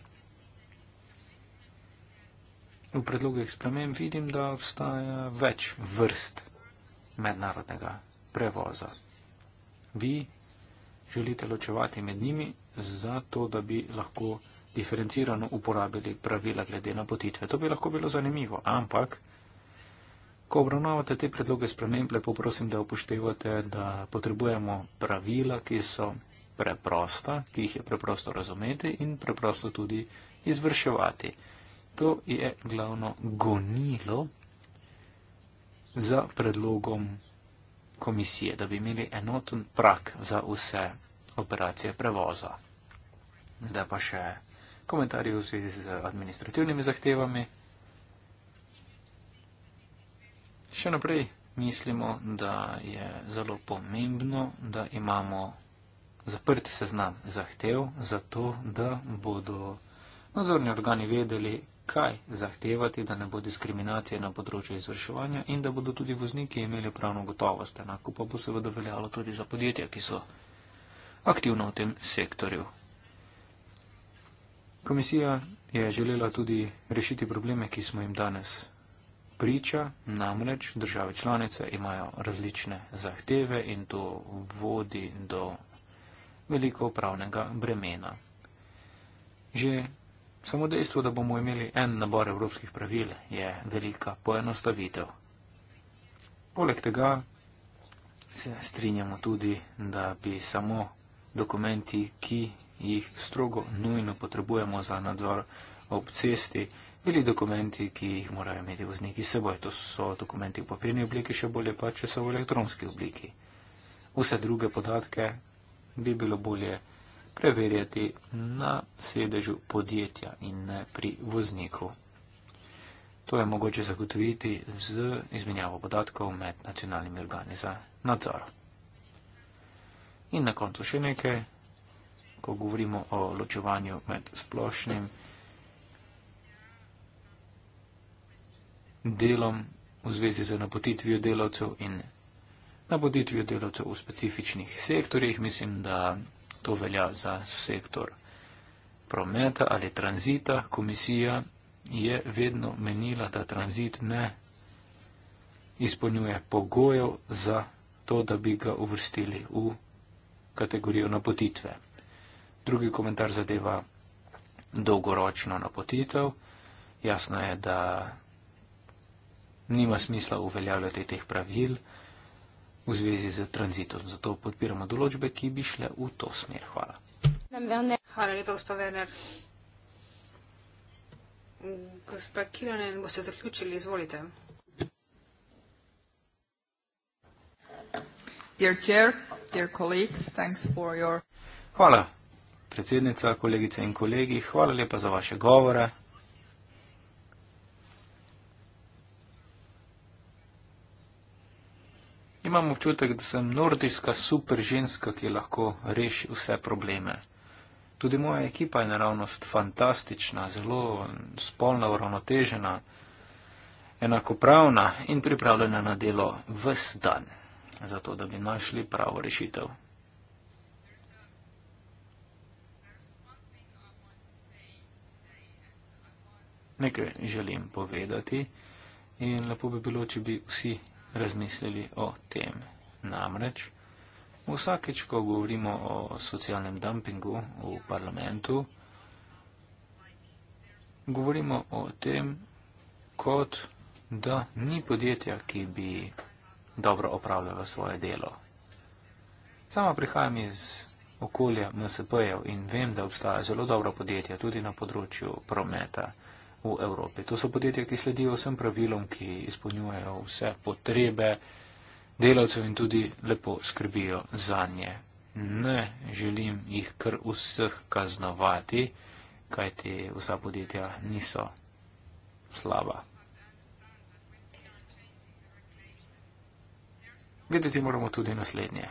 V predlogu eksperimentov vidim, da obstaja več vrst mednarodnega prevoza. Vi želite ločevati med njimi, zato, da bi lahko diferencirano uporabili pravila glede napotitve. To bi lahko bilo zanimivo, ampak ko obravnavate te predloge sprememb, lepo prosim, da upoštevate, da potrebujemo pravila, ki so preprosta, ki jih je preprosto razumeti in preprosto tudi izvrševati. To je glavno gonilo za predlogom komisije, da bi imeli enoten prak za vse operacije prevoza. Zdaj pa še komentarji v zvezi z administrativnimi zahtevami. Še naprej mislimo, da je zelo pomembno, da imamo zaprt seznam zahtev, zato da bodo nadzorni organi vedeli, kaj zahtevati, da ne bo diskriminacije na področju izvrševanja in da bodo tudi vozniki imeli pravno gotovost. Enako pa bo seveda veljalo tudi za podjetja, ki so aktivno v tem sektorju. Komisija je želela tudi rešiti probleme, ki smo jim danes priča, namreč države članice imajo različne zahteve in to vodi do veliko upravnega bremena. Že samo dejstvo, da bomo imeli en nabor evropskih pravil, je velika poenostavitev. Poleg tega se strinjamo tudi, da bi samo dokumenti, ki jih strogo nujno potrebujemo za nadzor ob cesti, bili dokumenti, ki jih morajo imeti vozniki s seboj. To so dokumenti v papirni obliki, še bolje pa, če so v elektronski obliki. Vse druge podatke bi bilo bolje preverjati na sedežu podjetja in ne pri vozniku. To je mogoče zagotoviti z izmenjavo podatkov med nacionalnimi organi za nadzor. In na koncu še nekaj, ko govorimo o ločevanju med splošnim delom v zvezi z napotitvijo delavcev in napotitvijo delavcev v specifičnih sektorjih. Mislim, da to velja za sektor prometa ali tranzita. Komisija je vedno menila, da tranzit ne izpolnjuje pogojev za to, da bi ga uvrstili v kategorijo napotitve. Drugi komentar zadeva dolgoročno napotitev. Jasno je, da nima smisla uveljavljati teh pravil v zvezi z tranzitom. Zato podpiramo določbe, ki bi šle v to smer. Hvala. Hvala lepa, gospod Werner. Gospod Kilonen, boste zaključili, izvolite. Dear chair, dear colleagues, thanks for your... Hvala, predsednica, kolegice in kolegi, hvala lepa za vaše govore. Imam občutek, da sem nordijska super ženska, ki lahko reši vse probleme. Tudi moja ekipa je naravnost fantastična, zelo spolno uravnotežena, enakopravna in pripravljena na delo vse dan, zato da bi našli pravo rešitev. nekaj želim povedati in lepo bi bilo, če bi vsi razmislili o tem. Namreč, vsakeč, ko govorimo o socialnem dumpingu v parlamentu, govorimo o tem, kot da ni podjetja, ki bi dobro opravljala svoje delo. Sama prihajam iz okolja MSP-jev in vem, da obstaja zelo dobro podjetje tudi na področju prometa v Evropi. To so podjetja, ki sledijo vsem pravilom, ki izpolnjujejo vse potrebe delavcev in tudi lepo skrbijo za nje. Ne želim jih kar vseh kaznovati, kajti vsa podjetja niso slaba. Videti moramo tudi naslednje.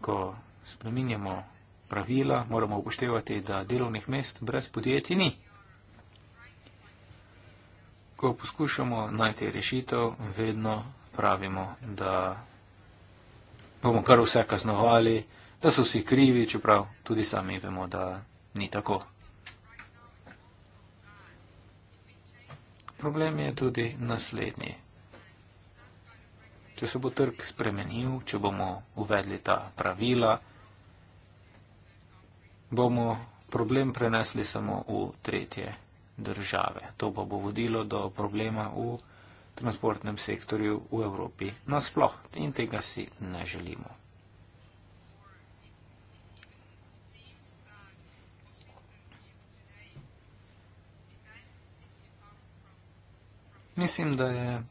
Ko spreminjamo pravila, moramo upoštevati, da delovnih mest brez podjetij ni. Ko poskušamo najti rešitev, vedno pravimo, da bomo kar vse kaznovali, da so vsi krivi, čeprav tudi sami vemo, da ni tako. Problem je tudi naslednji. Če se bo trg spremenil, če bomo uvedli ta pravila, bomo problem prenesli samo v tretje države. To pa bo vodilo do problema v transportnem sektorju v Evropi nasploh in tega si ne želimo. Mislim, da je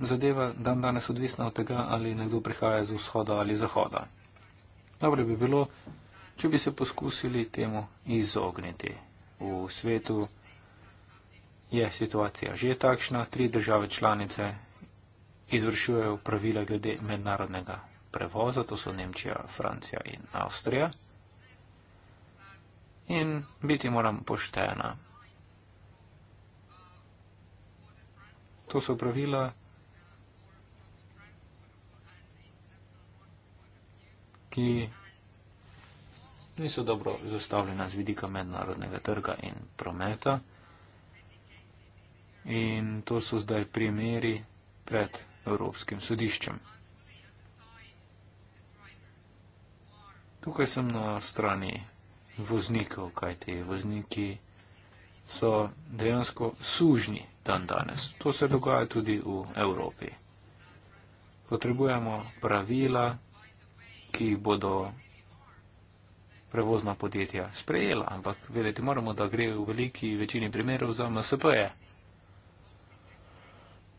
zadeva dan danes odvisna od tega, ali nekdo prihaja z vzhoda ali zahoda. Dobro bi bilo, če bi se poskusili temu izogniti v svetu je situacija že takšna, tri države članice izvršujejo pravila glede mednarodnega prevoza, to so Nemčija, Francija in Avstrija. In biti moram poštena. To so pravila, ki niso dobro zastavljena z vidika mednarodnega trga in prometa. In to so zdaj primeri pred Evropskim sodiščem. Tukaj sem na strani voznikov, kaj te vozniki so dejansko sužni dan danes. To se dogaja tudi v Evropi. Potrebujemo pravila, ki jih bodo prevozna podjetja sprejela, ampak vedeti moramo, da gre v veliki večini primerov za MSP-je.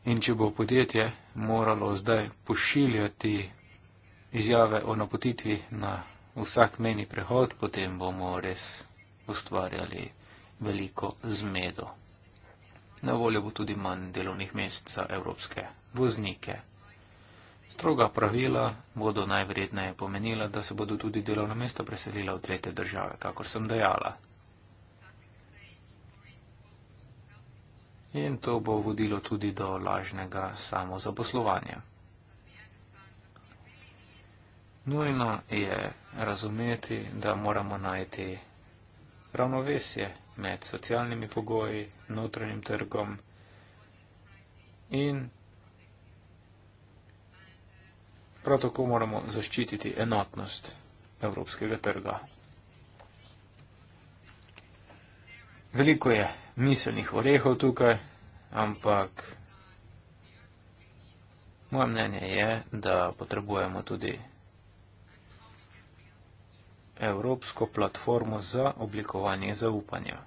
In če bo podjetje moralo zdaj pošiljati izjave o napotitvi na vsak meni prehod, potem bomo res ustvarjali veliko zmedo. Na voljo bo tudi manj delovnih mest za evropske voznike. Stroga pravila bodo najvredneje pomenila, da se bodo tudi delovna mesta preselila v tretje države, kakor sem dejala. In to bo vodilo tudi do lažnega samozaposlovanja. Nujno je razumeti, da moramo najti ravnovesje med socialnimi pogoji, notranjim trgom in Prav tako moramo zaščititi enotnost evropskega trga. Veliko je miselnih orehov tukaj, ampak moje mnenje je, da potrebujemo tudi evropsko platformo za oblikovanje zaupanja.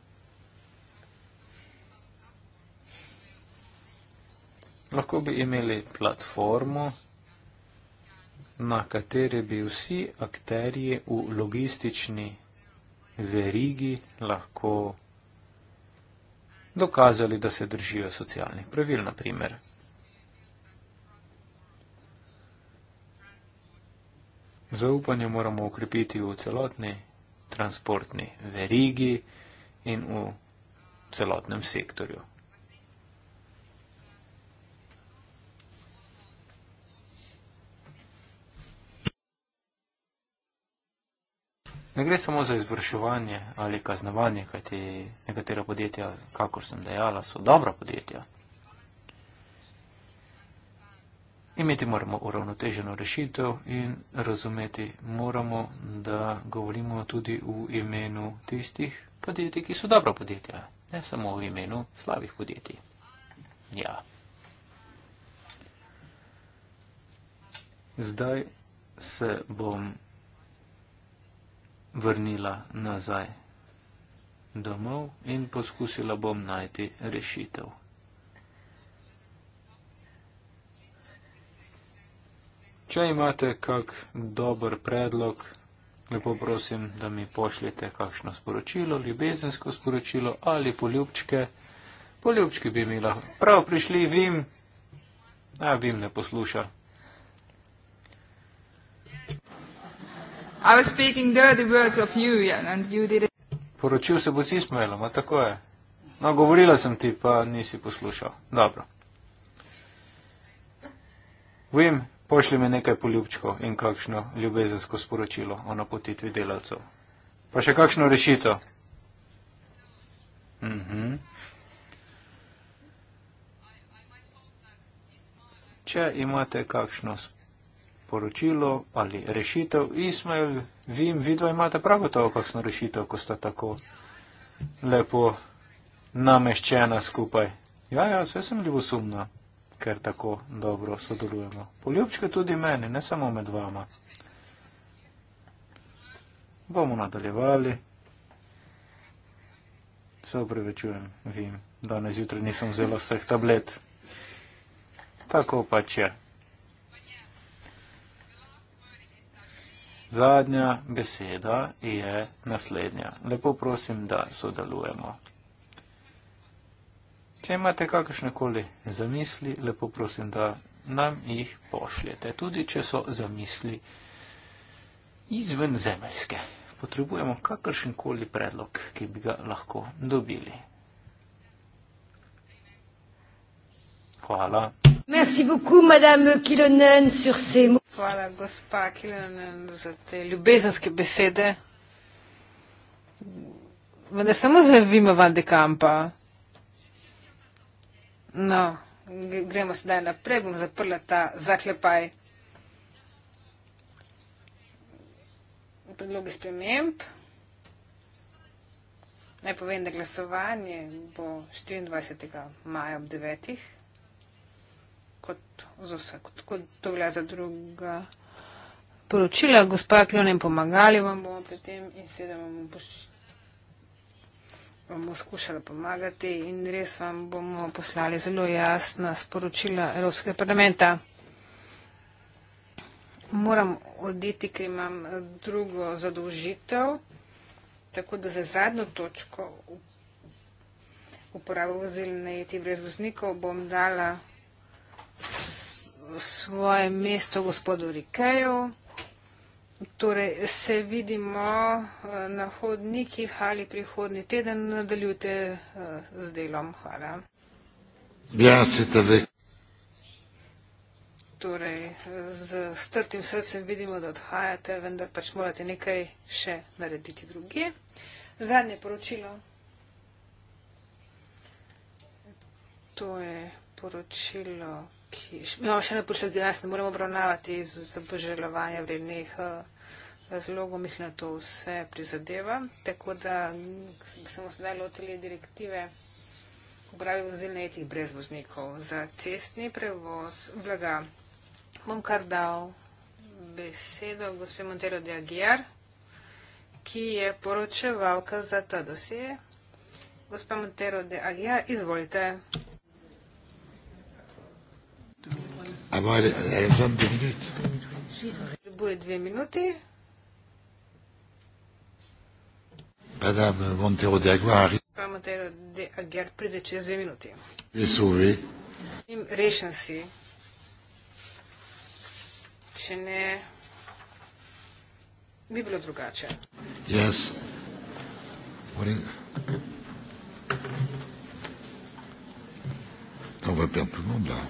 Lahko bi imeli platformo, na katere bi vsi akterji v logistični verigi lahko dokazali, da se držijo socialnih pravil, na primer. Zaupanje moramo ukrepiti v celotni transportni verigi in v celotnem sektorju. Ne gre samo za izvrševanje ali kaznovanje, kajti nekatera podjetja, kakor sem dejala, so dobra podjetja. Imeti moramo uravnoteženo rešitev in razumeti moramo, da govorimo tudi v imenu tistih podjetij, ki so dobra podjetja, ne samo v imenu slabih podjetij. Ja. Zdaj se bom vrnila nazaj domov in poskusila bom najti rešitev. Če imate kak dober predlog, lepo prosim, da mi pošljete kakšno sporočilo, ljubezensko sporočilo ali poljubčke. Poljubčki bi mi lahko prav prišli, vim, a vim ne posluša. I was speaking dirty words of you, Jan, and you did it. Poročil se bo z Ismaelom, a tako je. No, govorila sem ti, pa nisi poslušal. Dobro. Vim, pošli mi nekaj poljubčkov in kakšno ljubezensko sporočilo o napotitvi delavcev. Pa še kakšno rešitev. Mhm. Če imate kakšno sporočilo sporočilo ali rešitev. Ismail, vi in vidva imate prav gotovo kakšno rešitev, ko sta tako lepo nameščena skupaj. Ja, ja, vse sem ljubosumna, ker tako dobro sodelujemo. Poljubčke tudi meni, ne samo med vama. Bomo nadaljevali. Se upravičujem, vim, danes jutraj nisem vzela vseh tablet. Tako pa če. Zadnja beseda je naslednja. Lepo prosim, da sodelujemo. Če imate kakršnekoli zamisli, lepo prosim, da nam jih pošljete, tudi če so zamisli izvenzemeljske. Potrebujemo kakršenkoli predlog, ki bi ga lahko dobili. Hvala. Merci beaucoup, Madame Kilonen, sur ces mots. Hvala, gospa Kilonen, za te ljubezenske besede. Vendar samo za Vima van de Kampa. No, gremo sedaj naprej, bom zaprla ta zaklepaj. Predloge sprememb. Naj povem, da glasovanje bo 24. maja ob 9 kot za vse, kot, kot to velja za druga poročila. Gospa Kljunem pomagali vam bomo pri tem in seveda vam, vam bomo skušali pomagati in res vam bomo poslali zelo jasna sporočila Evropskega parlamenta. Moram oditi, ker imam eh, drugo zadolžitev, tako da za zadnjo točko uporabo vozil na IT brez voznikov bom dala svoje mesto gospodu Rikeju. Torej, se vidimo eh, na hodnikih ali prihodni teden. Nadaljujte eh, z delom. Hvala. Ja, se te ve. Torej, eh, z strtim srcem vidimo, da odhajate, vendar pač morate nekaj še narediti drugje. Zadnje poročilo. To je poročilo ki imamo no, še eno pričo, da nas ne moremo obravnavati iz zapoželjovanja vrednih eh, razlogov, mislim, da to vse prizadeva. Tako da smo sedaj lotili direktive upravi vozil na etih brez voznikov za cestni prevoz blaga. Bom kar dal besedo gospe Montero de Aguiar, ki je poročevalka za ta dosje. Gospa Montero de Aguiar, izvolite. А мали, я сам две минуты. Любые две минуты. Мадам Монтеро де Агуари. Па Монтеро де Агуар, преди через две минуты. И суви. Им решен си, че не би било другаче. Yes. Morning. On va perdre tout le monde là.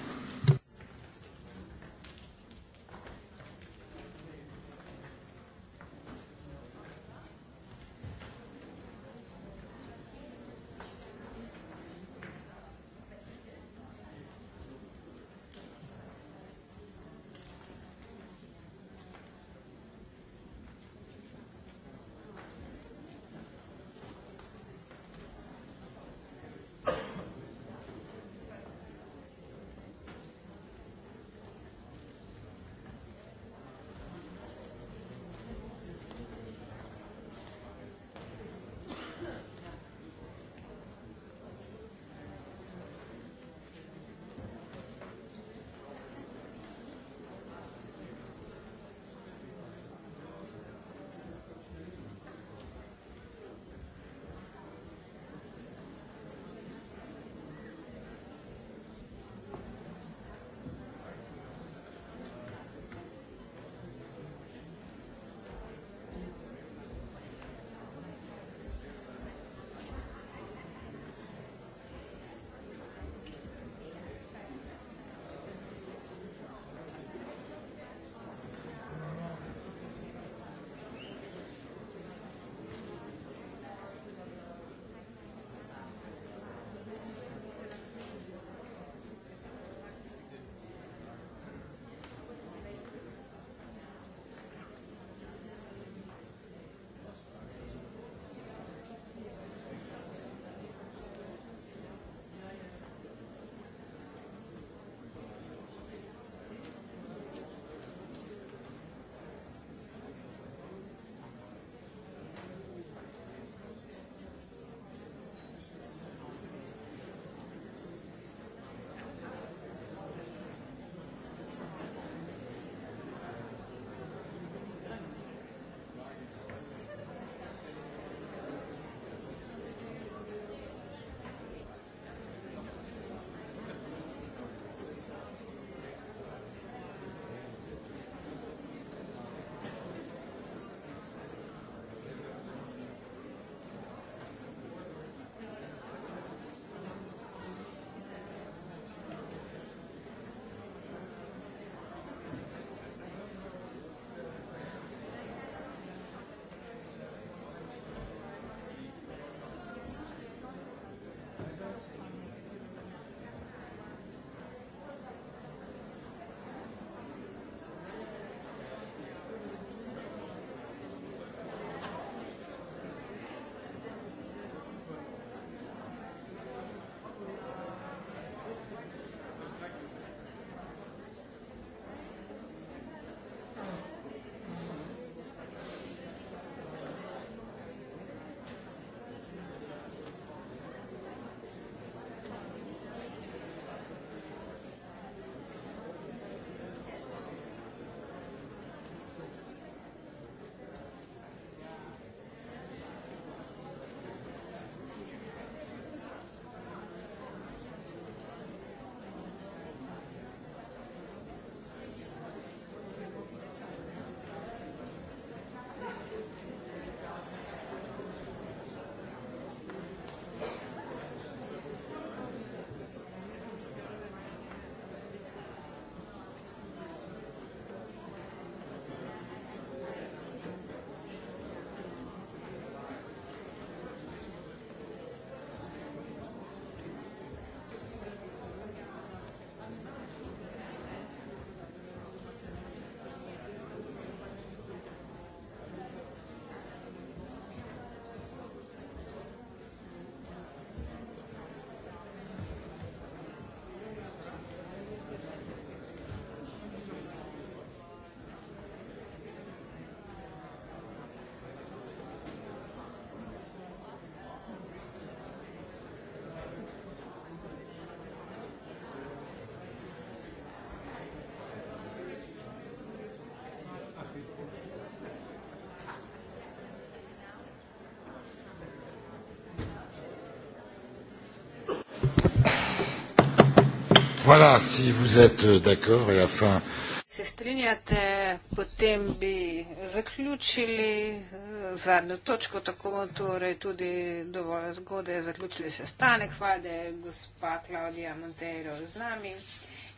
Voilà, si vous êtes euh, d'accord et afin. Se strinjate, potem bi zaključili eh, zadnjo točko, tako torej tudi dovolj zgodaj zaključili sestanek. Hvala, da je gospa Klaudija Monteiro z nami.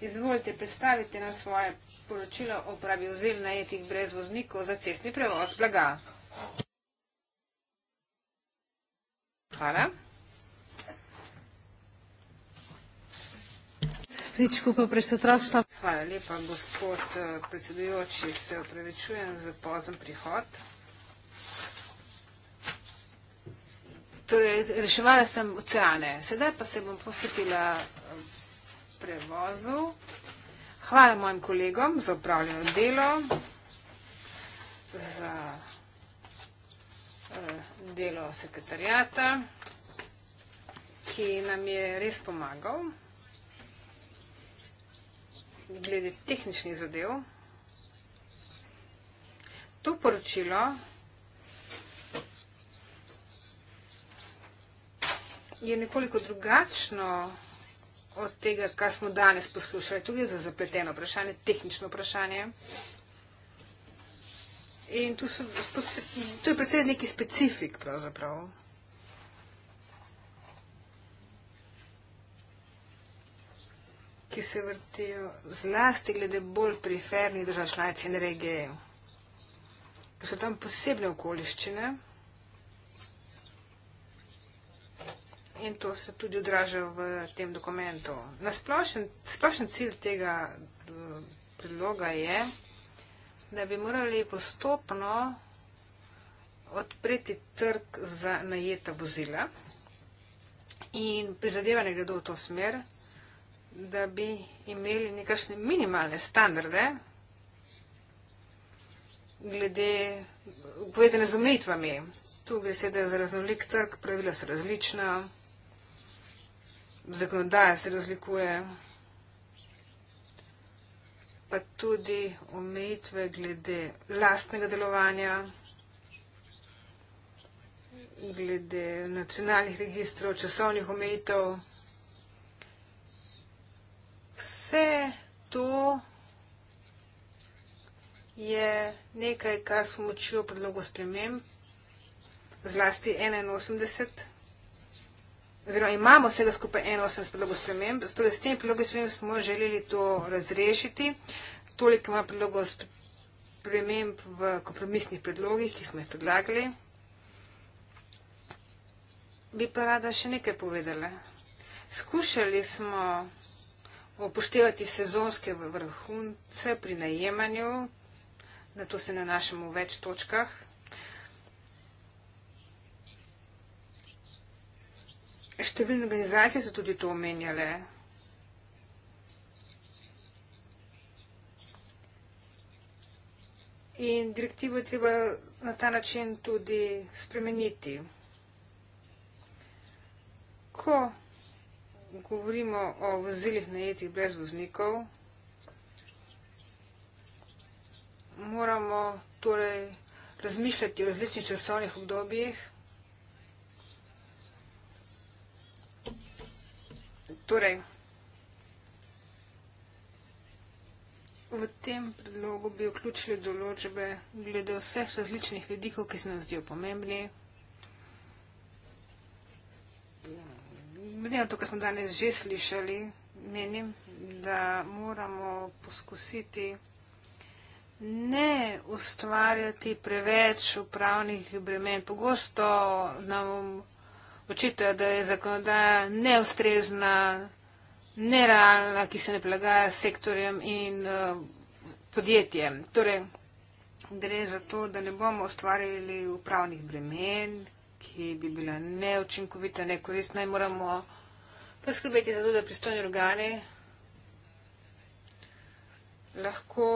Izvolite predstaviti na svoje poročilo o pravi ozel najetih brez voznikov za cestni prevoz blaga. Pričku, pa presetrašta. Hvala lepa, gospod eh, predsedujoči, se opravičujem za pozem prihod. Torej, reševala sem oceane, sedaj pa se bom posvetila eh, prevozu. Hvala mojim kolegom za upravljeno delo, za eh, delo sekretarjata, ki nam je res pomagal glede tehničnih zadev. To poročilo je nekoliko drugačno od tega, kar smo danes poslušali. Tu je za zapleteno vprašanje, tehnično vprašanje. In tu, so, tu je predvsej neki specifik pravzaprav. ki se vrtijo zlasti glede bolj prifernih držav članic in regije. Ker so tam posebne okoliščine in to se tudi odraža v tem dokumentu. Na splošen cilj tega eh, predloga je, da bi morali postopno odpreti trg za najeta vozila in prizadevanje gredo v to smer, da bi imeli nekakšne minimalne standarde glede povezane z omejitvami. Tu gre seveda za raznolik trg, pravila so različna, zakonodaja se razlikuje, pa tudi omejitve glede lastnega delovanja, glede nacionalnih registrov, časovnih omejitev, vse to je nekaj, kar s pomočjo predlogo spremem, zlasti 81, oziroma imamo vsega skupaj 81 predlogo spremem, torej s tem predlogo spremem smo želeli to razrešiti, toliko ima predlogo spremem v kompromisnih predlogih, ki smo jih predlagali. Bi pa rada še nekaj povedala. Skušali smo upoštevati sezonske vrhunce pri najemanju, na to se nanašamo v več točkah. Številne organizacije so tudi to omenjale. In direktivo je treba na ta način tudi spremeniti. Ko govorimo o vozilih najetih brez voznikov, moramo torej razmišljati o različnih časovnih obdobjih, Torej, v tem predlogu bi vključili določbe glede vseh različnih vidikov, ki se nam zdijo pomembni. glede na to, kar smo danes že slišali, menim, da moramo poskusiti ne ustvarjati preveč upravnih bremen. Pogosto nam očitajo, da je zakonodaja neustrezna, nerealna, ki se ne prilagaja sektorjem in uh, podjetjem. Torej, gre za to, da ne bomo ustvarjali upravnih bremen, ki bi bila neučinkovita, nekoristna in moramo poskrbeti za to, da pristojni organi lahko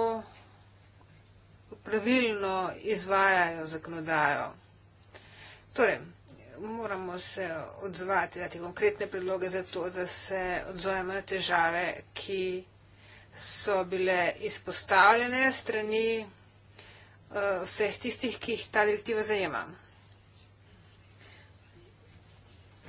pravilno izvajajo zakonodajo. Torej, moramo se odzvati, dati konkretne predloge za to, da se odzovemo na težave, ki so bile izpostavljene strani uh, vseh tistih, ki jih ta direktiva zajema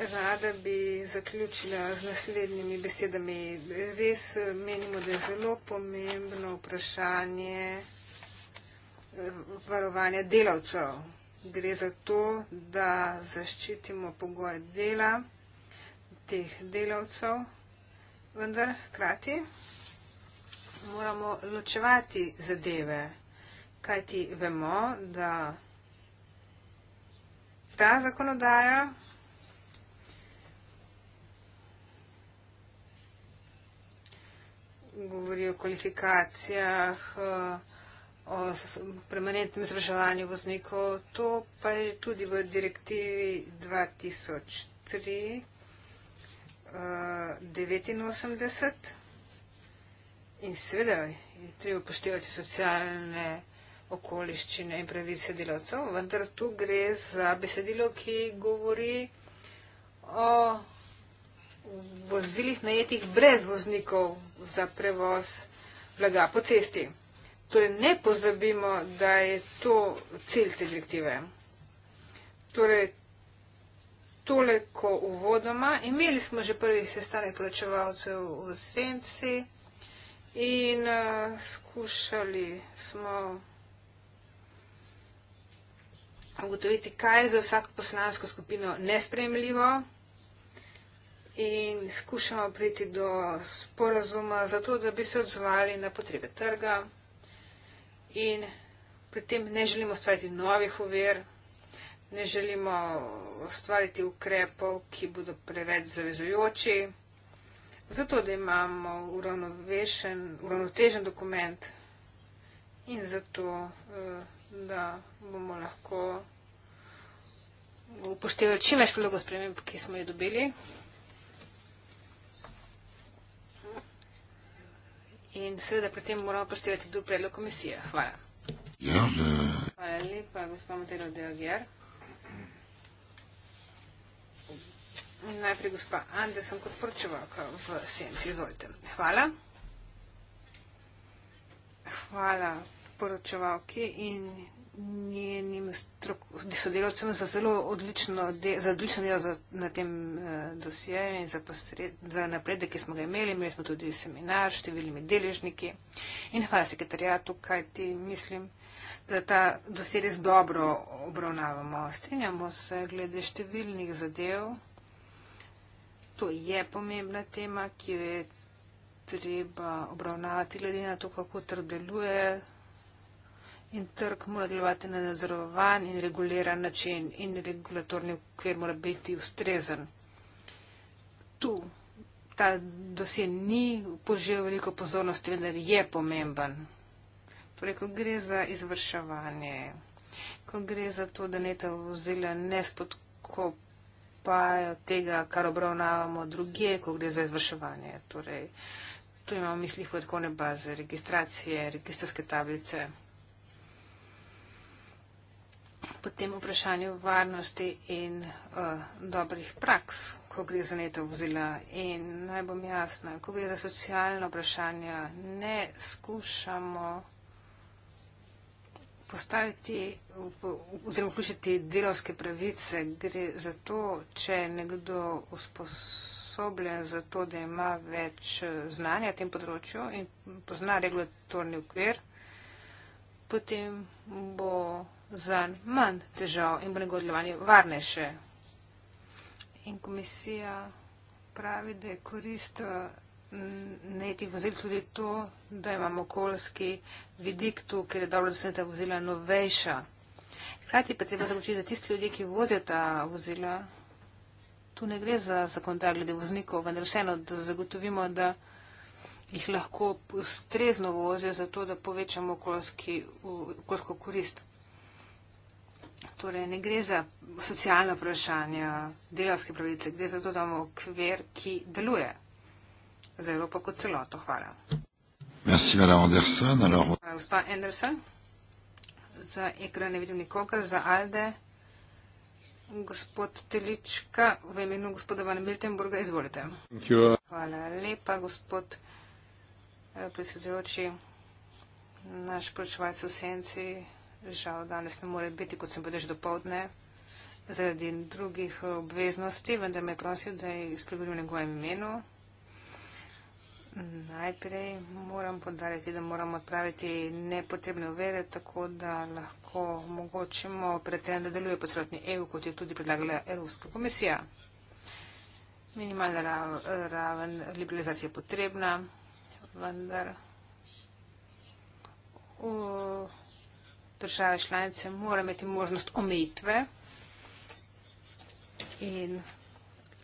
rada bi zaključila z naslednjimi besedami. Res eh, menimo, da je zelo pomembno vprašanje eh, varovanja delavcev. Gre za to, da zaščitimo pogoje dela teh delavcev, vendar krati moramo ločevati zadeve, kajti vemo, da ta zakonodaja govori o kvalifikacijah, eh, o premanentnem zraževanju voznikov. To pa je tudi v direktivi 2003. 89 eh, in seveda je treba upoštevati socialne okoliščine in pravice delavcev, vendar tu gre za besedilo, ki govori o vozilih najetih brez voznikov, za prevoz blaga po cesti. Torej, ne pozabimo, da je to cilj te direktive. Torej, tole, ko uvodoma, imeli smo že prvi sestanek plačevalcev v senci in uh, skušali smo ugotoviti, kaj je za vsako poslansko skupino nespremljivo in skušamo priti do sporazuma, zato da bi se odzvali na potrebe trga in pri tem ne želimo ustvariti novih uver, ne želimo ustvariti ukrepov, ki bodo preveč zavezujoči, zato da imamo uravnovešen, uravnotežen dokument in zato, eh, da bomo lahko upoštevali čim več predlogov sprememb, ki smo jih dobili. In seveda pri tem moramo poštevati tudi predlog komisije. Hvala. Ja, da... Hvala lepa, gospod Matero Deogjer. Najprej gospa Andeson kot poročevalka v senci. Izvolite. Hvala. Hvala poročevalki in njenim sodelovcem za zelo odlično, de, za odlično delo za, na tem eh, dosjeju in za, za napredek, ki smo ga imeli. Imeli smo tudi seminar s številnimi deležniki in hvala sekretarijatu, kaj ti mislim, da ta dosje res dobro obravnavamo. Strinjamo se glede številnih zadev. To je pomembna tema, ki jo je treba obravnavati glede na to, kako trdeluje. deluje In trg mora delovati na nadzorovan in reguliran način in regulatorni okvir mora biti ustrezen. Tu ta dosje ni požel veliko pozornosti, vendar je pomemben. Torej, ko gre za izvrševanje, ko gre za to, da ne ta vozila ne spodkopajo tega, kar obravnavamo druge, ko gre za izvrševanje. Torej, tu imamo v mislih podkone baze, registracije, registrske tablice potem vprašanju varnosti in uh, dobrih praks, ko gre za neto vozila. In naj bom jasna, ko gre za socialno vprašanje, ne skušamo postaviti oziroma vključiti delovske pravice. Gre za to, če je nekdo usposobljen za to, da ima več eh, znanja na tem področju in pozna regulatorni okvir, potem bo zanj manj težav in bo njegovo delovanje varnejše. In komisija pravi, da je korist najetih vozil tudi to, da imamo okoljski vidik tu, ker je dobro, da se ta vozila novejša. Hkrati pa treba zagotoviti, da tisti ljudje, ki vozijo ta vozila, tu ne gre za zakonodajo glede voznikov, vendar vseeno, da zagotovimo, da jih lahko ustrezno vozijo, zato da povečamo okoljsko korist torej ne gre za socialna vprašanja, delavske pravice, gre za to, da imamo okvir, ki deluje za Evropo kot celoto. Hvala. Merci, Anderson. Alors... Gospa Anderson, za ekran ne vidim nikogar, za Alde, gospod Telička, v imenu gospoda Van Miltenburga, izvolite. Hvala lepa, gospod eh, predsedujoči, naš poročevalec v senci, žal danes ne more biti, kot sem povedal, že do povdne zaradi drugih obveznosti, vendar me je prosil, da spregovorim njegovo imenu. Najprej moram podariti, da moram odpraviti nepotrebne uvere, tako da lahko omogočimo pretrend, da deluje po celotni EU, kot je tudi predlagala Evropska komisija. Minimalna raven liberalizacije je potrebna, vendar države članice mora imeti možnost omejitve in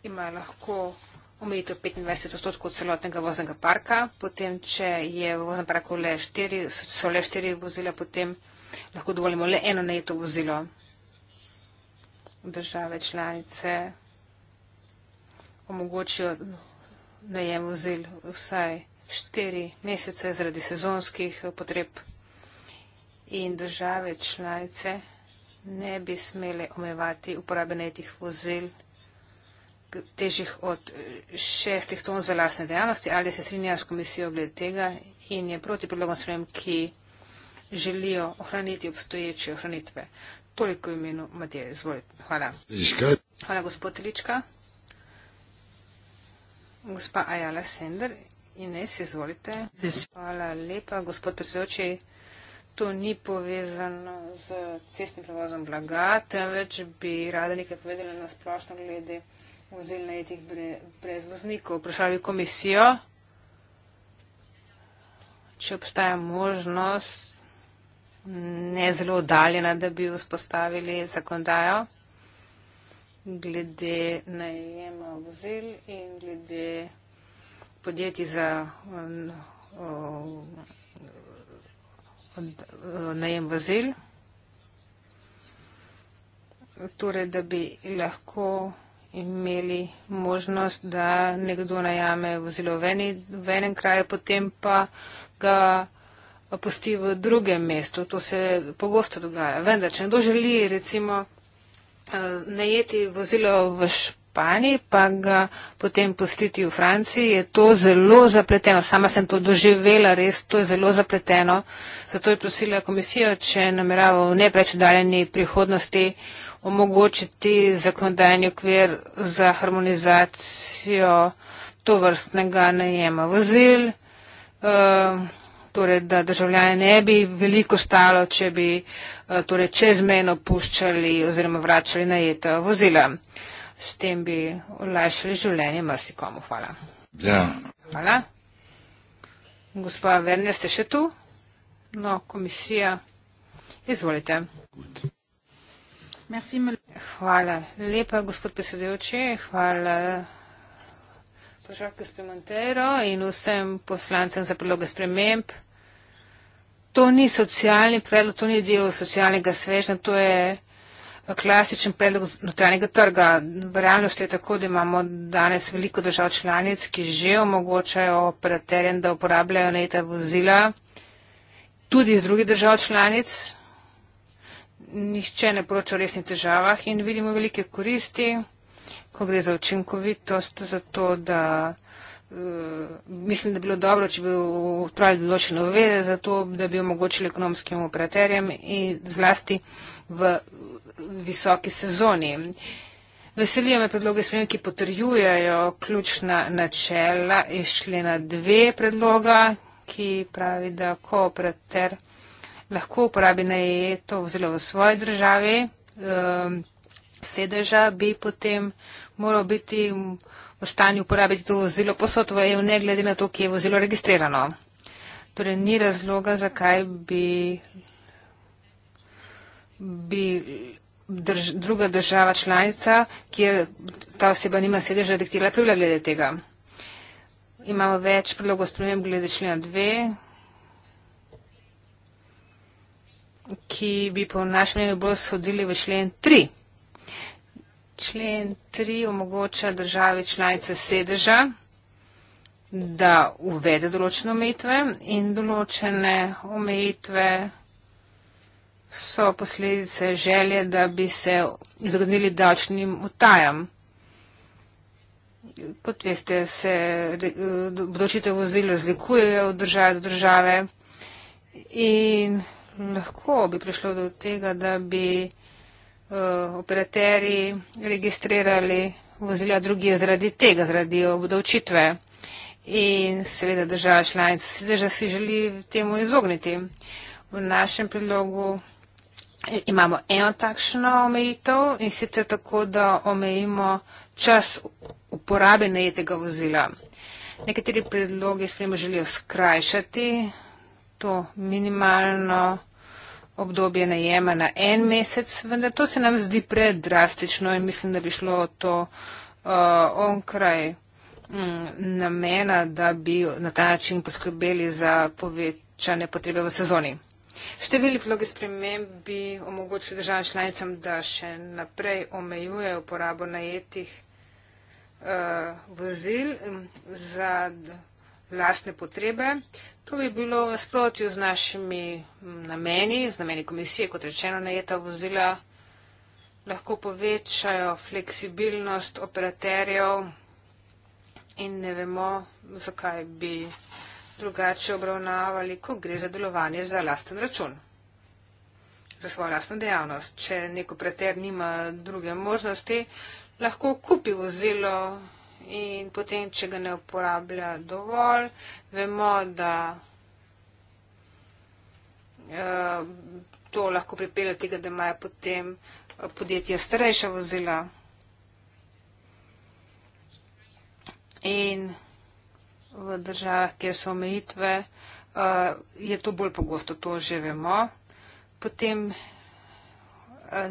ima lahko omejitev 25 odstotkov celotnega voznega parka, potem, če je v voznem parku le štiri, so le štiri vozila, potem lahko dovolimo le eno najeto vozilo države članice omogočijo najem vozil vsaj štiri mesece zaradi sezonskih potreb in države članice ne bi smele omejevati uporabe najetih vozil težjih od eh, šestih ton za lastne dejavnosti ali se strinja s komisijo glede tega in je proti predlogom sprem, ki želijo ohraniti obstoječe ohranitve. Toliko imenu Matije, izvolite. Hvala. Hvala, gospod Lička. Gospa Ajala Sender, Ines, izvolite. Hvala lepa, gospod predsedoči to ni povezano z cestnim prevozom blaga, temveč bi rada nekaj povedala na splošno glede vozil na etih brez voznikov. Vprašala bi komisijo, če obstaja možnost, ne zelo oddaljena, da bi vzpostavili zakonodajo glede najema vozil in glede podjetij za. Um, um, najem vozil, torej da bi lahko imeli možnost, da nekdo najame vozilo v, eni, v enem kraju, potem pa ga pusti v drugem mestu. To se pogosto dogaja. Vendar, če nekdo želi recimo eh, najeti vozilo v Španiji, Španiji, pa ga potem postiti v Franciji, je to zelo zapleteno. Sama sem to doživela, res to je zelo zapleteno. Zato je prosila komisijo, če namerava v ne preč daljeni prihodnosti omogočiti zakonodajni okvir za harmonizacijo to vrstnega najema vozil. Uh, torej, da državljane ne bi veliko stalo, če bi uh, torej, čezmeno puščali oziroma vračali najeta vozila. Uh, s tem bi olajšali življenje marsikomu. Hvala. Ja. Hvala. Gospod Werner, ste še tu? No, komisija. Izvolite. Hvala lepa, gospod predsedujoči. Hvala. Požarke spremontero in vsem poslancem za predloge sprememb. To ni socialni predlog, to ni del socialnega svežnja, to je klasičen predlog notranjega trga. V realnosti je tako, da imamo danes veliko držav članic, ki že omogočajo operaterjem, da uporabljajo neta vozila, tudi iz drugih držav članic. Nihče ne poroča o resnih težavah in vidimo velike koristi, ko gre za učinkovitost, zato da. Eh, mislim, da bi bilo dobro, če bi odpravili določene uvede za to, da bi omogočili ekonomskim operaterjem in zlasti v visoki sezoni. Veselijo me predloge sprememb, ki potrjujejo ključna načela iz člena dve predloga, ki pravi, da kooperater lahko uporabi najeto vozilo v svoji državi ehm, sedeža, bi potem moral biti v stanju uporabiti to vozilo posod v EU, ne glede na to, kje je vozilo registrirano. Torej, ni razloga, zakaj bi, bi drž, druga država članica, kjer ta oseba nima sedeža, diktira pravila glede tega. Imamo več predlogov sprememb glede člena 2, ki bi po našem mnenju bolj shodili v člen 3. Člen 3 omogoča državi članice sedeža, da uvede določene omejitve in določene omejitve so posledice želje, da bi se izognili davčnim utajam. Kot veste, se bodočite vozil razlikujejo od države do države in lahko bi prišlo do tega, da bi eh, operaterji registrirali vozila drugi zaradi tega, zaradi obdavčitve. In seveda država članica si želi temu izogniti. V našem predlogu imamo eno takšno omejitev in sicer tako, da omejimo čas uporabe najetega vozila. Nekateri predlogi spremo želijo skrajšati to minimalno obdobje najema na en mesec, vendar to se nam zdi predrastično in mislim, da bi šlo to uh, onkraj mm, namena, da bi na ta način poskrbeli za povečane potrebe v sezoni. Številni vlogi sprememb bi omogočili državam članicam, da še naprej omejujejo uporabo najetih uh, vozil mm, za lastne potrebe. To bi bilo v nasprotju z našimi mm, nameni, z nameni komisije, kot rečeno, najeta vozila lahko povečajo fleksibilnost operaterjev in ne vemo, zakaj bi drugače obravnavali, ko gre za delovanje za lasten račun, za svojo lasten dejavnost. Če neko preter nima druge možnosti, lahko kupi vozilo in potem, če ga ne uporablja dovolj, vemo, da eh, to lahko pripelje tega, da imajo potem eh, podjetja starejša vozila. In v državah, kjer so omejitve, eh, je to bolj pogosto, to že vemo. Potem eh,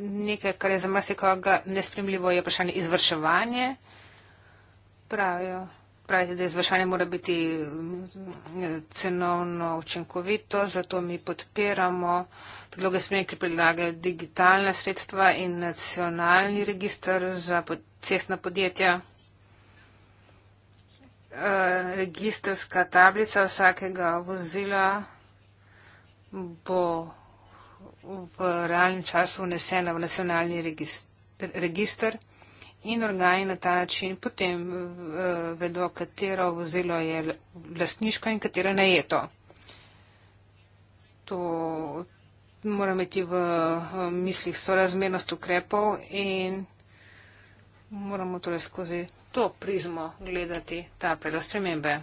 nekaj, kar je za marsikoga nespremljivo, je vprašanje izvrševanje. Pravijo, pravite, da izvrševanje mora biti eh, cenovno učinkovito, zato mi podpiramo predloge spremljenja, ki predlagajo digitalna sredstva in nacionalni registr za cestna podjetja. Eh, registrska tablica vsakega vozila bo v realnem času vnesena v nacionalni registr in organi na ta način potem eh, vedo, katero vozilo je lastniško in katero najeto. To moramo imeti v mislih sorazmernost ukrepov in moramo torej skozi to prizmo gledati ta predlog spremembe.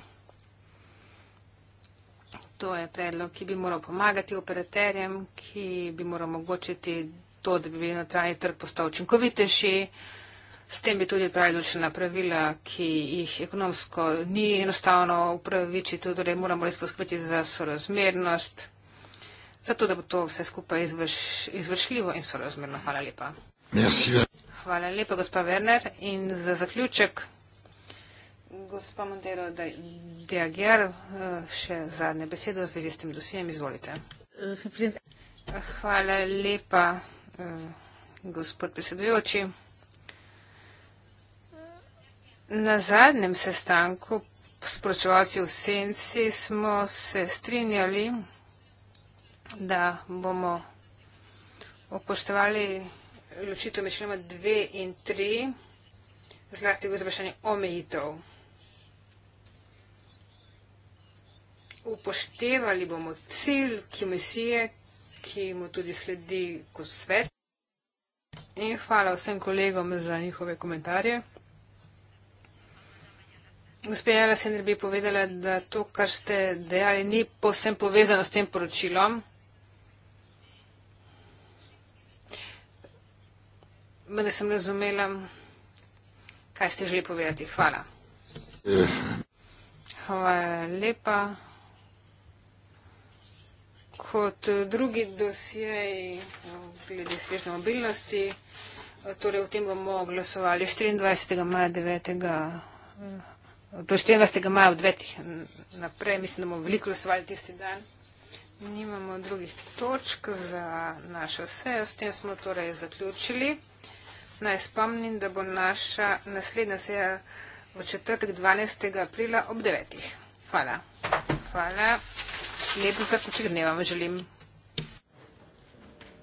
To je predlog, ki bi moral pomagati operaterjem, ki bi moral omogočiti to, da bi bil na trajni trg postal učinkovitejši. S tem bi tudi odpravili določena pravila, ki jih ekonomsko ni enostavno upravičiti, torej moramo res poskrbeti za sorazmernost, zato da bo to vse skupaj izvrš, izvršljivo in sorazmerno. Hvala lepa. Merci. Hvala lepa, gospa Werner. In za zaključek, gospa Montero de Aguiar, eh, še zadnje besede v zvezi s tem dosijem. Izvolite. Hvala lepa, eh, gospod predsedujoči. Na zadnjem sestanku s poročevalci v Senci smo se strinjali, da bomo upoštevali ločitev med členoma 2 in 3, zlasti v izvršanju omejitev. Upoštevali bomo cilj komisije, ki mu tudi sledi kot svet. In hvala vsem kolegom za njihove komentarje. Gospod Jala Sender bi povedala, da to, kar ste dejali, ni povsem povezano s tem poročilom. Mene sem razumela, kaj ste želi povedati. Hvala. Hvala lepa. Kot drugi dosjej glede svežne mobilnosti, torej o tem bomo glasovali 24. maja 9. Do 24. maja v 9. naprej, mislim, da bomo veliko glasovali tisti dan. Nimamo drugih točk za našo sejo, s tem smo torej zaključili. Naj spomnim, da bo naša naslednja seja v četrtek 12. aprila ob 9. Hvala. Hvala. Lep zaključek dneva vam želim.